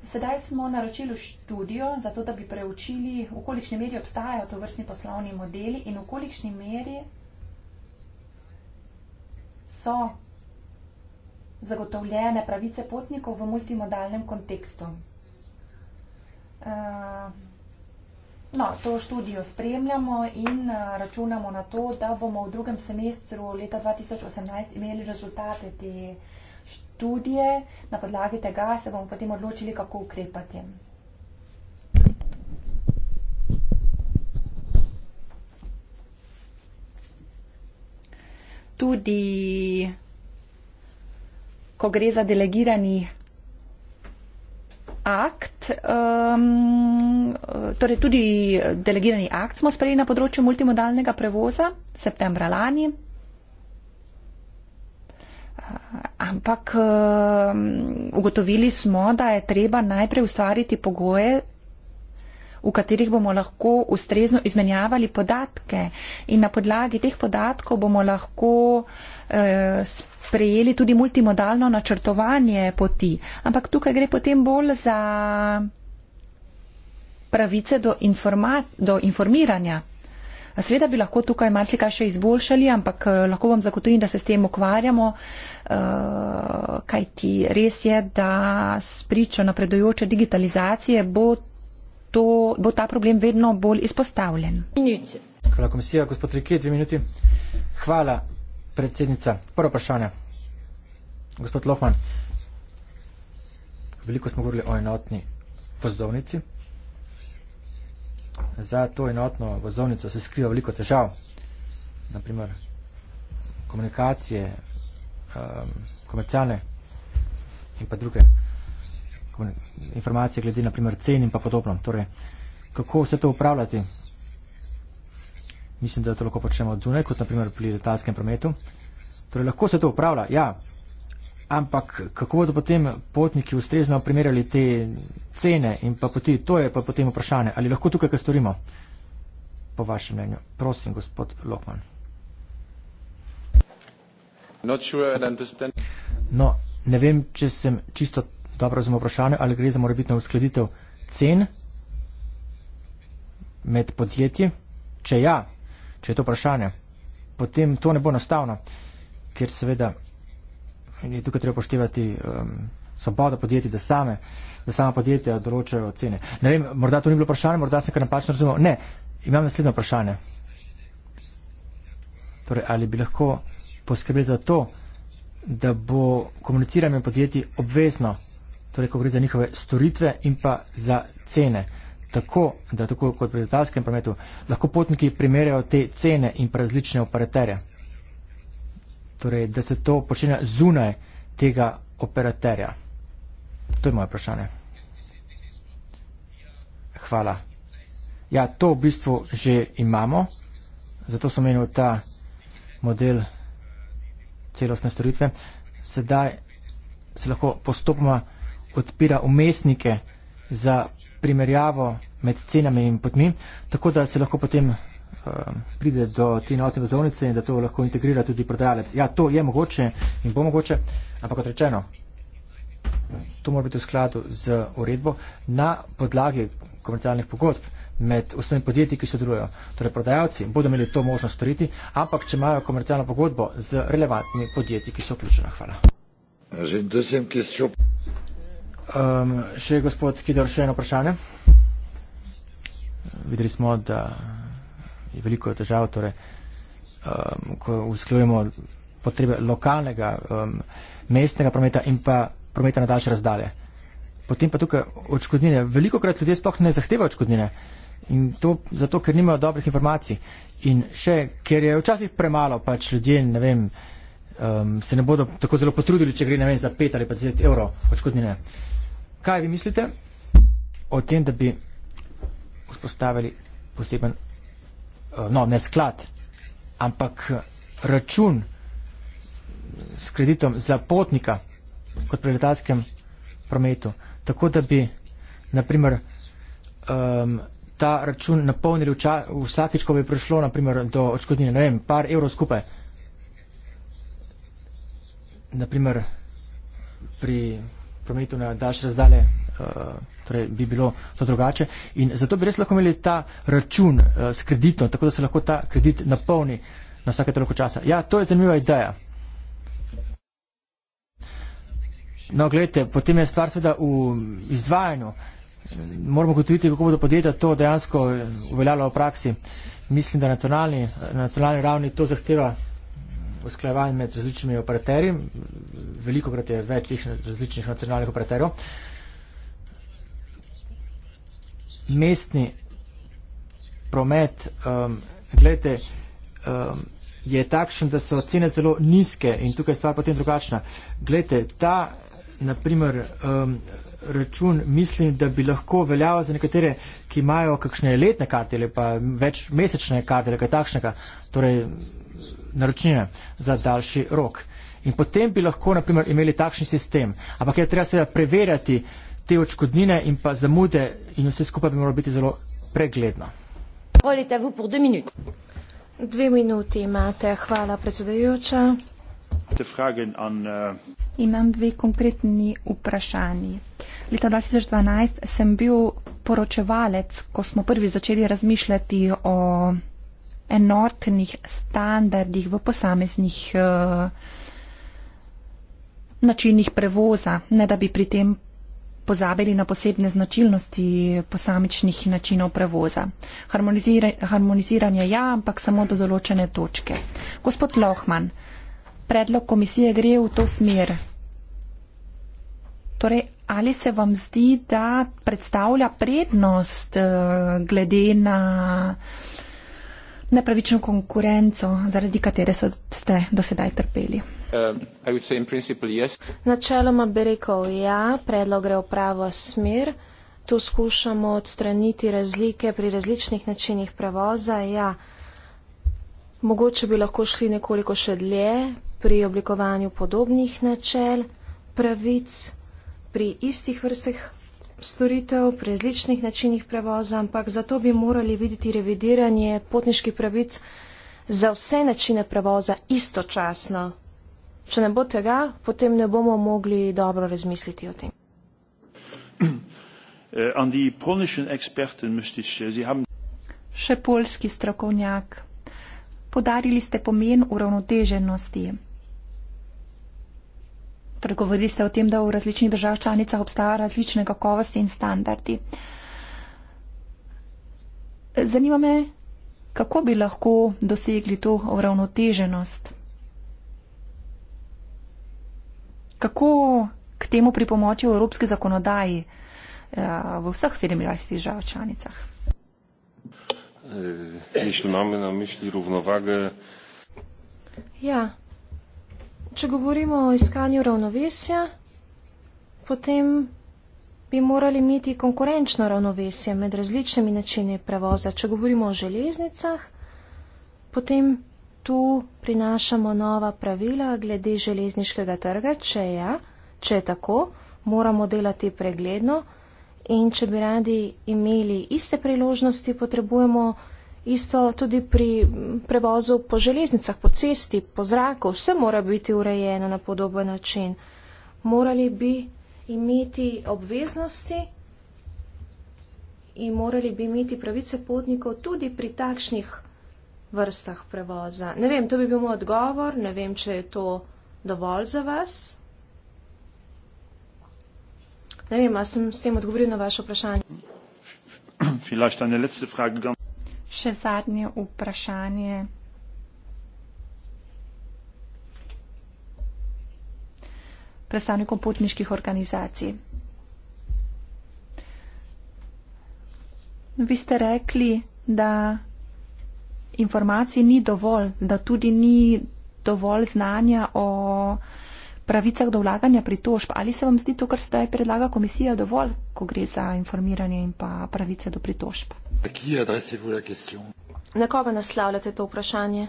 Sedaj smo naročili študijo, zato da bi preučili, v kolikšni meri obstajajo to vrstni poslovni modeli in v kolikšni meri so zagotovljene pravice potnikov v multimodalnem kontekstu. Eh, no, to študijo spremljamo in eh, računamo na to, da bomo v drugem semestru leta 2018 imeli rezultate te študije študije, na podlagi tega se bomo potem odločili, kako ukrepati. Tudi, ko gre za delegirani akt, um, torej tudi delegirani akt smo sprejeli na področju multimodalnega prevoza septembra lani. Ampak ehm, ugotovili smo, da je treba najprej ustvariti pogoje, v katerih bomo lahko ustrezno izmenjavali podatke in na podlagi teh podatkov bomo lahko eh, sprejeli tudi multimodalno načrtovanje poti. Ampak tukaj gre potem bolj za pravice do, informa do informiranja Sveda bi lahko tukaj marsikaj še izboljšali, ampak eh, lahko vam zagotovim, da se s tem ukvarjamo, eh, kaj ti res je, da s pričo napredujoče digitalizacije bo, to, bo ta problem vedno bolj izpostavljen. Hvala komisija, gospod Rikej, dve minuti. Hvala, predsednica. Prvo vprašanje. Gospod Lohman, veliko smo govorili o enotni vzdovnici za to enotno vozovnico se skriva veliko težav. Naprimer, komunikacije, um, komercialne in pa druge informacije glede naprimer cen in pa podobno. Torej, kako vse to upravljati? Mislim, da to lahko počnemo od zunaj, kot naprimer pri letalskem prometu. Torej, lahko se to upravlja? Ja, Ampak kako bodo potem potniki ustrezno primerjali te cene in pa poti? To je pa potem vprašanje. Ali lahko tukaj kaj storimo? Po vašem mnenju. Prosim, gospod Lokman. No, ne vem, če sem čisto dobro razumel vprašanje, ali gre za morebitno uskladitev cen med podjetji. Če ja, če je to vprašanje, potem to ne bo enostavno, ker seveda in je tukaj treba poštevati um, svoboda podjetij, da, same, da sama podjetja določajo cene. Ne vem, morda to ni bilo vprašanje, morda sem kar napačno razumel. Ne, imam naslednje vprašanje. Torej, ali bi lahko poskrbeli za to, da bo komuniciranje podjetij obvezno, torej, ko gre za njihove storitve in pa za cene. Tako, da tako kot pri letalskem prometu, lahko potniki primerjajo te cene in pa različne operaterje torej, da se to počne zunaj tega operaterja? To je moje vprašanje. Hvala. Ja, to v bistvu že imamo, zato sem menil ta model celostne storitve. Sedaj se lahko postopoma odpira umestnike za primerjavo med cenami in potmi, tako da se lahko potem pride do te enotne vozovnice in da to lahko integrira tudi prodajalec. Ja, to je mogoče in bo mogoče, ampak kot rečeno, to mora biti v skladu z uredbo na podlagi komercialnih pogodb med vsemi podjetji, ki sodelujejo. Torej, prodajalci bodo imeli to možnost storiti, ampak če imajo komercialno pogodbo z relevantnimi podjetji, ki so vključena. Hvala. Um, še gospod Kidor, še eno vprašanje. Videli smo, da je veliko držav, torej, um, ko usklujemo potrebe lokalnega, um, mestnega prometa in pa prometa na daljše razdalje. Potem pa tukaj očkodnine. Veliko krat ljudje sploh ne zahtevajo očkodnine in to zato, ker nimajo dobrih informacij. In še, ker je včasih premalo, pač ljudje, ne vem, um, se ne bodo tako zelo potrudili, če gre, ne vem, za 5 ali pa 10 evrov očkodnine. Kaj vi mislite o tem, da bi vzpostavili poseben Eh, no, ne sklad, ampak eh, račun eh, s kreditom za potnika kot pri letalskem prometu. Tako da bi, naprimer, um, ta račun napolnili vsakič, ko bi prišlo, naprimer, do odškodnine, ne vem, par evrov skupaj. Naprimer, pri prometu na daljše razdalje Eh, torej bi bilo to drugače. In zato bi res lahko imeli ta račun eh, s kreditom, tako da se lahko ta kredit napolni na vsake toliko časa. Ja, to je zanimiva ideja. No, gledajte, potem je stvar seveda v izvajanju. Moramo gotoviti, kako bodo podjetja to dejansko eh, uveljala v praksi. Mislim, da na nacionalni, na nacionalni ravni to zahteva usklajevanje med različnimi operaterji. Veliko krat je več različnih nacionalnih operaterjev mestni promet, um, gledajte, um, je takšen, da so cene zelo nizke in tukaj stvar potem drugačna. Glejte, ta, na primer, um, račun mislim, da bi lahko veljal za nekatere, ki imajo kakšne letne karte ali pa večmesečne karte ali kaj takšnega, torej naročnine za daljši rok. In potem bi lahko, na primer, imeli takšen sistem. Ampak je treba seveda preverjati, uh, te očkodnine in pa zamude in vse skupaj bi moralo biti zelo pregledno. Volite vu pour deux minutes. Dve minuti imate, hvala predsedajoča. Eh, Imam dve konkretni vprašanji. Leta 2012 sem bil poročevalec, ko smo prvi začeli razmišljati o enotnih standardih v posameznih uh, načinih prevoza, ne da bi pri tem pozabili na posebne značilnosti posamičnih načinov prevoza. Harmoniziranje, harmoniziranje ja, ampak samo do določene točke. Gospod Lohman, predlog komisije gre v to smer. Torej, ali se vam zdi, da predstavlja prednost eh, glede na uh, nepravično konkurenco, zaradi katere so ste dosedaj trpeli? Uh, yes. Načeloma bi rekel ja, predlog gre v pravo smer. Tu skušamo odstraniti razlike pri različnih načinih prevoza. Ja, mogoče bi lahko šli nekoliko še dlje pri oblikovanju podobnih načel, pravic, pri istih vrstah storitev pri različnih načinih prevoza, ampak zato bi morali videti revidiranje potniških pravic za vse načine prevoza istočasno. Če ne bo tega, potem ne bomo mogli dobro razmisliti o tem. Eh, Še polski strokovnjak. Podarili ste pomen uravnoteženosti. Torej, govorili ste o tem, da v različnih državah članicah obstajajo različne kakovosti in standardi. Zanima me, kako bi lahko dosegli to uravnoteženost? Kako k temu pripomoči v evropski zakonodaji eh, v vseh 27 držav članicah? Če imamo na mišli ravnovage. Ja, če govorimo o iskanju ravnovesja, potem bi morali imeti konkurenčno ravnovesje med različnimi načini prevoza. Če govorimo o železnicah, potem tu prinašamo nova pravila glede železniškega trga. Če, ja, če je tako, moramo delati pregledno in če bi radi imeli iste priložnosti, potrebujemo Isto tudi pri prevozu po železnicah, po cesti, po zraku, vse mora biti urejeno na podoben način. Morali bi imeti obveznosti in morali bi imeti pravice potnikov tudi pri takšnih vrstah prevoza. Ne vem, to bi bil moj odgovor, ne vem, če je to dovolj za vas. Ne vem, a sem s tem odgovoril na vaše vprašanje. Vielleicht eine letzte Frage še zadnje vprašanje. Predstavnikom potniških organizacij. Vi ste rekli, da informacij ni dovolj, da tudi ni dovolj znanja o pravicah do vlaganja pritožb. Ali se vam zdi to, kar zdaj predlaga komisija, dovolj, ko gre za informiranje in pa pravice do pritožb? Na koga naslavljate to vprašanje?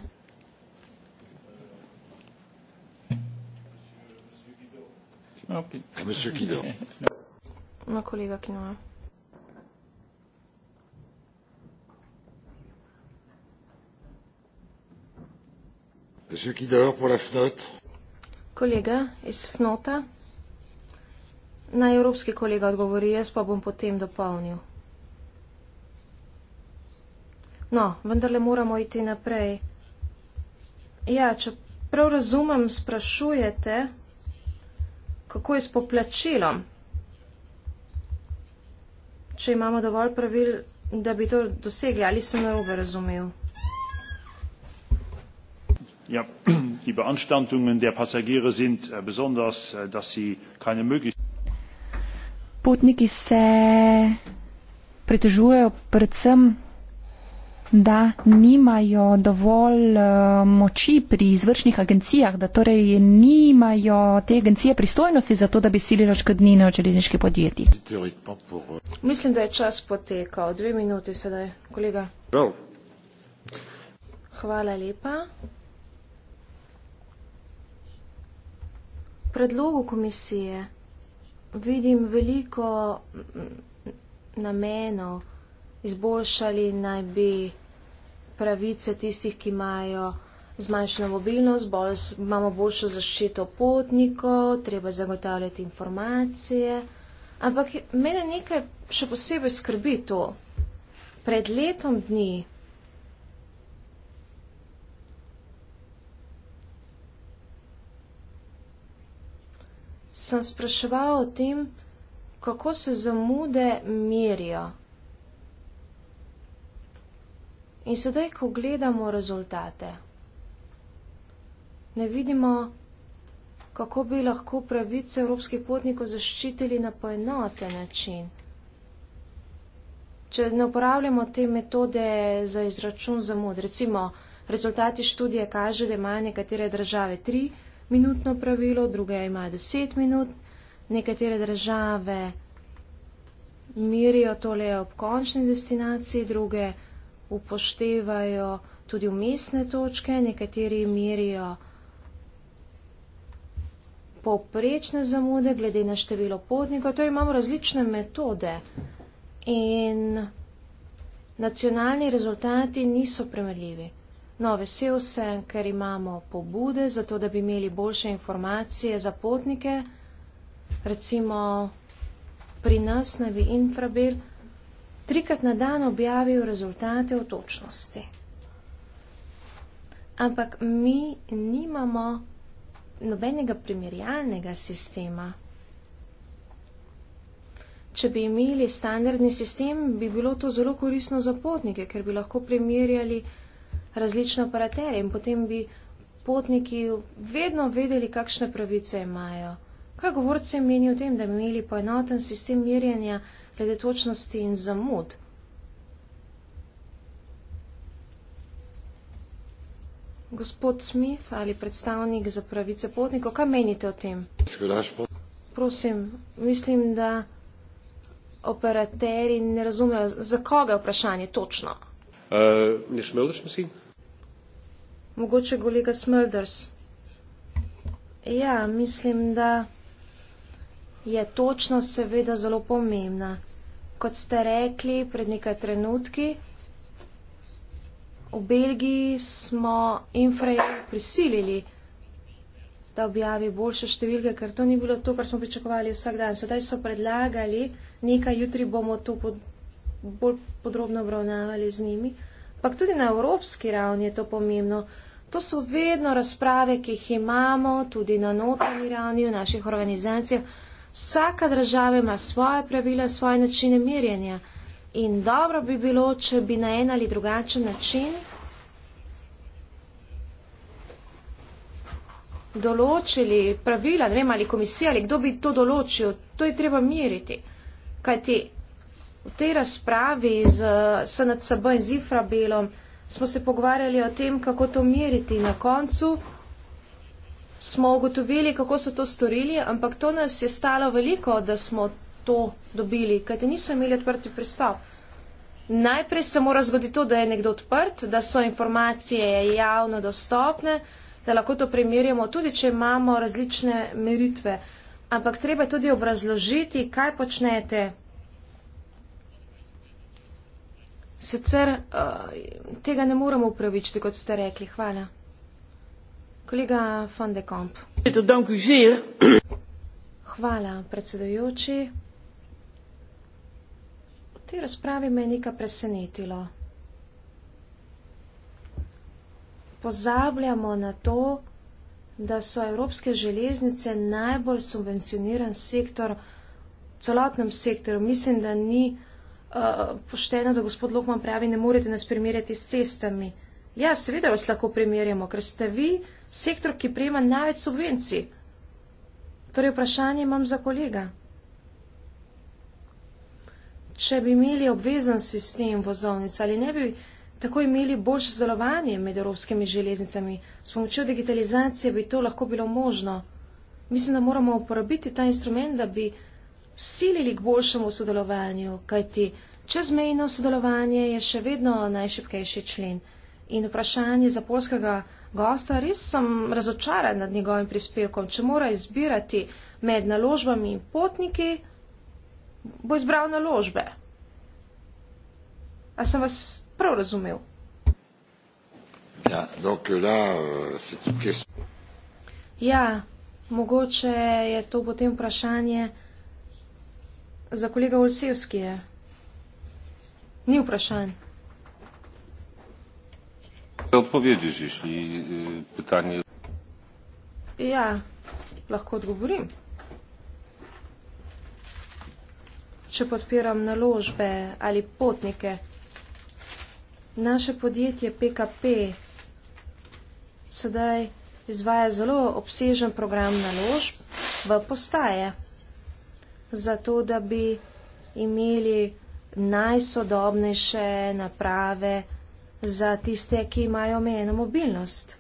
Okay. Na kolega Kinoa. Monsieur Kidor pour la FNOT. Kolega iz FNOTA. Naj evropski kolega odgovori, jaz pa bom potem dopolnil. No, vendarle moramo iti naprej. Ja, če prav razumem, sprašujete, kako je s poplačilom. Če imamo dovolj pravil, da bi to dosegli, ali sem narobe razumel? Ja, die Beanstandungen der Passagiere sind äh, besonders, äh, dass sie keine Möglichkeit da nimajo dovolj uh, moči pri izvršnih agencijah, da torej nimajo te agencije pristojnosti za to, da bi silili očkodnine od železniških podjetij. Mislim, da je čas potekal. Dve minuti sedaj, kolega. Hvala lepa. predlogu komisije vidim veliko namenov. Izboljšali naj bi pravice tistih, ki imajo zmanjšeno mobilnost, bolj, imamo boljšo zaščito potnikov, treba zagotavljati informacije. Ampak mene nekaj še posebej skrbi to. Pred letom dni sem spraševal o tem, kako se zamude merijo. In sedaj, ko gledamo rezultate, ne vidimo, kako bi lahko pravice evropskih potnikov zaščitili na poenoten način. Če ne uporabljamo te metode za izračun zamud, recimo rezultati študije kaže, da imajo nekatere države tri, minutno pravilo, druge imajo 10 minut. Nekatere države mirijo tole ob končni destinaciji, druge upoštevajo tudi umestne točke, nekateri mirijo poprečne zamude glede na število potnikov. To torej imamo različne metode in nacionalni rezultati niso primerljivi. No, vesel sem, ker imamo pobude za to, da bi imeli boljše informacije za potnike. Recimo, pri nas naj bi Infrabel trikrat na dan objavil rezultate o točnosti. Ampak mi nimamo nobenega primerjalnega sistema. Če bi imeli standardni sistem, bi bilo to zelo korisno za potnike, ker bi lahko primerjali različne operaterje in potem bi potniki vedno vedeli, kakšne pravice imajo. Kaj govorce meni o tem, da bi imeli poenoten sistem merjenja glede točnosti in zamud? Gospod Smith ali predstavnik za pravice potnikov, kaj menite o tem? Prosim, mislim, da operateri ne razumejo, za koga je vprašanje točno. Uh, Mogoče kolega Smulders. Ja, mislim, da je točno seveda zelo pomembna. Kot ste rekli pred nekaj trenutki, v Belgiji smo Infrej prisilili, da objavi boljše številke, ker to ni bilo to, kar smo pričakovali vsak dan. Sedaj so predlagali, nekaj jutri bomo to pod, bolj podrobno obravnavali z njimi. Pak tudi na evropski ravni je to pomembno. To so vedno razprave, ki jih imamo tudi na notranji ravni v naših organizacijah. Vsaka država ima svoje pravila, svoje načine mirjenja in dobro bi bilo, če bi na en ali drugačen način določili pravila, ne vem ali komisija ali kdo bi to določil, to je treba miriti. Kajti v tej razpravi z SNCB in Zifrabelom smo se pogovarjali o tem, kako to meriti. Na koncu smo ugotovili, kako so to storili, ampak to nas je stalo veliko, da smo to dobili, kajti niso imeli odprti pristop. Najprej se mora zgoditi to, da je nekdo odprt, da so informacije javno dostopne, da lahko to primerjamo, tudi če imamo različne meritve. Ampak treba tudi obrazložiti, kaj počnete. Sicer uh, tega ne moremo upravičiti, kot ste rekli. Hvala. Kolega von de Kamp. Hvala, predsedujoči. V tej razpravi me je nekaj presenetilo. Pozabljamo na to, da so evropske železnice najbolj subvencioniran sektor v celotnem sektorju. Mislim, da ni. Eh, pošteno, da gospod Lohman pravi, ne morete nas primerjati s cestami. Ja, seveda vas lahko primerjamo, ker ste vi sektor, ki prejema največ subvencij. Torej, vprašanje imam za kolega. Če bi imeli obvezen sistem vozovnic, ali ne bi tako imeli boljše zdelovanje med evropskimi železnicami, s pomočjo digitalizacije bi to lahko bilo možno. Mislim, da moramo uporabiti ta instrument, da bi silili k boljšemu sodelovanju, kajti čezmejno sodelovanje je še vedno najšipkejši člen. In vprašanje za polskega gosta, res sem razočaran nad njegovim prispevkom, če mora izbirati med naložbami in potniki, bo izbral naložbe. A sem vas prav razumel? Ja, dokela, euh, tukaj... ja mogoče je to potem vprašanje za kolega Olsevski je. Ni vprašanj. Odpovediš, jeśli e, pytanie. Ja, lahko odgovorim. Če podpiram naložbe ali potnike, naše podjetje PKP sedaj izvaja zelo obsežen program naložb v postaje zato da bi imeli najsodobnejše naprave za tiste, ki imajo omejeno mobilnost.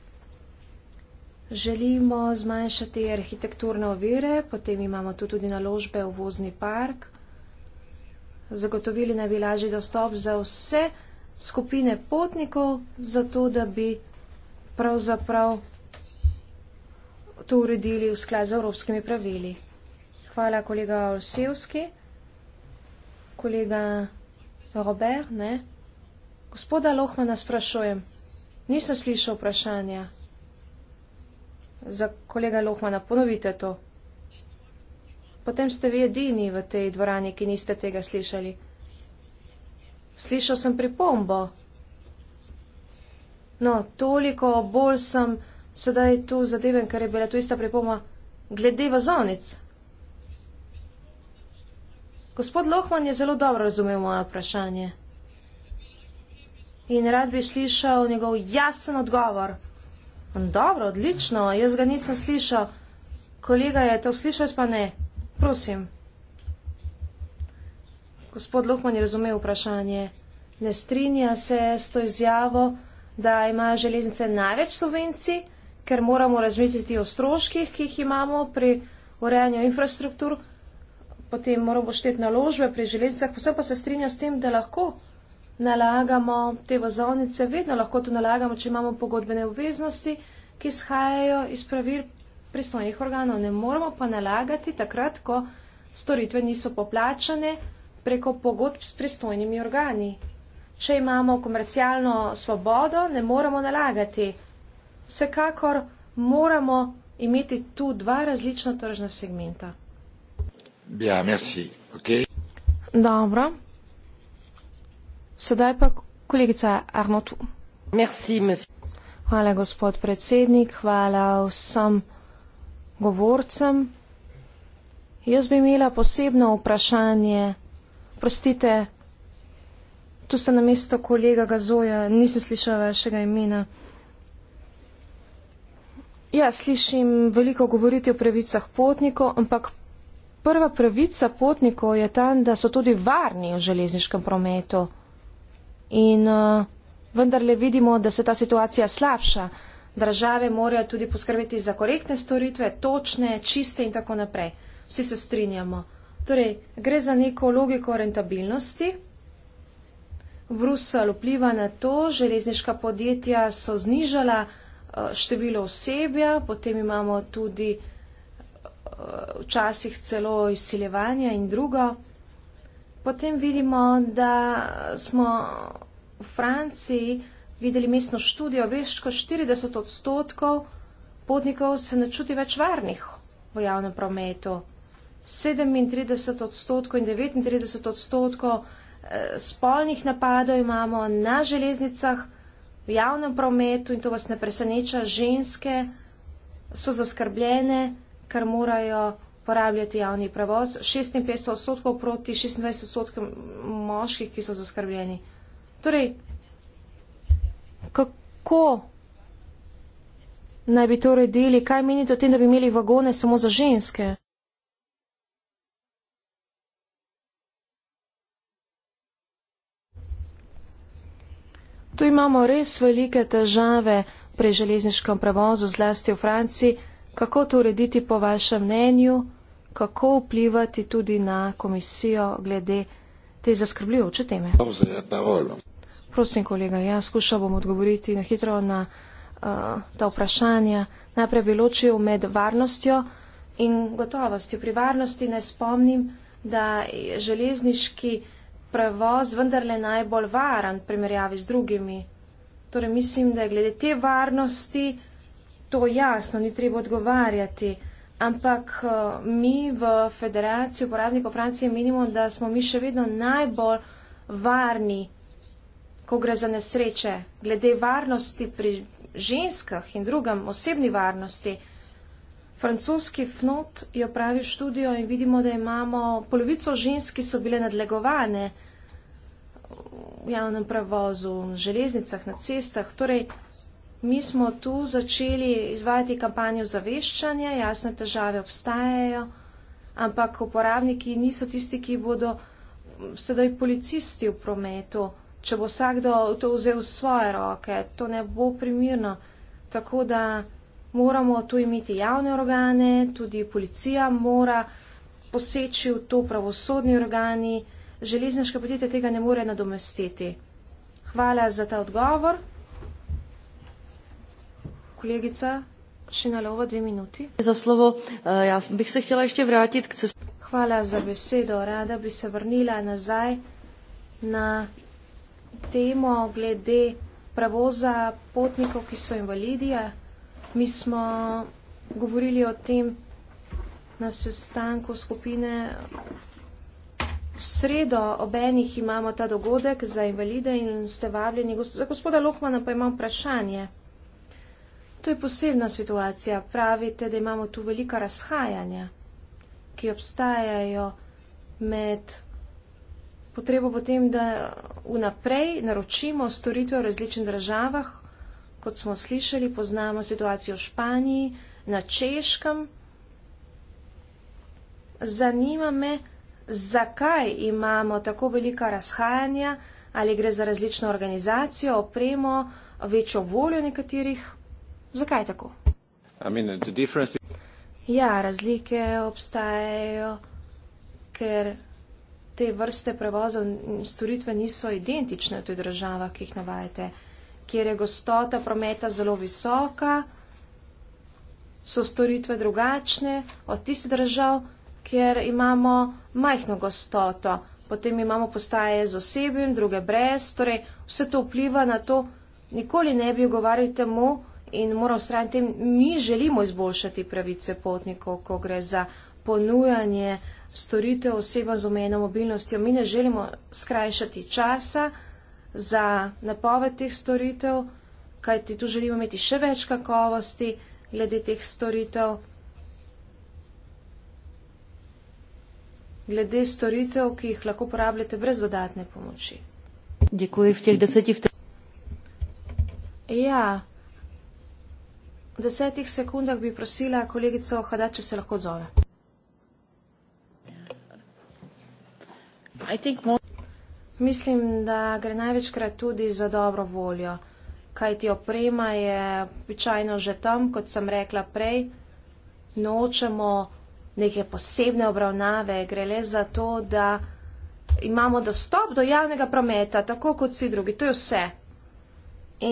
Želimo zmanjšati arhitekturne ovire, potem imamo tu tudi naložbe v vozni park. Zagotovili naj bi lažji dostop za vse skupine potnikov, zato da bi pravzaprav to uredili v skladu z evropskimi pravili. Hvala, kolega Olsevski. Kolega Robert, ne? Gospoda Lohmana sprašujem. Nisem slišal vprašanja. Za kolega Lohmana, ponovite to. Potem ste vi edini v tej dvorani, ki niste tega slišali. Slišal sem pripombo. No, toliko bolj sem sedaj tu zadeven, ker je bila tu ista pripomba glede vazovnic. Gospod Lohman je zelo dobro razumel moje vprašanje. In rad bi slišal njegov jasen odgovor. Dobro, odlično, jaz ga nisem slišal. Kolega je to slišal, jaz pa ne. Prosim. Gospod Lohman je razumel vprašanje. Ne strinja se s to izjavo, da imajo železnice največ subvencij, ker moramo razmisliti o stroških, ki jih imamo pri urejanju infrastruktur potem moral bo šteti naložbe pri železnicah, posebej pa se strinja s tem, da lahko nalagamo te vozovnice, vedno lahko to nalagamo, če imamo pogodbene obveznosti, ki izhajajo iz pravil pristojnih organov. Ne moramo pa nalagati takrat, ko storitve niso poplačane preko pogodb s pristojnimi organi. Če imamo komercialno svobodo, ne moramo nalagati. Vsekakor moramo imeti tu dva različna tržna segmenta. Ja, merci. Ok. Dobro. Sedaj pa kolegica Arnotu. Merci, monsieur. Hvala, gospod predsednik. Hvala vsem govorcem. Jaz bi imela posebno vprašanje. Prostite, tu ste na mesto kolega Gazoja, nisem slišala vašega imena. Ja, slišim veliko govoriti o pravicah potnikov, ampak prva pravica potnikov je ta, da so tudi varni v železniškem prometu. In uh, vendarle vidimo, da se ta situacija slabša. Države morajo tudi poskrbeti za korektne storitve, točne, čiste in tako naprej. Vsi se strinjamo. Torej, gre za neko logiko rentabilnosti. Brusel vpliva na to, železniška podjetja so znižala uh, število osebja, potem imamo tudi. Eh, včasih celo izsiljevanja in drugo. Potem vidimo, da smo v Franciji videli mestno študijo, več kot 40 odstotkov potnikov se ne čuti več varnih v javnem prometu. 37 odstotkov in 39 odstotkov eh, spolnih napadov imamo na železnicah v javnem prometu in to vas ne preseneča, ženske so zaskrbljene, kar morajo porabljati javni prevoz, 56 odstotkov proti 26 odstotkom moških, ki so zaskrbljeni. Torej, kako naj bi to uredili? Kaj menite o tem, da bi imeli vagone samo za ženske? Tu imamo res velike težave pri železniškem prevozu, zlasti v Franciji kako to urediti po vašem mnenju, kako vplivati tudi na komisijo glede te zaskrbljujoče teme. Prosim, kolega, jaz skušal bom odgovoriti na hitro na uh, ta vprašanja. Najprej bi ločil med varnostjo in gotovostjo. Pri varnosti ne spomnim, da je železniški prevoz vendarle najbolj varen v primerjavi z drugimi. Torej mislim, da je glede te varnosti to jasno, ni treba odgovarjati. Ampak eh, mi v Federaciji uporabnikov Francije menimo, da smo mi še vedno najbolj varni, ko gre za nesreče. Glede varnosti pri ženskah in drugem osebni varnosti, francoski FNOT je opravil študijo in vidimo, da imamo polovico žensk, ki so bile nadlegovane v javnem prevozu, v železnicah, na cestah. Torej, Mi smo tu začeli izvajati kampanjo zaveščanja, jasne težave obstajajo, ampak uporabniki niso tisti, ki bodo sedaj policisti v prometu. Če bo vsakdo to vzel v svoje roke, to ne bo primirno. Tako da moramo tu imeti javne organe, tudi policija mora poseči v to pravosodni organi, železniška podjetja tega ne more nadomestiti. Hvala za ta odgovor. Kolegica Šinalova, dve minuti. Za slovo, uh, eh, jaz bih se htjela ešte vrátit. K... Hvala za besedo. Rada bi se vrnila nazaj na temo glede pravoza potnikov, ki so invalidi. Mi smo govorili o tem na sestanku skupine. V sredo ob enih imamo ta dogodek za invalide in ste vabljeni. Za gospoda Lohmana pa imam vprašanje to je posebna situacija. Pravite, da imamo tu velika razhajanja, ki obstajajo med potrebo potem, da vnaprej naročimo storitve v različnih državah, kot smo slišali, poznamo situacijo v Španiji, na Češkem. Zanima me, zakaj imamo tako velika razhajanja, ali gre za različno organizacijo, opremo, večjo voljo nekaterih Zakaj tako? I mean, is... Ja, razlike obstajajo, ker te vrste prevozov in storitve niso identične v tej državah, ki jih navajate, kjer je gostota prometa zelo visoka, so storitve drugačne od tistih držav, kjer imamo majhno gostoto, potem imamo postaje z osebjem, druge brez, torej vse to vpliva na to, nikoli ne bi govorili temu, in moral vstrajati tem, mi želimo izboljšati pravice potnikov, ko gre za ponujanje storitev oseba z omejeno mobilnostjo. Mi ne želimo skrajšati časa za napoved teh storitev, kajti tu želimo imeti še več kakovosti glede teh storitev. glede storitev, ki jih lahko uporabljate brez dodatne pomoči. Dekuji v teh desetih. Ja desetih sekundah bi prosila kolegico Hadad, če se lahko odzove. Mislim, da gre največkrat tudi za dobro voljo, kaj ti oprema je običajno že tam, kot sem rekla prej, nočemo neke posebne obravnave, gre le za to, da imamo dostop do javnega prometa, tako kot vsi drugi, to je vse.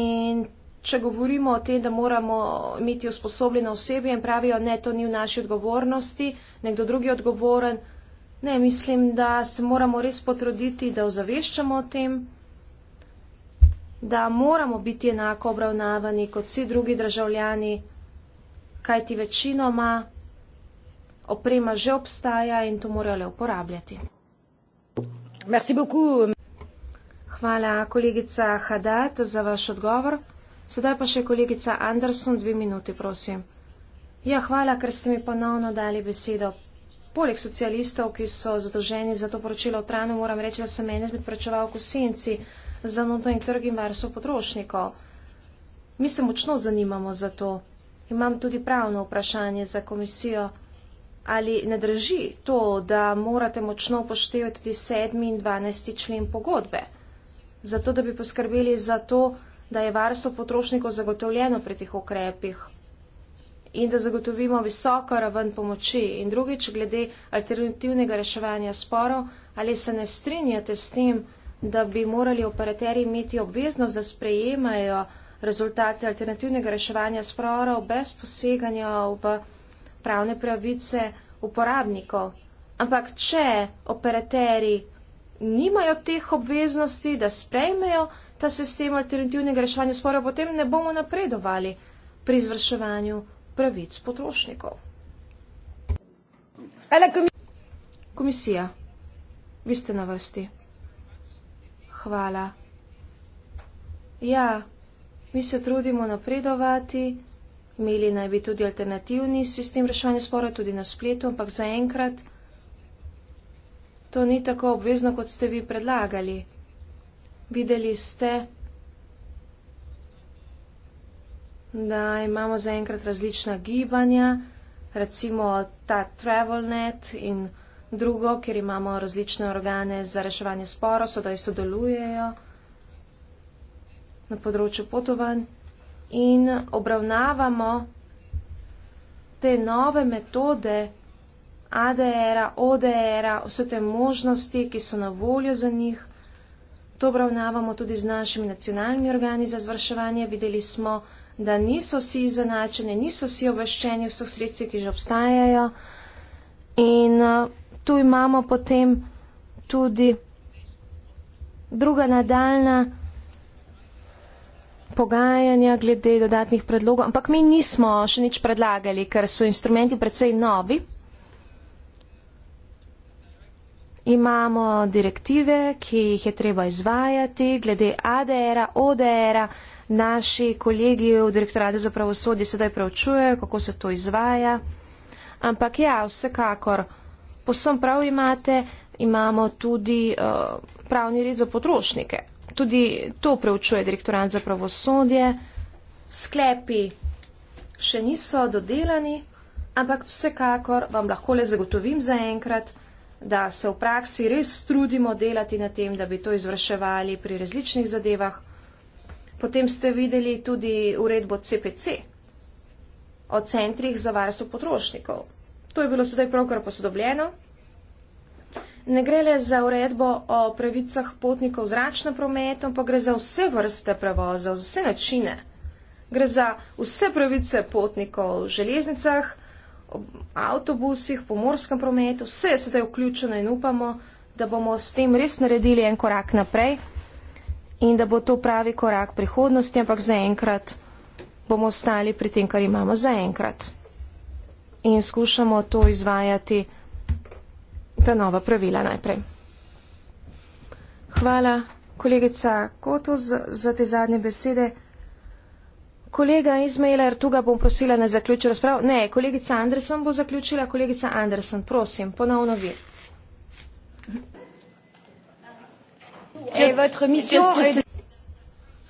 In če govorimo o tem, da moramo imeti usposobljeno osebje in pravijo, ne, to ni v naši odgovornosti, nekdo drugi je odgovoren. Ne, mislim, da se moramo res potruditi, da ozaveščamo o tem, da moramo biti enako obravnavani kot vsi drugi državljani, kajti večinoma oprema že obstaja in to morajo le uporabljati. Hvala, kolegica Hadat, za vaš odgovor. Sedaj pa še kolegica Anderson, dve minuti, prosim. Ja, hvala, ker ste mi ponovno dali besedo. Poleg socialistov, ki so zadolženi za to poročilo v Tranu, moram reči, da sem ene izmed prečeval v senci za notranji trg in varstvo potrošnikov. Mi se močno zanimamo za to. Imam tudi pravno vprašanje za komisijo. Ali ne drži to, da morate močno upoštevati tudi 7. in 12. člen pogodbe, zato da bi poskrbeli za to, da je varstvo potrošnikov zagotovljeno pri teh ukrepih in da zagotovimo visoko raven pomoči. In drugič, glede alternativnega reševanja sporov, ali se ne strinjate s tem, da bi morali operaterji imeti obveznost, da sprejemajo rezultate alternativnega reševanja sporov brez poseganja v pravne pravice uporabnikov. Ampak, če operaterji nimajo teh obveznosti, da sprejmejo ta sistem alternativnega reševanja sporov, potem ne bomo napredovali pri izvrševanju pravic potrošnikov. Komisija, vi ste na vrsti. Hvala. Ja, mi se trudimo napredovati, imeli naj bi tudi alternativni sistem reševanja sporov tudi na spletu, ampak zaenkrat to ni tako obvezno, kot ste vi predlagali. Videli ste, da imamo zaenkrat različna gibanja, recimo ta TravelNet in drugo, kjer imamo različne organe za reševanje sporo, sodaj sodelujejo na področju potovanj in obravnavamo te nove metode ADR-a, ODR-a, vse te možnosti, ki so na voljo za njih. To obravnavamo tudi z našimi nacionalnimi organi za zvrševanje. Videli smo, da niso vsi izenačeni, niso vsi obveščeni vseh sredstev, ki že obstajajo. In uh, tu imamo potem tudi druga nadaljna pogajanja glede dodatnih predlogov, ampak mi nismo še nič predlagali, ker so instrumenti predvsej novi. imamo direktive, ki jih je treba izvajati glede ADR-a, ODR-a. Naši kolegi v direktoratu za pravosodje sedaj preučujejo, kako se to izvaja. Ampak ja, vsekakor, posem prav imate, imamo tudi uh, pravni red za potrošnike. Tudi to preučuje direktorat za pravosodje. Sklepi še niso dodelani, ampak vsekakor vam lahko le zagotovim zaenkrat, da da se v praksi res trudimo delati na tem, da bi to izvrševali pri različnih zadevah. Potem ste videli tudi uredbo CPC o centrih za varstvo potrošnikov. To je bilo sedaj pravkar posodobljeno. Ne gre le za uredbo o pravicah potnikov v zračnem prometu, pa gre za vse vrste prevoza, za vse načine. Gre za vse pravice potnikov v železnicah, avtobusih, pomorskem prometu, vse je sedaj vključeno in upamo, da bomo s tem res naredili en korak naprej in da bo to pravi korak prihodnosti, ampak zaenkrat bomo ostali pri tem, kar imamo zaenkrat. In skušamo to izvajati, ta nova pravila najprej. Hvala, kolegica Koto, za, za te zadnje besede kolega Izmailer, tu ga bom prosila, da zaključi razpravo. Ne, kolegica Andersen bo zaključila. Kolegica Andersen, prosim, ponovno vi.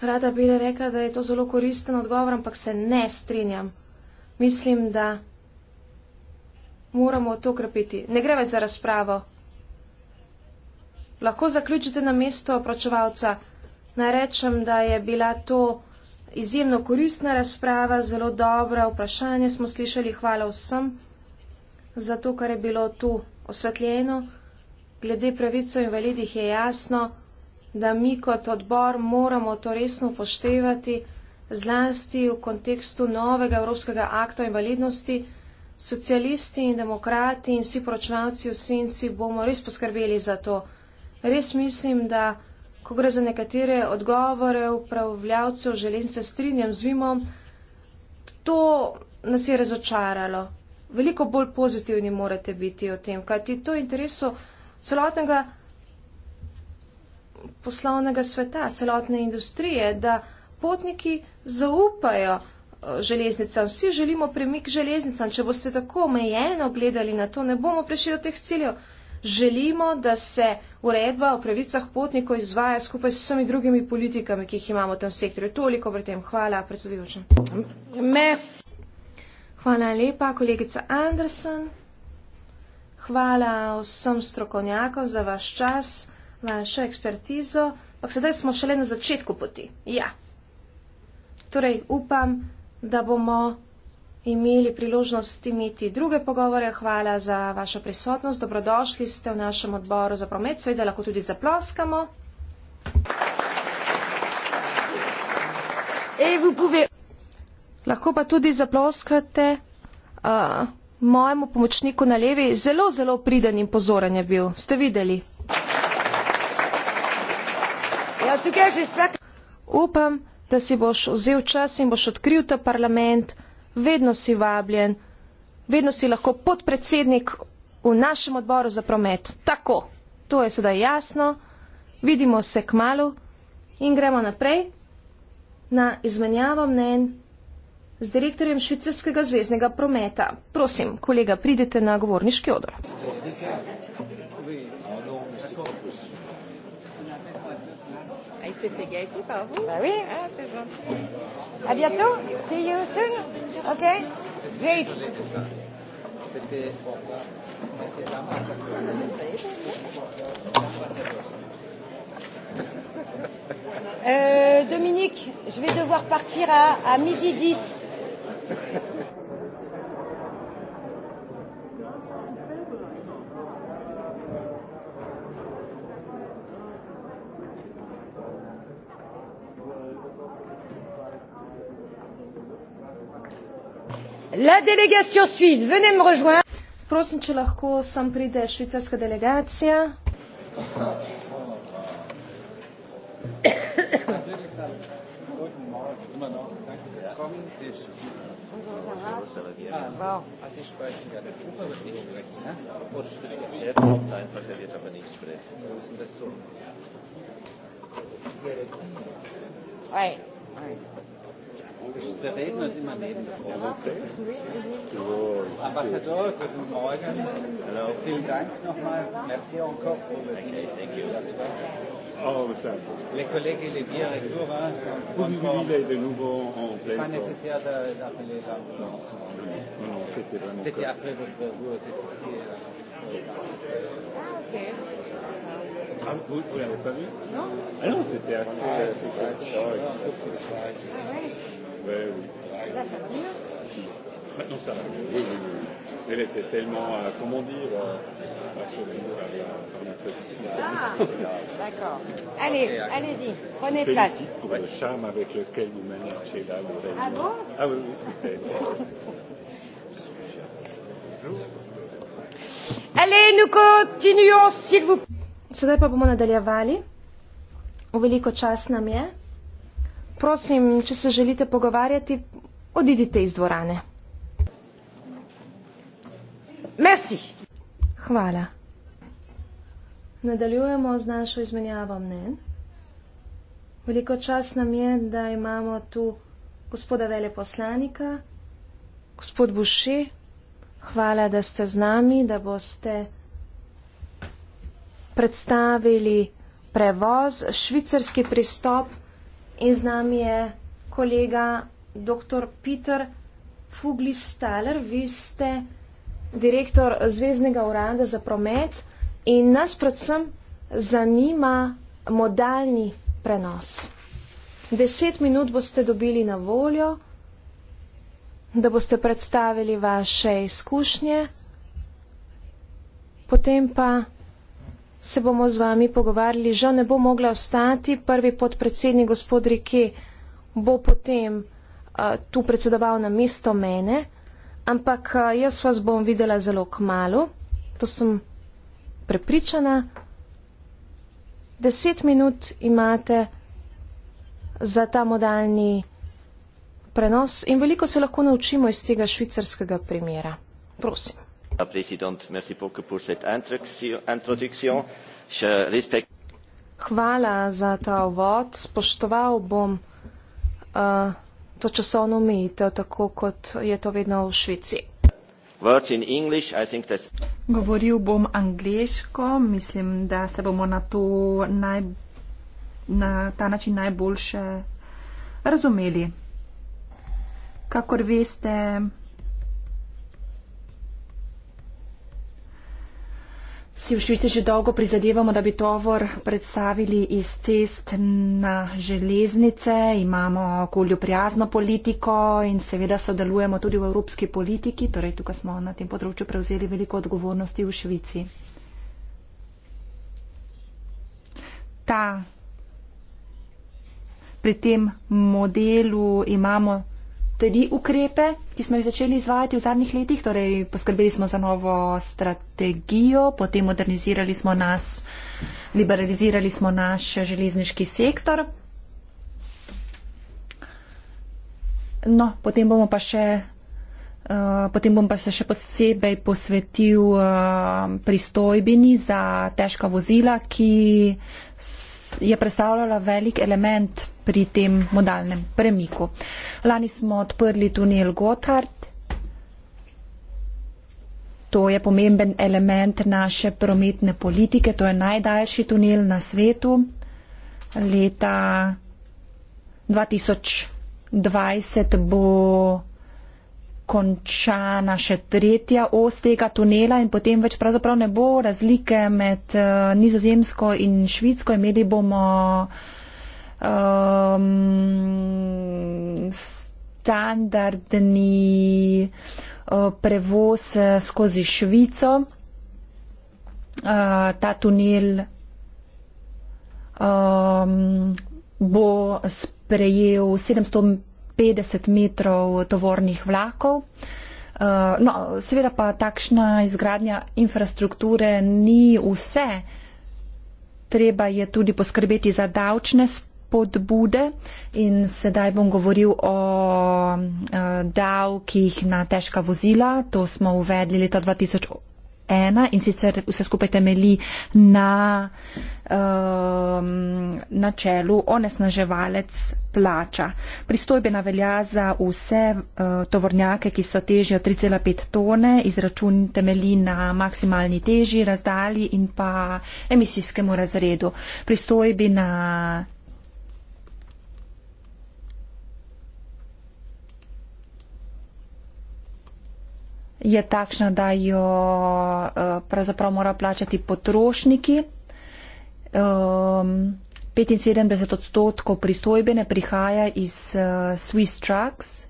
Rada bi rekla, da je to zelo koristen odgovor, ampak se ne strinjam. Mislim, da moramo to krepiti. Ne gre več za razpravo. Lahko zaključite na mesto opračevalca. Naj rečem, da je bila to izjemno koristna razprava, zelo dobra vprašanja smo slišali. Hvala vsem za to, kar je bilo tu osvetljeno. Glede pravico invalidih je jasno, da mi kot odbor moramo to resno upoštevati, zlasti v kontekstu novega Evropskega akta o invalidnosti. Socialisti in demokrati in vsi poročevalci v senci bomo res poskrbeli za to. Res mislim, da. Ko gre za nekatere odgovore upravljavcev železnice, strinjam z Vimom, to nas je razočaralo. Veliko bolj pozitivni morate biti o tem, kajti to je interesu celotnega poslovnega sveta, celotne industrije, da potniki zaupajo eh, železnicam. Vsi želimo premik železnicam. Če boste tako omejeno gledali na to, ne bomo prišli do teh ciljev želimo, da se uredba o pravicah potnikov izvaja skupaj s vsemi drugimi politikami, ki jih imamo v tem sektorju. Toliko pri tem. Hvala, predsedujoča. Mes. Hvala lepa, kolegica Andersen. Hvala vsem strokovnjakom za vaš čas, vašo ekspertizo. Pa sedaj smo šele na začetku poti. Ja. Torej, upam, da bomo imeli priložnost imeti druge pogovore. Hvala za vašo prisotnost. Dobrodošli ste v našem odboru za promet. Seveda lahko tudi zaploskamo. E, lahko pa tudi zaploskate uh, mojemu pomočniku na levi. Zelo, zelo priden in pozoren je bil. Ste videli? Ja, Upam, da si boš vzel čas in boš odkril ta parlament vedno si vabljen, vedno si lahko podpredsednik v našem odboru za promet. Tako, to je sedaj jasno, vidimo se k malu in gremo naprej na izmenjavo mnen z direktorjem Švicarskega zvezdnega prometa. Prosim, kolega, pridite na govorniški odor. Zdite. c'était gâté par vous. Bah oui. Ah, c'est gentil. À bientôt. See you soon. OK. Great. C'était euh, Dominique, je vais devoir partir à, à midi 10. La délégation suisse, venez me rejoindre. Prosim, če lahko sem pride švicarska delegacija. Hey. Hey. Der Redner ist immer neben dran. Ja, Ambassador, guten Morgen. Hello. Vielen Dank nochmal. Merci encore. Okay, thank you. Les collègues et les vieux recours. Vous vivez de nouveau en plein. Pas nécessaire d'appeler l'ambulance. Non, c'était vraiment. C'était après votre cours. C'était. Euh. Ah, ok. Ah, vous ne l'avez pas vu Non. Ah non, c'était assez. Ah, c'était assez. Ah, ouais trouvait. Ou... La famille Maintenant, ça va. Oui, oui, oui. Elle était tellement, euh, comment dire, euh, assurée par un Ah, d'accord. Allez, euh, allez-y, prenez place. Je pour ouais. le charme avec lequel vous menez chez là. Ah bon Ah oui, oui, c'était. Allez, nous continuons, s'il vous plaît. Sedaj pa bomo nadaljevali. V veliko čas nam je. Prosim, če se želite pogovarjati, odidite iz dvorane. Merci. Hvala. Nadaljujemo z našo izmenjavo mnen. Veliko čas nam je, da imamo tu gospoda veleposlanika, gospod Buši. Hvala, da ste z nami, da boste predstavili prevoz, švicarski pristop In z nami je kolega dr. Peter Fuglistaler, vi ste direktor Zvezdnega urada za promet in nas predvsem zanima modalni prenos. Deset minut boste dobili na voljo, da boste predstavili vaše izkušnje, potem pa se bomo z vami pogovarjali. Žal ne bo mogla ostati prvi podpredsednik gospod Rike, bo potem uh, tu predsedoval na mesto mene, ampak uh, jaz vas bom videla zelo kmalo, to sem prepričana. Deset minut imate za ta modalni prenos in veliko se lahko naučimo iz tega švicarskega primera. Prosim madame la présidente merci beaucoup pour cette introduction je respecte Hvala za ta uvod. Spoštoval bom uh, to časovno omejitev, tako kot je to vedno v Švici. Words in English, I think that's... Govoril bom angliško, mislim, da se bomo na, naj, na ta način najboljše razumeli. Kakor veste, Si v Švici že dolgo prizadevamo, da bi tovor predstavili iz cest na železnice, imamo okolju prijazno politiko in seveda sodelujemo tudi v evropski politiki, torej tukaj smo na tem področju prevzeli veliko odgovornosti v Švici. Ta, pri tem modelu imamo tri ukrepe, ki smo jih začeli izvajati v zadnjih letih. Torej, poskrbeli smo za novo strategijo, potem modernizirali smo nas, liberalizirali smo naš železniški sektor. No, potem bomo pa še. Uh, potem bom pa se še posebej posvetil uh, pristojbini za težka vozila, ki je predstavljala velik element pri tem modalnem premiku. Lani smo odprli tunel Gotthard. To je pomemben element naše prometne politike. To je najdaljši tunel na svetu. Leta 2020 bo končana še tretja os tega tunela in potem več pravzaprav ne bo razlike med eh, nizozemsko in švitsko. Imeli bomo uh, um, standardni uh, prevoz eh, skozi Švico. Uh, ta tunel um, bo sprejel 750 metrov tovornih vlakov. Uh, no, seveda pa takšna izgradnja infrastrukture ni vse. Treba je tudi poskrbeti za davčne podbude in sedaj bom govoril o eh, davkih na težka vozila. To smo uvedli leta 2001 in sicer vse skupaj temeli na ehm, načelu onesnaževalec plača. Pristojbena velja za vse eh, tovornjake, ki so težje od 3,5 tone, izračun temelji na maksimalni teži, razdalji in pa emisijskemu razredu. Pristojbena je takšna, da jo eh, pravzaprav morajo plačati potrošniki. 75 ehm, odstotkov pristojbene prihaja iz eh, Swiss Trucks,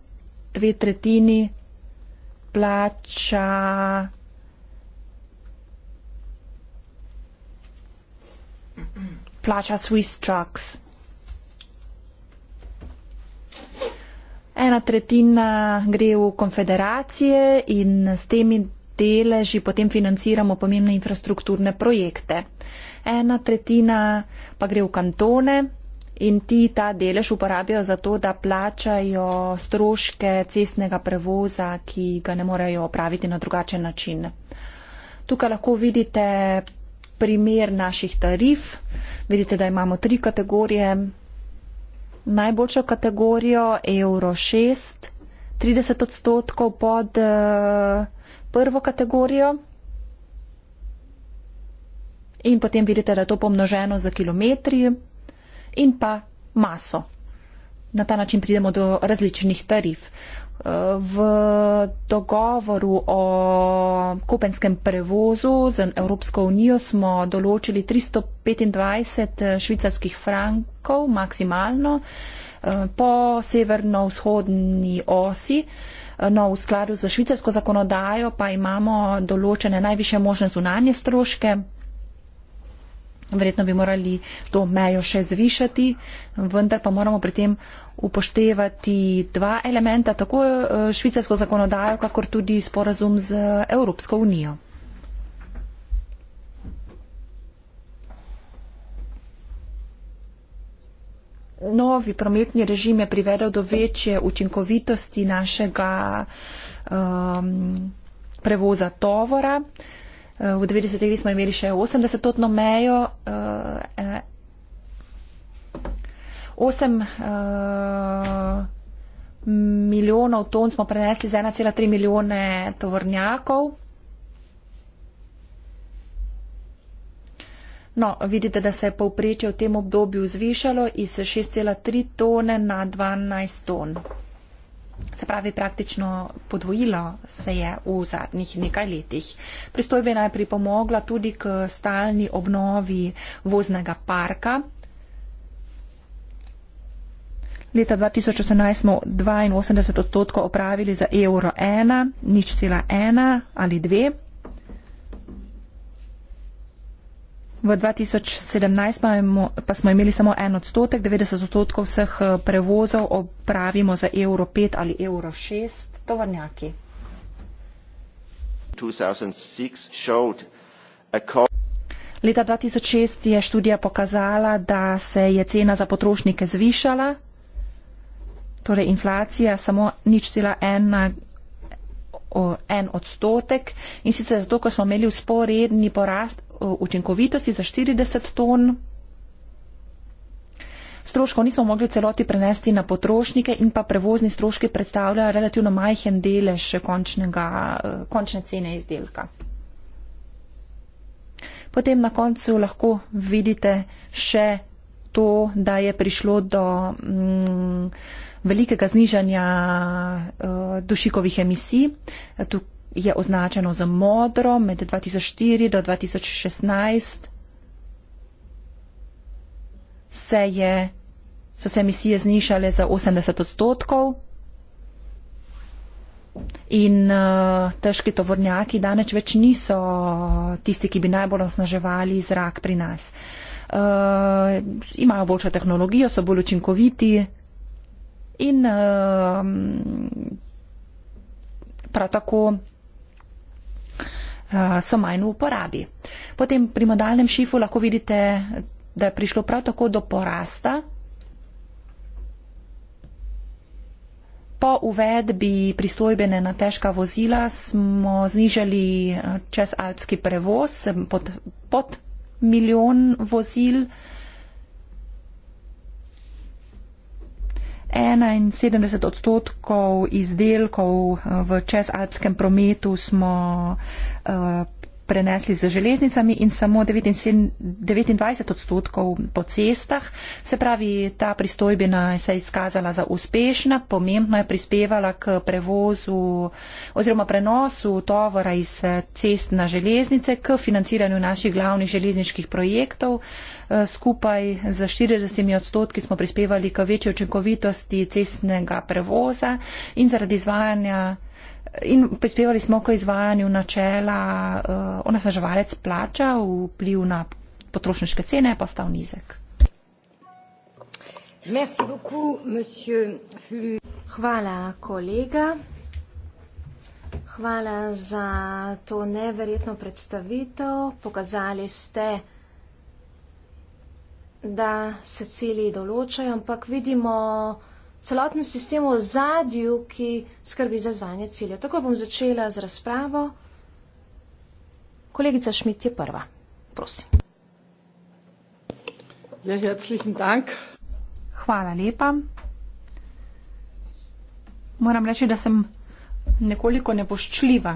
dve tretjini plača. Plača Swiss Trucks. Ena tretjina gre v konfederacije in s temi deleži potem financiramo pomembne infrastrukturne projekte. Ena tretjina pa gre v kantone in ti ta delež uporabijo za to, da plačajo stroške cestnega prevoza, ki ga ne morejo opraviti na drugačen način. Tukaj lahko vidite primer naših tarif. Vidite, da imamo tri kategorije najboljšo kategorijo Euro 6, 30 odstotkov pod uh, prvo kategorijo. In potem vidite, da je to pomnoženo za kilometri in pa maso. Na ta način pridemo do različnih tarif. Eh, v dogovoru o kopenskem prevozu z Evropsko unijo smo določili 325 eh, švicarskih frank, vlakov maksimalno eh, po severno-vzhodni osi. Eh, no, v skladu z švicarsko zakonodajo pa imamo določene najviše možne zunanje stroške. Verjetno bi morali to mejo še zvišati, vendar pa moramo pri tem upoštevati dva elementa, tako eh, švicarsko zakonodajo, kakor tudi sporazum z Evropsko unijo. novi prometni režim je privedel do večje učinkovitosti našega um, prevoza tovora. Uh, v 90. letih smo imeli še 80-totno mejo. Uh, e, osem uh, uh, milijonov ton smo prenesli z 1,3 milijone tovornjakov. No, vidite, da se je povprečje v tem obdobju zvišalo iz 6,3 tone na 12 ton. Se pravi, praktično podvojilo se je v zadnjih nekaj letih. Pristojbe naj pripomogla tudi k stalni obnovi voznega parka. Leta 2018 smo 82 odstotkov opravili za evro 1, nič cela 1 ali 2. V 2017 pa, imamo, pa smo imeli samo en odstotek, 90 odstotkov vseh eh, prevozov opravimo za evro 5 ali evro 6 tovrnjaki. Leta 2006 je študija pokazala, da se je cena za potrošnike zvišala, torej inflacija samo nič cela ena en odstotek in sicer zato, ko smo imeli usporedni porast učinkovitosti za 40 ton. Stroškov nismo mogli celoti prenesti na potrošnike in pa prevozni stroški predstavljajo relativno majhen delež končnega, e, končne cene izdelka. Potem na koncu lahko vidite še to, da je prišlo do mm, velikega znižanja uh, dušikovih emisij. E, Tuk je označeno za modro med 2004 do 2016. Se je, so se emisije znišale za 80 odstotkov in uh, težki tovornjaki danes več niso tisti, ki bi najbolj osnaževali zrak pri nas. Uh, imajo boljšo tehnologijo, so bolj učinkoviti in uh, prav tako uh, so manj v uporabi. Potem pri modalnem šifu lahko vidite, da je prišlo prav tako do porasta. Po uvedbi pristojbene na težka vozila smo znižali eh, čez alpski prevoz pod, pod milijon vozil. Uh, 71 odstotkov izdelkov eh, v čezalpskem prometu smo uh, prenesli z železnicami in samo 29 odstotkov po cestah. Se pravi, ta pristojbina se je izkazala za uspešna, pomembno je prispevala k prevozu oziroma prenosu tovora iz eh, cest na železnice, k financiranju naših glavnih železniških projektov. Eh, skupaj z 40 odstotki smo prispevali k večji učinkovitosti cestnega prevoza in zaradi izvajanja in prispevali smo k izvajanju načela uh, onesnaževalec plača, vpliv na potrošniške cene pa stav nizek. Hvala, kolega. Hvala za to neverjetno predstavitev. Pokazali ste, da se cilji določajo, ampak vidimo, da celoten sistem v zadju, ki skrbi za zvanje cilja. Tako bom začela z razpravo. Kolegica Šmit je prva. Prosim. Ja, herzlichen Dank. Hvala lepa. Moram reči, da sem nekoliko nevoščljiva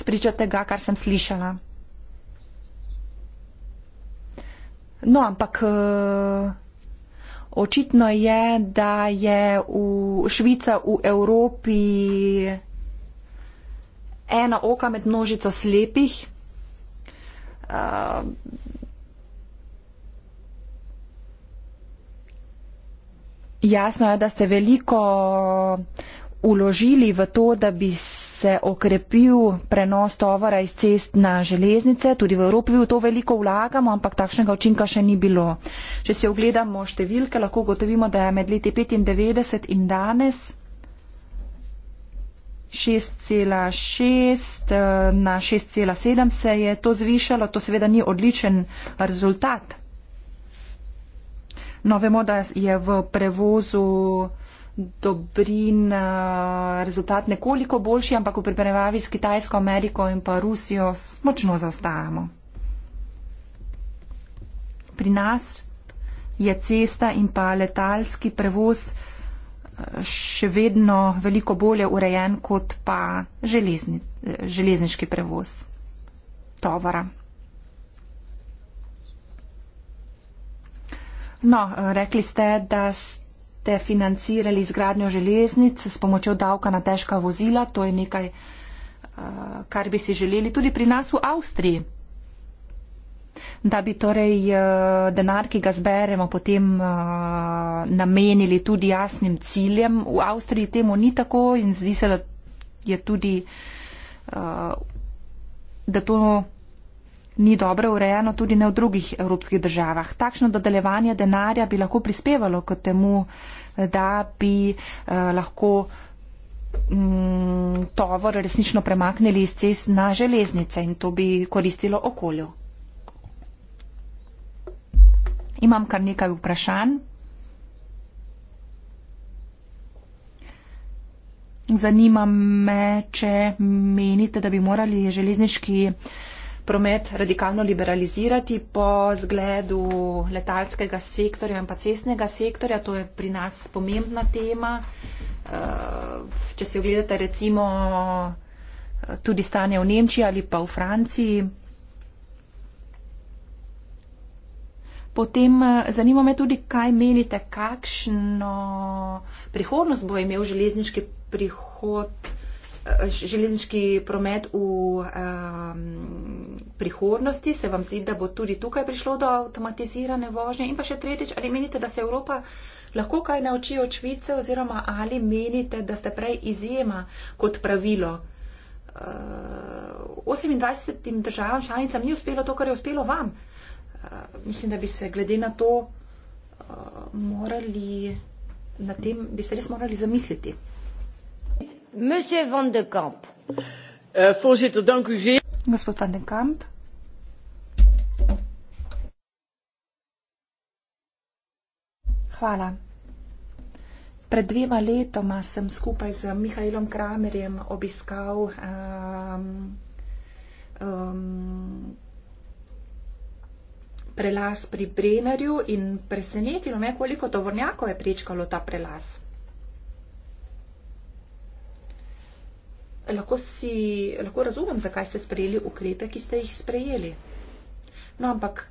spriča tega, kar sem slišala. No, ampak eh, očitno je, da je v Švica v Evropi ena oka med množico slepih. Uh, Jasno je, da ste veliko vložili v to, da bi se okrepil prenos tovora iz cest na železnice. Tudi v Evropi v to veliko vlagamo, ampak takšnega učinka še ni bilo. Če se ogledamo številke, lahko gotovimo, da je med leti 95 in danes 6,6 eh, na 6,7 se je to zvišalo. To seveda ni odličen rezultat. No, vemo, da je v prevozu dobrin eh, rezultat nekoliko boljši, ampak v preprevavi s Kitajsko, Ameriko in pa Rusijo močno zaostajamo. Pri nas je cesta in pa letalski prevoz eh, še vedno veliko bolje urejen kot pa železni, eh, železniški prevoz tovora. No, rekli ste, da ste boste financirali izgradnjo železnic s pomočjo davka na težka vozila. To je nekaj, eh, kar bi si želeli tudi pri nas v Avstriji. Da bi torej eh, denar, ki ga zberemo, potem eh, namenili tudi jasnim ciljem. V Avstriji temu ni tako in zdi se, da je tudi, da to ni dobro urejeno tudi ne v drugih evropskih državah. Takšno dodeljevanje denarja bi lahko prispevalo k temu, da bi eh, lahko mm, tovor resnično premaknili iz cest na železnice in to bi koristilo okolju. Imam kar nekaj vprašanj. Zanima me, če menite, da bi morali železniški uh, promet radikalno liberalizirati po zgledu letalskega sektorja in pa cestnega sektorja. To je pri nas pomembna tema. Eh, če se ogledate recimo eh, tudi stanje v Nemčiji ali pa v Franciji. Potem eh, zanima me tudi, kaj menite, kakšno prihodnost bo imel železniški prihod. Eh, železniški promet v um, prihodnosti, se vam zdi, da bo tudi tukaj prišlo do avtomatizirane vožnje? In pa še tretjič, ali menite, da se Evropa lahko kaj nauči od Švice oziroma ali menite, da ste prej izjema kot pravilo? Uh, eh, 28 državam članicam ni uspelo to, kar je uspelo vam. Uh, mislim, da bi se glede na to uh, morali, na tem bi se res morali zamisliti. Monsieur Van de Kamp. Uh, voorzitter, dank u zeer. Gospod Van de Kamp. Hvala. Pred dvema letoma sem skupaj z Mihajlom Kramerjem obiskal um, ehm, um, ehm, prelas pri Brenerju in presenetilo me, koliko tovornjakov je prečkalo ta prelas. lahko, si, lahko razumem, zakaj ste sprejeli ukrepe, ki ste jih sprejeli. No, ampak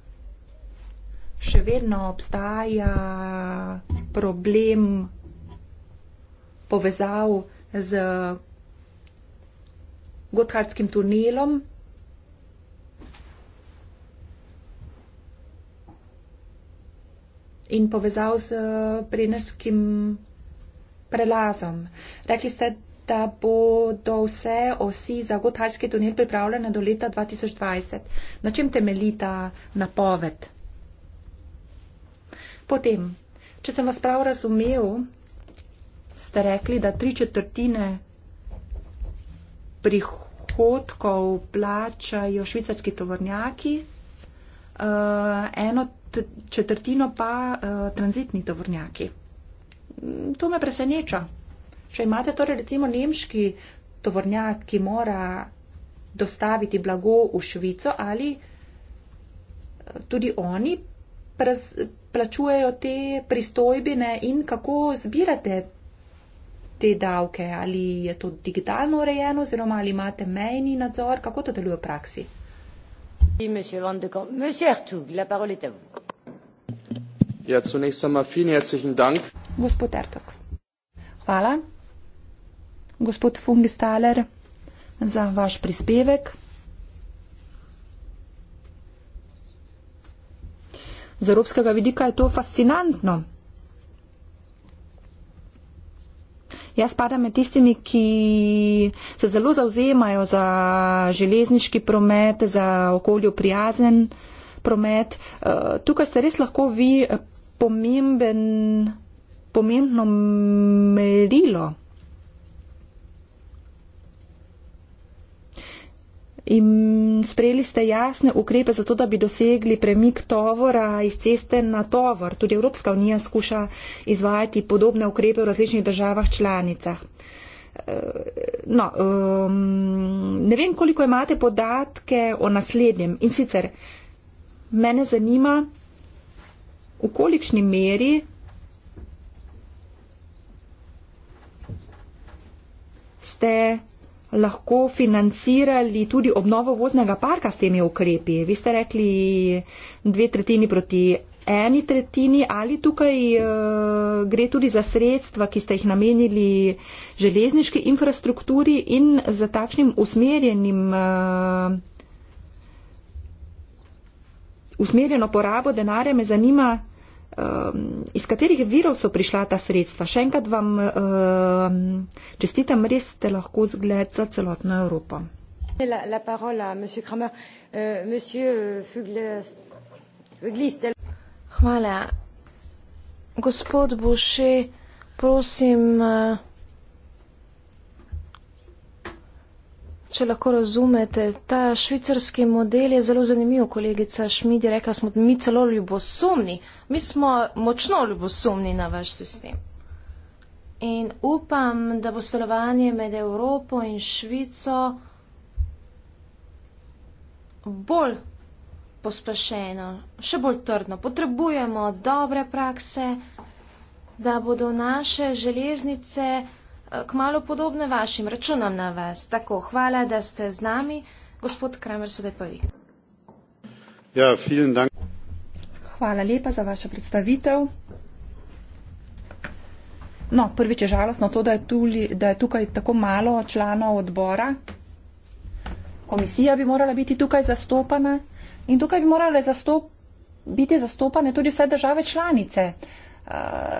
še vedno obstaja problem povezav z Gotthardskim tunelom. In povezal s prenerskim prelazom. Rekli ste, da bodo vse osi za gotajski tunel pripravljene do leta 2020. Na čem temelji ta napoved? Potem, če sem vas prav razumel, ste rekli, da tri četrtine prihodkov plačajo švicarski tovornjaki, eh, eno četrtino pa eh, tranzitni tovornjaki. Mm, to me preseneča. Če imate torej recimo nemški tovornjak, ki mora dostaviti blago v Švico, ali eh, tudi oni plačujejo te pristojbine in kako zbirate te davke, ali je to digitalno urejeno, oziroma ali imate mejni nadzor, kako to deluje v praksi. Ja, Gospod Ertok, hvala gospod Fungstaler, za vaš prispevek. Z evropskega vidika je to fascinantno. Jaz spadam med tistimi, ki se zelo zauzemajo za železniški promet, za okolju prijazen promet. Eh, tukaj ste res lahko vi pomemben, pomembno merilo. in sprejeli ste jasne ukrepe za to, da bi dosegli premik tovora iz ceste na tovor. Tudi Evropska unija skuša izvajati podobne ukrepe v različnih državah članicah. Eh, no, um, ne vem, koliko imate podatke o naslednjem. In sicer mene zanima, v kolikšni meri. Ste lahko financirali tudi obnovo voznega parka s temi ukrepi. Vi ste rekli dve tretjini proti eni tretjini ali tukaj uh, gre tudi za sredstva, ki ste jih namenili železniški infrastrukturi in za takšnim usmerjenim. Uh, Usmerjeno porabo denarja me zanima, Ehm, iz katerih virov so prišla ta sredstva. Še enkrat vam uh, čestitam, res ste lahko zgled za celotno Evropo. La, la parola, euh, euh, Hvala. Gospod Buši, prosim, euh, če lahko razumete, ta švicarski model je zelo zanimiv. Kolegica Šmid je rekla, smo mi celo ljubosumni, mi smo močno ljubosumni na vaš sistem. In upam, da bo stelovanje med Evropo in Švico bolj pospešeno, še bolj trdno. Potrebujemo dobre prakse, da bodo naše železnice kmalo podobne vašim, računam na vas. Tako, hvala, da ste z nami. Gospod Kramer, sedaj pa vi. Ja, hvala lepa za vašo predstavitev. No, prvič je žalostno to, da je, tuli, da je tukaj tako malo članov odbora. Komisija bi morala biti tukaj zastopana in tukaj bi morale zastop, biti zastopane tudi vse države članice. Uh,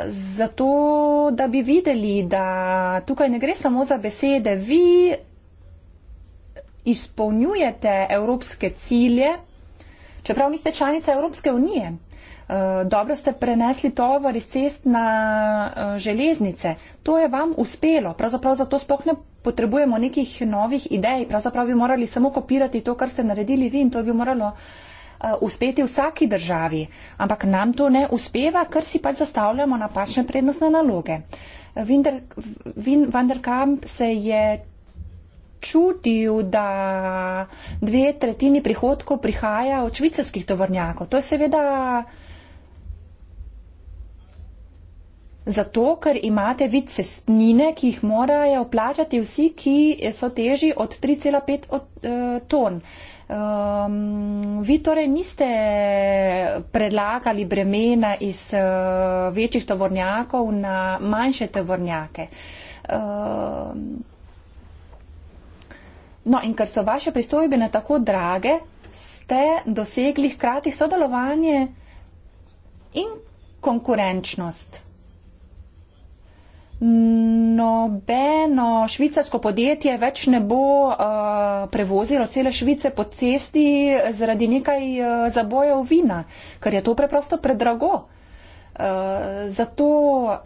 zato, da bi videli, da tukaj ne gre samo za besede. Vi izpolnjujete evropske cilje, čeprav niste članica Evropske unije. Eh, dobro ste prenesli tovor iz cest na eh, železnice. To je vam uspelo. Pravzaprav zato spoh ne potrebujemo nekih novih idej. Pravzaprav bi morali samo kopirati to, kar ste naredili vi in to bi moralo Eh, uspeti vsaki državi, ampak nam to ne uspeva, ker si pač zastavljamo napačne prednostne naloge. Vinder, vin, Vanderkamp se je čutil, da dve tretjini prihodkov prihaja od švicarskih tovornjakov. To je seveda zato, ker imate vid cestnine, ki jih morajo plačati vsi, ki so teži od 3,5 eh, ton. Um, vi torej niste predlagali bremena iz uh, večjih tovornjakov na manjše tovornjake. Um, no in ker so vaše pristojbene tako drage, ste dosegli hkrati sodelovanje in konkurenčnost nobeno švicarsko podjetje več ne bo uh, prevozilo cele Švice po cesti zaradi nekaj uh, zabojev vina, ker je to preprosto predrago. Uh, zato uh,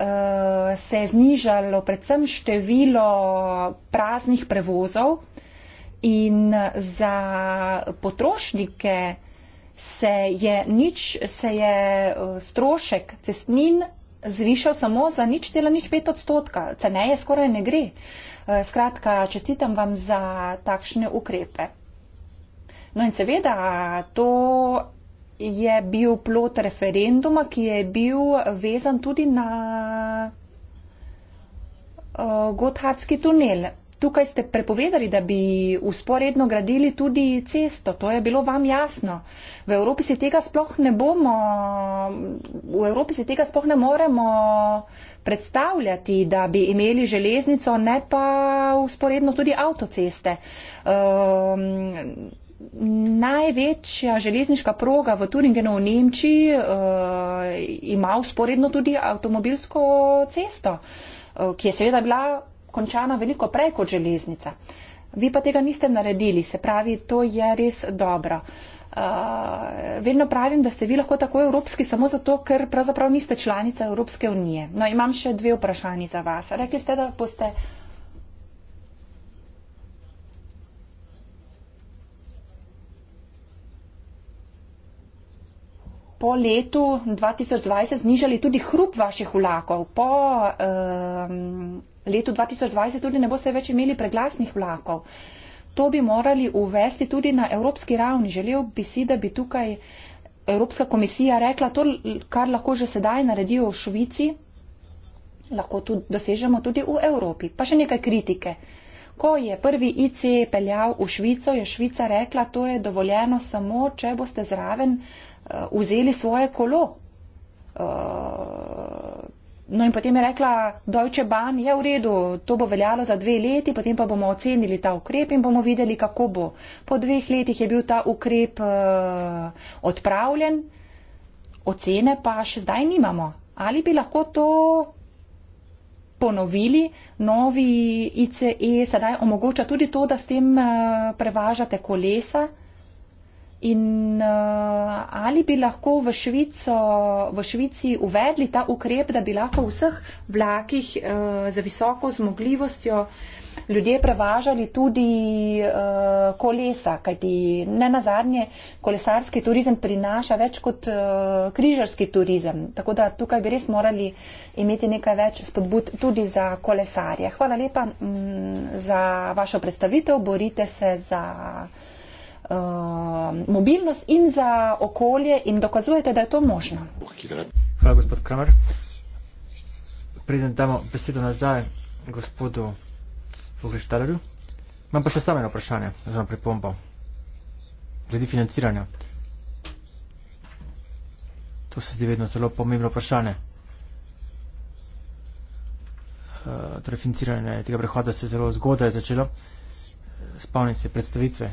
se je znižalo predvsem število praznih prevozov in za potrošnike se je, nič, se je strošek cestnin zvišal samo za nič cela nič pet odstotka. Ceneje skoraj ne gre. Eh, skratka, čestitam vam za takšne ukrepe. No in seveda, to je bil plot referenduma, ki je bil vezan tudi na uh, Gotthardski tunel tukaj ste prepovedali, da bi usporedno gradili tudi cesto. To je bilo vam jasno. V Evropi se tega sploh ne bomo, v Evropi se tega sploh ne moremo predstavljati, da bi imeli železnico, ne pa usporedno tudi avtoceste. Um, največja železniška proga v Turingenu v Nemčiji uh, ima usporedno tudi avtomobilsko cesto, uh, ki je seveda bila končana veliko prej kot železnica. Vi pa tega niste naredili, se pravi, to je res dobro. Uh, vedno pravim, da ste vi lahko tako evropski samo zato, ker pravzaprav niste članica Evropske unije. No, imam še dve vprašanji za vas. Rekli ste, da boste. Po letu 2020 znižali tudi hrup vaših vlakov, po um, letu 2020 tudi ne boste več imeli preglasnih vlakov. To bi morali uvesti tudi na evropski ravni. Želel bi si, da bi tukaj Evropska komisija rekla to, kar lahko že sedaj naredijo v Švici, lahko to dosežemo tudi v Evropi. Pa še nekaj kritike. Ko je prvi IC peljal v Švico, je Švica rekla, to je dovoljeno samo, če boste zraven uh, vzeli svoje kolo. Uh, No in potem je rekla, Deutsche Bahn je ja, v redu, to bo veljalo za dve leti, potem pa bomo ocenili ta ukrep in bomo videli, kako bo. Po dveh letih je bil ta ukrep uh, odpravljen, ocene pa še zdaj nimamo. Ali bi lahko to ponovili, novi ICE sedaj omogoča tudi to, da s tem uh, prevažate kolesa. In uh, ali bi lahko v, Švico, v Švici uvedli ta ukrep, da bi lahko v vseh vlakih uh, za visoko zmogljivostjo ljudje prevažali tudi uh, kolesa, kajti ne nazadnje kolesarski turizem prinaša več kot uh, križarski turizem. Tako da tukaj bi res morali imeti nekaj več spodbud tudi za kolesarje. Hvala lepa m, mm, za vašo predstavitev. Borite se za uh, mobilnost in za okolje in dokazujete, da je to možno. Hvala, gospod Kramer. Preden damo besedo nazaj gospodu Vogrištalerju, imam pa še samo eno vprašanje, oziroma pripombo, glede financiranja. To se zdi vedno zelo pomembno vprašanje. Uh, torej, financiranje tega prehoda se je zelo zgodaj začelo. Spomnim se predstavitve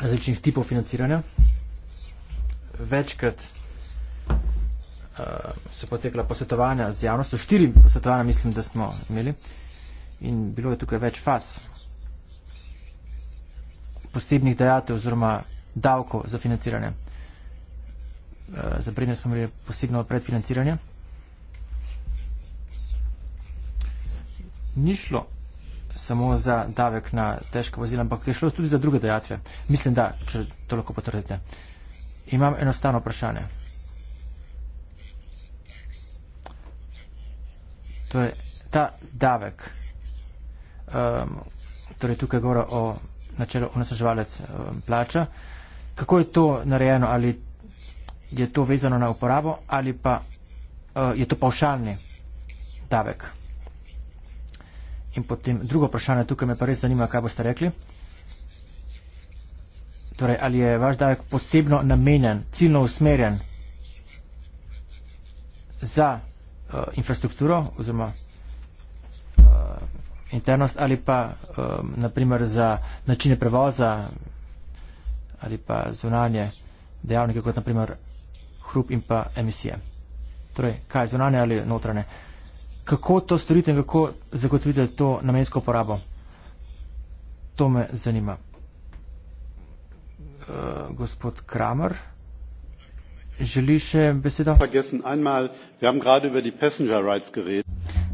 različnih tipov financiranja. Večkrat uh, so potekla posvetovanja z javnostjo, štiri posvetovanja mislim, da smo imeli in bilo je tukaj več faz posebnih dajatev oziroma davkov za financiranje. Uh, za prednje smo imeli posebno predfinanciranje. Ni šlo samo za davek na težko vozilo, ampak je šlo tudi za druge dejatve. Mislim, da, če to lahko potrdite. Imam enostavno vprašanje. Torej, ta davek, um, torej tukaj govora o načelu onesraževalec um, plača, kako je to narejeno, ali je to vezano na uporabo, ali pa uh, je to pavšalni davek? In potem drugo vprašanje, tukaj me pa res zanima, kaj boste rekli. Torej, ali je vaš davek posebno namenjen, ciljno usmerjen za uh, infrastrukturo oziroma uh, internost ali pa uh, eh, naprimer za načine prevoza ali pa zunanje dejavnike, kot naprimer hrup in pa emisije. Torej, kaj zunanje ali notranje? Uh, kako to storite in kako zagotovite to namensko porabo. To me zanima. Uh, gospod Kramer, želi še besedo?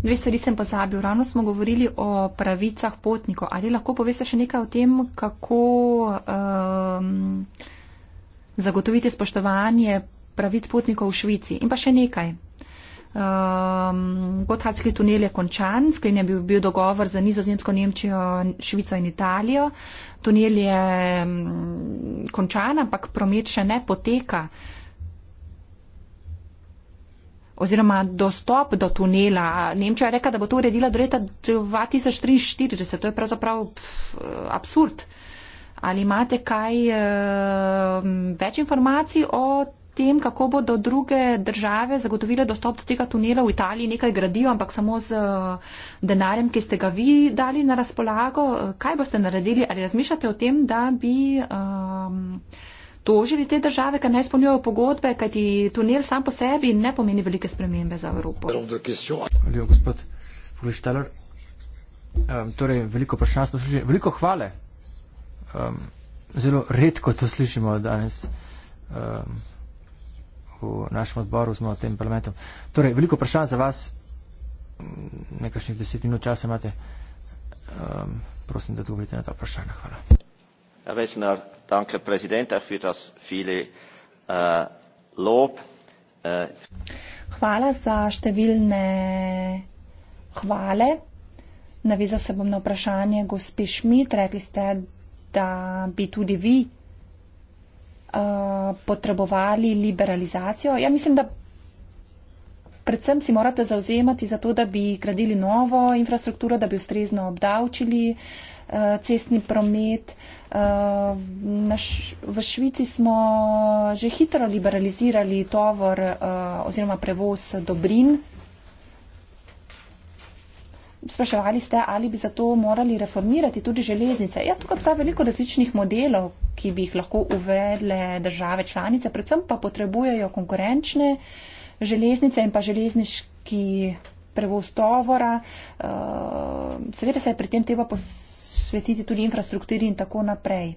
Dve stvari sem pozabil. Ravno smo govorili o pravicah potnikov. Ali lahko poveste še nekaj o tem, kako um, ehm, zagotovite spoštovanje pravic potnikov v Švici? In pa še nekaj um, Gotthardski tunel je končan, sklenjen bi bil dogovor za nizozemsko Nemčijo, Švico in Italijo. Tunel je um, končan, ampak promet še ne poteka. Oziroma dostop do tunela. Nemčija je rekla, da bo to uredila do leta 2043. To je pravzaprav pf, absurd. Ali imate kaj uh, več informacij o tem, kako bodo druge države zagotovile dostop do tega tunela v Italiji, nekaj gradijo, ampak samo z eh, denarjem, ki ste ga vi dali na razpolago. Eh, kaj boste naredili? Ali razmišljate o tem, da bi um, tožili te države, ker ne izpolnjujejo pogodbe, kajti tunel sam po sebi ne pomeni velike spremembe za Evropo? Alijo, gospod Fulištaler, um, ehm, torej veliko vprašanj smo slišali. Veliko hvale. Um, zelo redko to slišimo danes. Um, v našem odboru, smo v tem parlamentu. Torej, veliko vprašanj za vas, nekakšnih deset minut časa imate. Um, prosim, da odgovorite na ta vprašanja. Hvala. Resner, danke prezidenta, für das viele uh, lob. Uh. Hvala za številne hvale. Navizal se bom na vprašanje gospe Šmit. Rekli ste, da bi tudi vi uh, potrebovali liberalizacijo. Ja, mislim, da predvsem si morate zauzemati za to, da bi gradili novo infrastrukturo, da bi ustrezno obdavčili eh, cestni promet. Eh, v Švici smo že hitro liberalizirali tovor oziroma prevoz dobrin spraševali ste, ali bi zato morali reformirati tudi železnice. Ja, tukaj obstaja veliko različnih modelov, ki bi jih lahko uvedle države članice, predvsem pa potrebujejo konkurenčne železnice in pa železniški prevoz tovora. Eh, seveda se je pri tem treba posvetiti tudi infrastrukturi in tako naprej.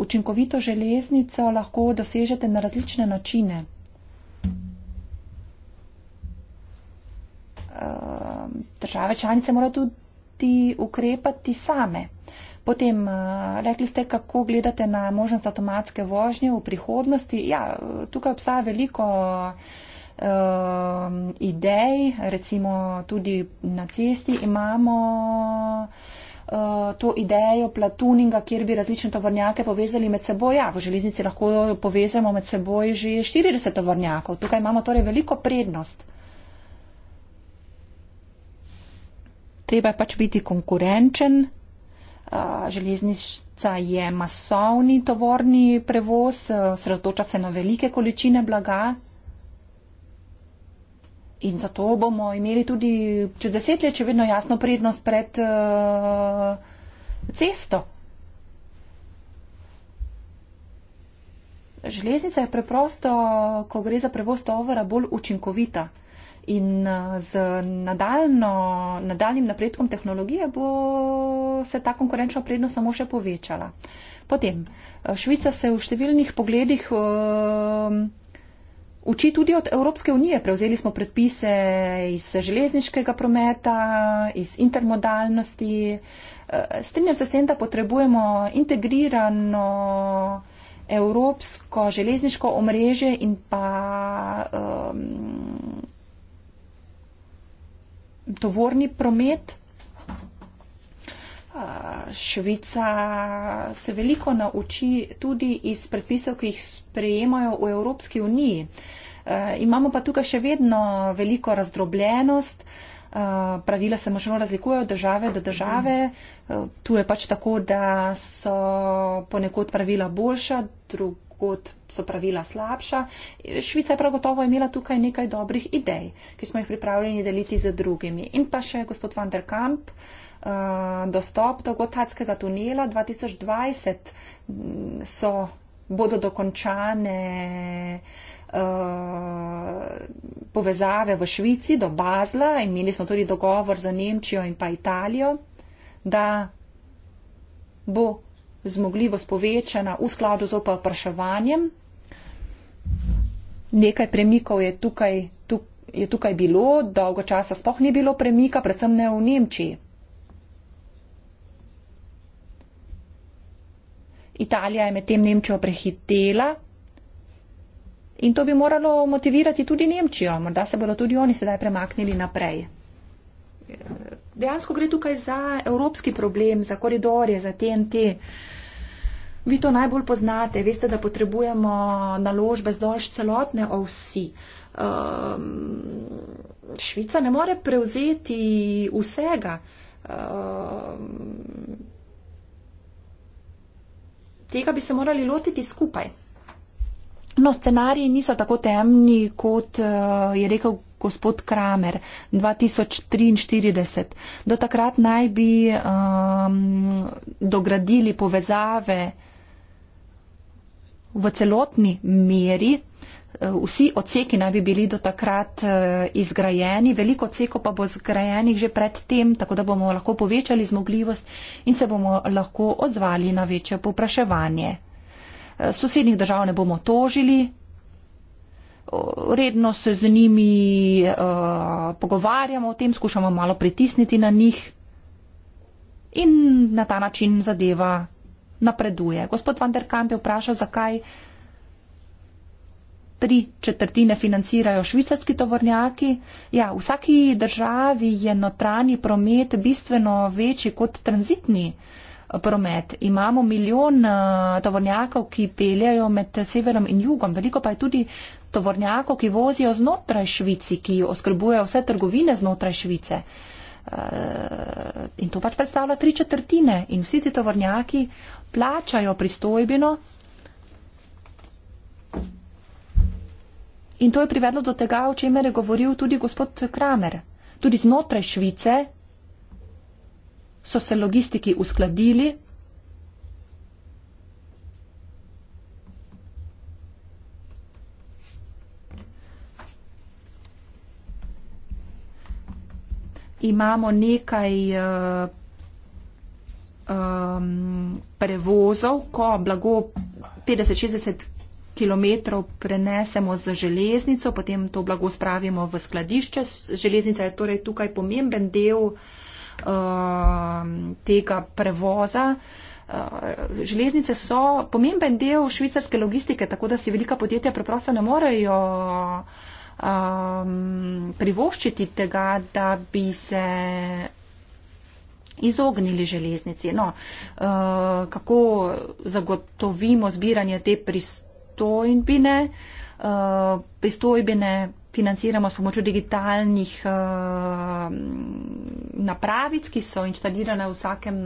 Učinkovito železnico lahko dosežete na različne načine. Ehm, države članice morajo tudi ukrepati same. Potem eh, rekli ste, kako gledate na možnost avtomatske vožnje v prihodnosti. Ja, tukaj obstaja veliko um, idej, recimo tudi na cesti imamo eh, to idejo platuninga, kjer bi različne tovornjake povezali med seboj. Ja, v železnici lahko povezamo med seboj že 40 tovornjakov. Tukaj imamo torej veliko prednost. treba je pač biti konkurenčen. Železnica je masovni tovorni prevoz, sredotoča se na velike količine blaga. In zato bomo imeli tudi čez desetletje vedno jasno prednost pred uh, cesto. Železnica je preprosto, ko gre za prevoz tovora, bolj učinkovita. Uh, In eh, z nadaljno, nadaljnim napredkom tehnologije bo se ta konkurenčna prednost samo še povečala. Potem, eh, Švica se v številnih pogledih uh, uči tudi od Evropske unije. Prevzeli smo predpise iz železniškega prometa, iz intermodalnosti. Uh, strinjam se s tem, da potrebujemo integrirano evropsko železniško omrežje in pa. Um, tovorni promet. Švica se veliko nauči tudi iz predpisov, ki jih sprejemajo v Evropski uniji. E, imamo pa tukaj še vedno veliko razdrobljenost. E, pravila se možno razlikujejo države do države. E, tu je pač tako, da so ponekod pravila boljša, drug, kot so pravila slabša. Švica je prav gotovo imela tukaj nekaj dobrih idej, ki smo jih pripravljeni deliti z drugimi. In pa še gospod Van der Kamp, eh, dostop do gotatskega tunela 2020 mm, so, bodo dokončane eh, povezave v Švici do Bazla. Imeli smo tudi dogovor za Nemčijo in pa Italijo, da bo zmogljivost povečana v skladu z opraševanjem. Nekaj premikov je tukaj, tuk, je tukaj bilo, dolgo časa spoh ni bilo premika, predvsem ne v Nemčiji. Italija je medtem Nemčijo prehitela in to bi moralo motivirati tudi Nemčijo. Morda se bodo tudi oni sedaj premaknili naprej dejansko gre tukaj za evropski problem, za koridorje, za TNT. Vi to najbolj poznate, veste, da potrebujemo naložbe zdolž celotne OVSI. Um, ehm, švica ne more prevzeti vsega. Um, tega bi se morali lotiti skupaj. No, scenariji niso tako temni, kot eh, je rekel gospod Kramer 2043. Do takrat naj bi um, dogradili povezave v celotni meri. Vsi odseki naj bi bili do takrat eh, izgrajeni, veliko odsekov pa bo zgrajenih že predtem, tako da bomo lahko povečali zmogljivost in se bomo lahko odzvali na večje popraševanje. Eh, sosednjih držav ne bomo tožili, redno se z njimi uh, pogovarjamo o tem, skušamo malo pritisniti na njih in na ta način zadeva napreduje. Gospod Van der Kamp je vprašal, zakaj tri četrtine financirajo švicarski tovornjaki. Ja, v vsaki državi je notranji promet bistveno večji kot tranzitni. Eh, promet. Imamo milijon uh, tovornjakov, ki peljajo med severom in jugom, veliko pa je tudi tovornjakov, ki vozijo znotraj Švici, ki oskrbujejo vse trgovine znotraj Švice. Eh, in to pač predstavlja tri četrtine in vsi ti tovornjaki plačajo pristojbino. In to je privedlo do tega, o čemer je govoril tudi gospod Kramer. Tudi znotraj Švice so se logistiki uskladili, imamo nekaj um, prevozov, ko blago 50-60 km prenesemo z železnico, potem to blago spravimo v skladišče. Železnica je torej tukaj pomemben del um, tega prevoza. Eh, železnice so pomemben del švicarske logistike, tako da si velika podjetja preprosto ne morejo uh, um, privoščiti tega, da bi se izognili železnici. No, uh, kako zagotovimo zbiranje te pristojbine? Uh, pristojbine financiramo s pomočjo digitalnih uh, napravic, ki so inštalirane v vsakem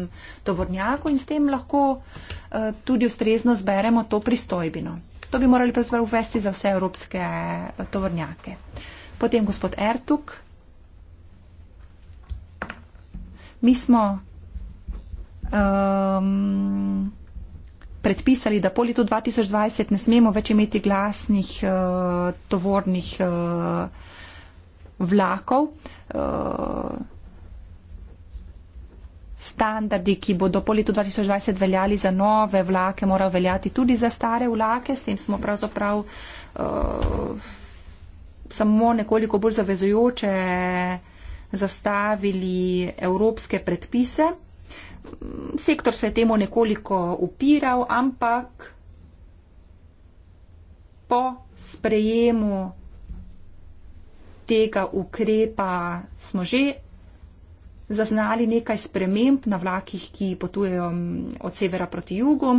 tovornjaku in s tem lahko uh, tudi ustrezno zberemo to pristojbino. To bi morali pravzaprav uvesti za vse evropske eh, tovornjake. Potem gospod Ertuk. Mi smo um, predpisali, da po letu 2020 ne smemo več imeti glasnih uh, tovornih uh, vlakov. Uh, standardi, ki bodo po letu 2020 veljali za nove vlake, morajo veljati tudi za stare vlake. S tem smo pravzaprav uh, samo nekoliko bolj zavezujoče zastavili evropske predpise. Sektor se je temu nekoliko upiral, ampak po sprejemu tega ukrepa smo že zaznali nekaj sprememb na vlakih, ki potujejo od severa proti jugu.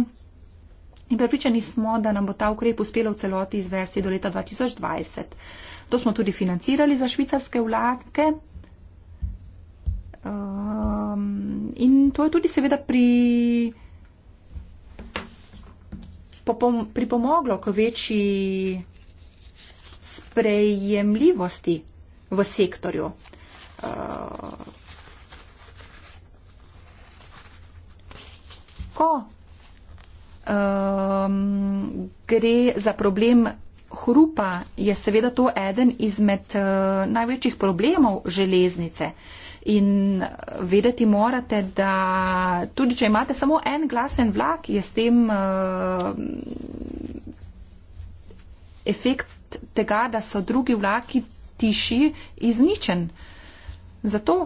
In pripričani smo, da nam bo ta ukrep uspelo v celoti izvesti do leta 2020. To smo tudi financirali za švicarske vlake. Um, in to je tudi seveda pri, popom, pripomoglo k večji sprejemljivosti v sektorju. Uh, lahko um, gre za problem hrupa, je seveda to eden izmed uh, največjih problemov železnice. In vedeti morate, da tudi če imate samo en glasen vlak, je s tem uh, efekt tega, da so drugi vlaki tiši, izničen. Zato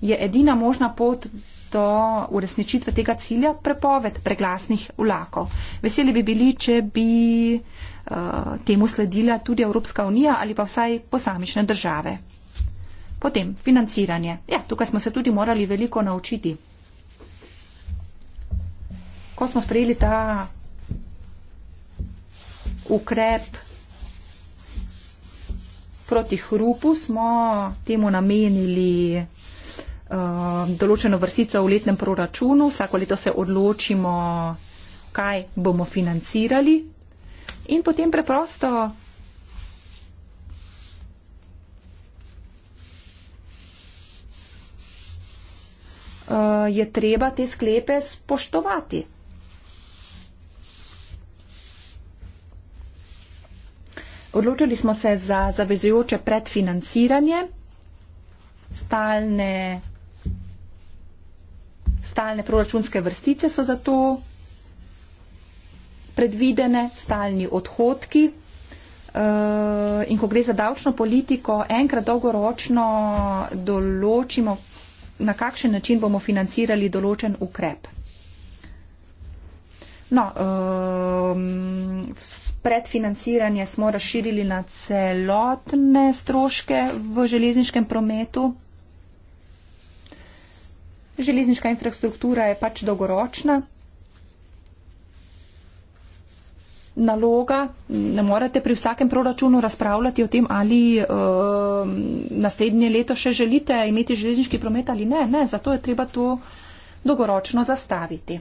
je edina možna pot, do uresničitve tega cilja prepoved preglasnih vlakov. Veseli bi bili, če bi eh, temu sledila tudi Evropska unija ali pa vsaj posamične države. Potem financiranje. Ja, tukaj smo se tudi morali veliko naučiti. Ko smo sprejeli ta ukrep proti hrupu, smo temu namenili Um, določeno vrstico v letnem proračunu, vsako leto se odločimo, kaj bomo financirali in potem preprosto uh, je treba te sklepe spoštovati. Odločili smo se za zavezujoče predfinanciranje stalne Stalne proračunske vrstice so zato predvidene, stalni odhodki. Eh, in ko gre za davčno politiko, enkrat dolgoročno določimo, na kakšen način bomo financirali določen ukrep. No, um, predfinanciranje smo razširili na celotne stroške v železniškem prometu železniška infrastruktura je pač dolgoročna naloga, ne morete pri vsakem proračunu razpravljati o tem, ali uh, naslednje leto še želite imeti železniški promet ali ne. Ne, zato je treba to dolgoročno zastaviti.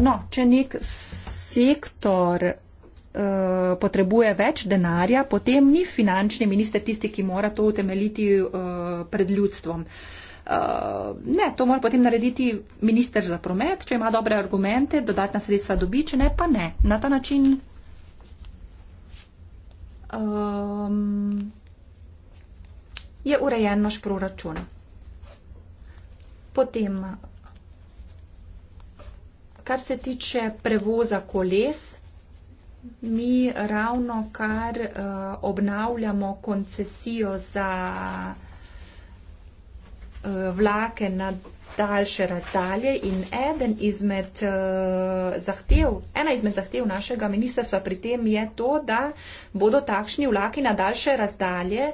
No, če nek sektor Eh, potrebuje več denarja, potem ni finančni minister tisti, ki mora to utemeljiti eh, pred ljudstvom. Eh, ne, to mora potem narediti minister za promet, če ima dobre argumente, dodatna sredstva dobi, če ne, pa ne. Na ta način. Um, je urejen naš proračun. Potem, kar se tiče prevoza koles, Mi ravno kar uh, obnavljamo koncesijo za uh, vlake na daljše razdalje in eden izmed, uh, zahtev, ena izmed zahtev našega ministrstva pri tem je to, da bodo takšni vlaki na daljše razdalje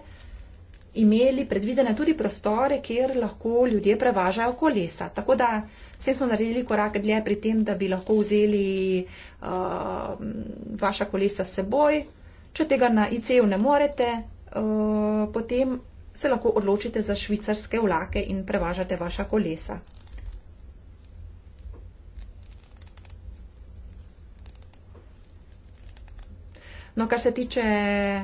imeli predvidene tudi prostore, kjer lahko ljudje prevažajo kolesa. Tako da uh, S tem so naredili korak dlje pri tem, da bi lahko vzeli uh, vaša kolesa s seboj. Če tega na ICE-ju ne morete, uh, potem se lahko odločite za švicarske vlake in prevažate vaša kolesa. No, kar se tiče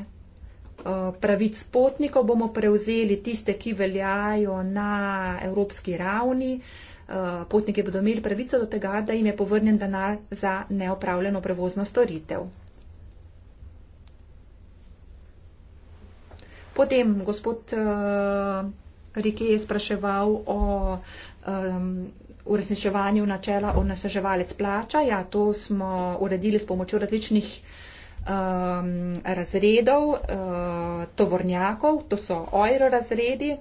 uh, pravic potnikov, bomo prevzeli tiste, ki veljajo na evropski ravni. Uh, Eh, potniki bodo imeli pravico do tega, da jim je povrnjen denar za neopravljeno prevozno storitev. Potem gospod uh, Rike je spraševal o um, uresničevanju načela o naseževalec plača. Ja, to smo uredili s pomočjo različnih um, razredov, uh, tovornjakov, to so ojro razredi.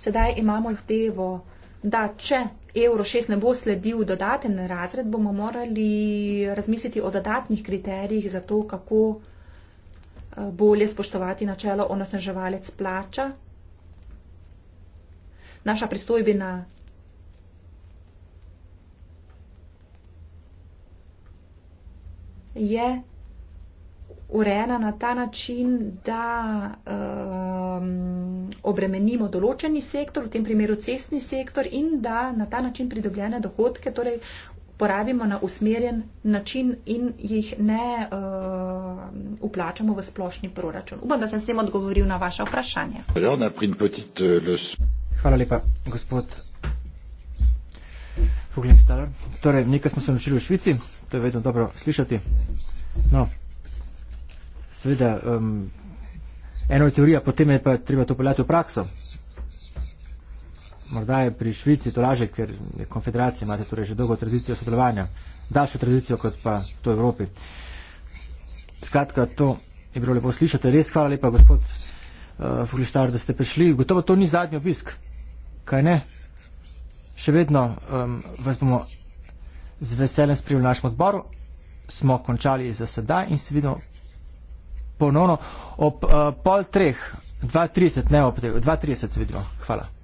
Sedaj imamo zahtevo, da če Euro 6 ne bo sledil dodaten razred, bomo morali razmisliti o dodatnih kriterijih za to, kako eh, bolje spoštovati načelo onosneževalec plača. Naša pristojbina je urejena na ta način, da um, obremenimo določeni sektor, v tem primeru cestni sektor, in da na ta način pridobljene dohodke torej, porabimo na usmerjen način in jih ne uh, um, uplačamo v splošni proračun. Upam, da sem s tem odgovoril na vaše vprašanje. Hvala lepa, gospod. Torej, nekaj smo se naučili v Švici, to je vedno dobro slišati. No, seveda um, eno je teorija, potem je pa treba to peljati v prakso. Morda je pri Švici to laže, ker je konfederacija, imate torej že dolgo tradicijo sodelovanja, daljšo tradicijo kot pa to v Evropi. Skratka, to je bilo lepo slišati. Res hvala lepa, gospod uh, Fuglištar, da ste prišli. Gotovo to ni zadnji obisk, kaj ne? Še vedno um, vas bomo z veseljem spremljali v našem odboru. Smo končali za sedaj in se vidimo ponovno ob uh, pol treh, 2.30, ne ob 2.30 se vidimo. Hvala.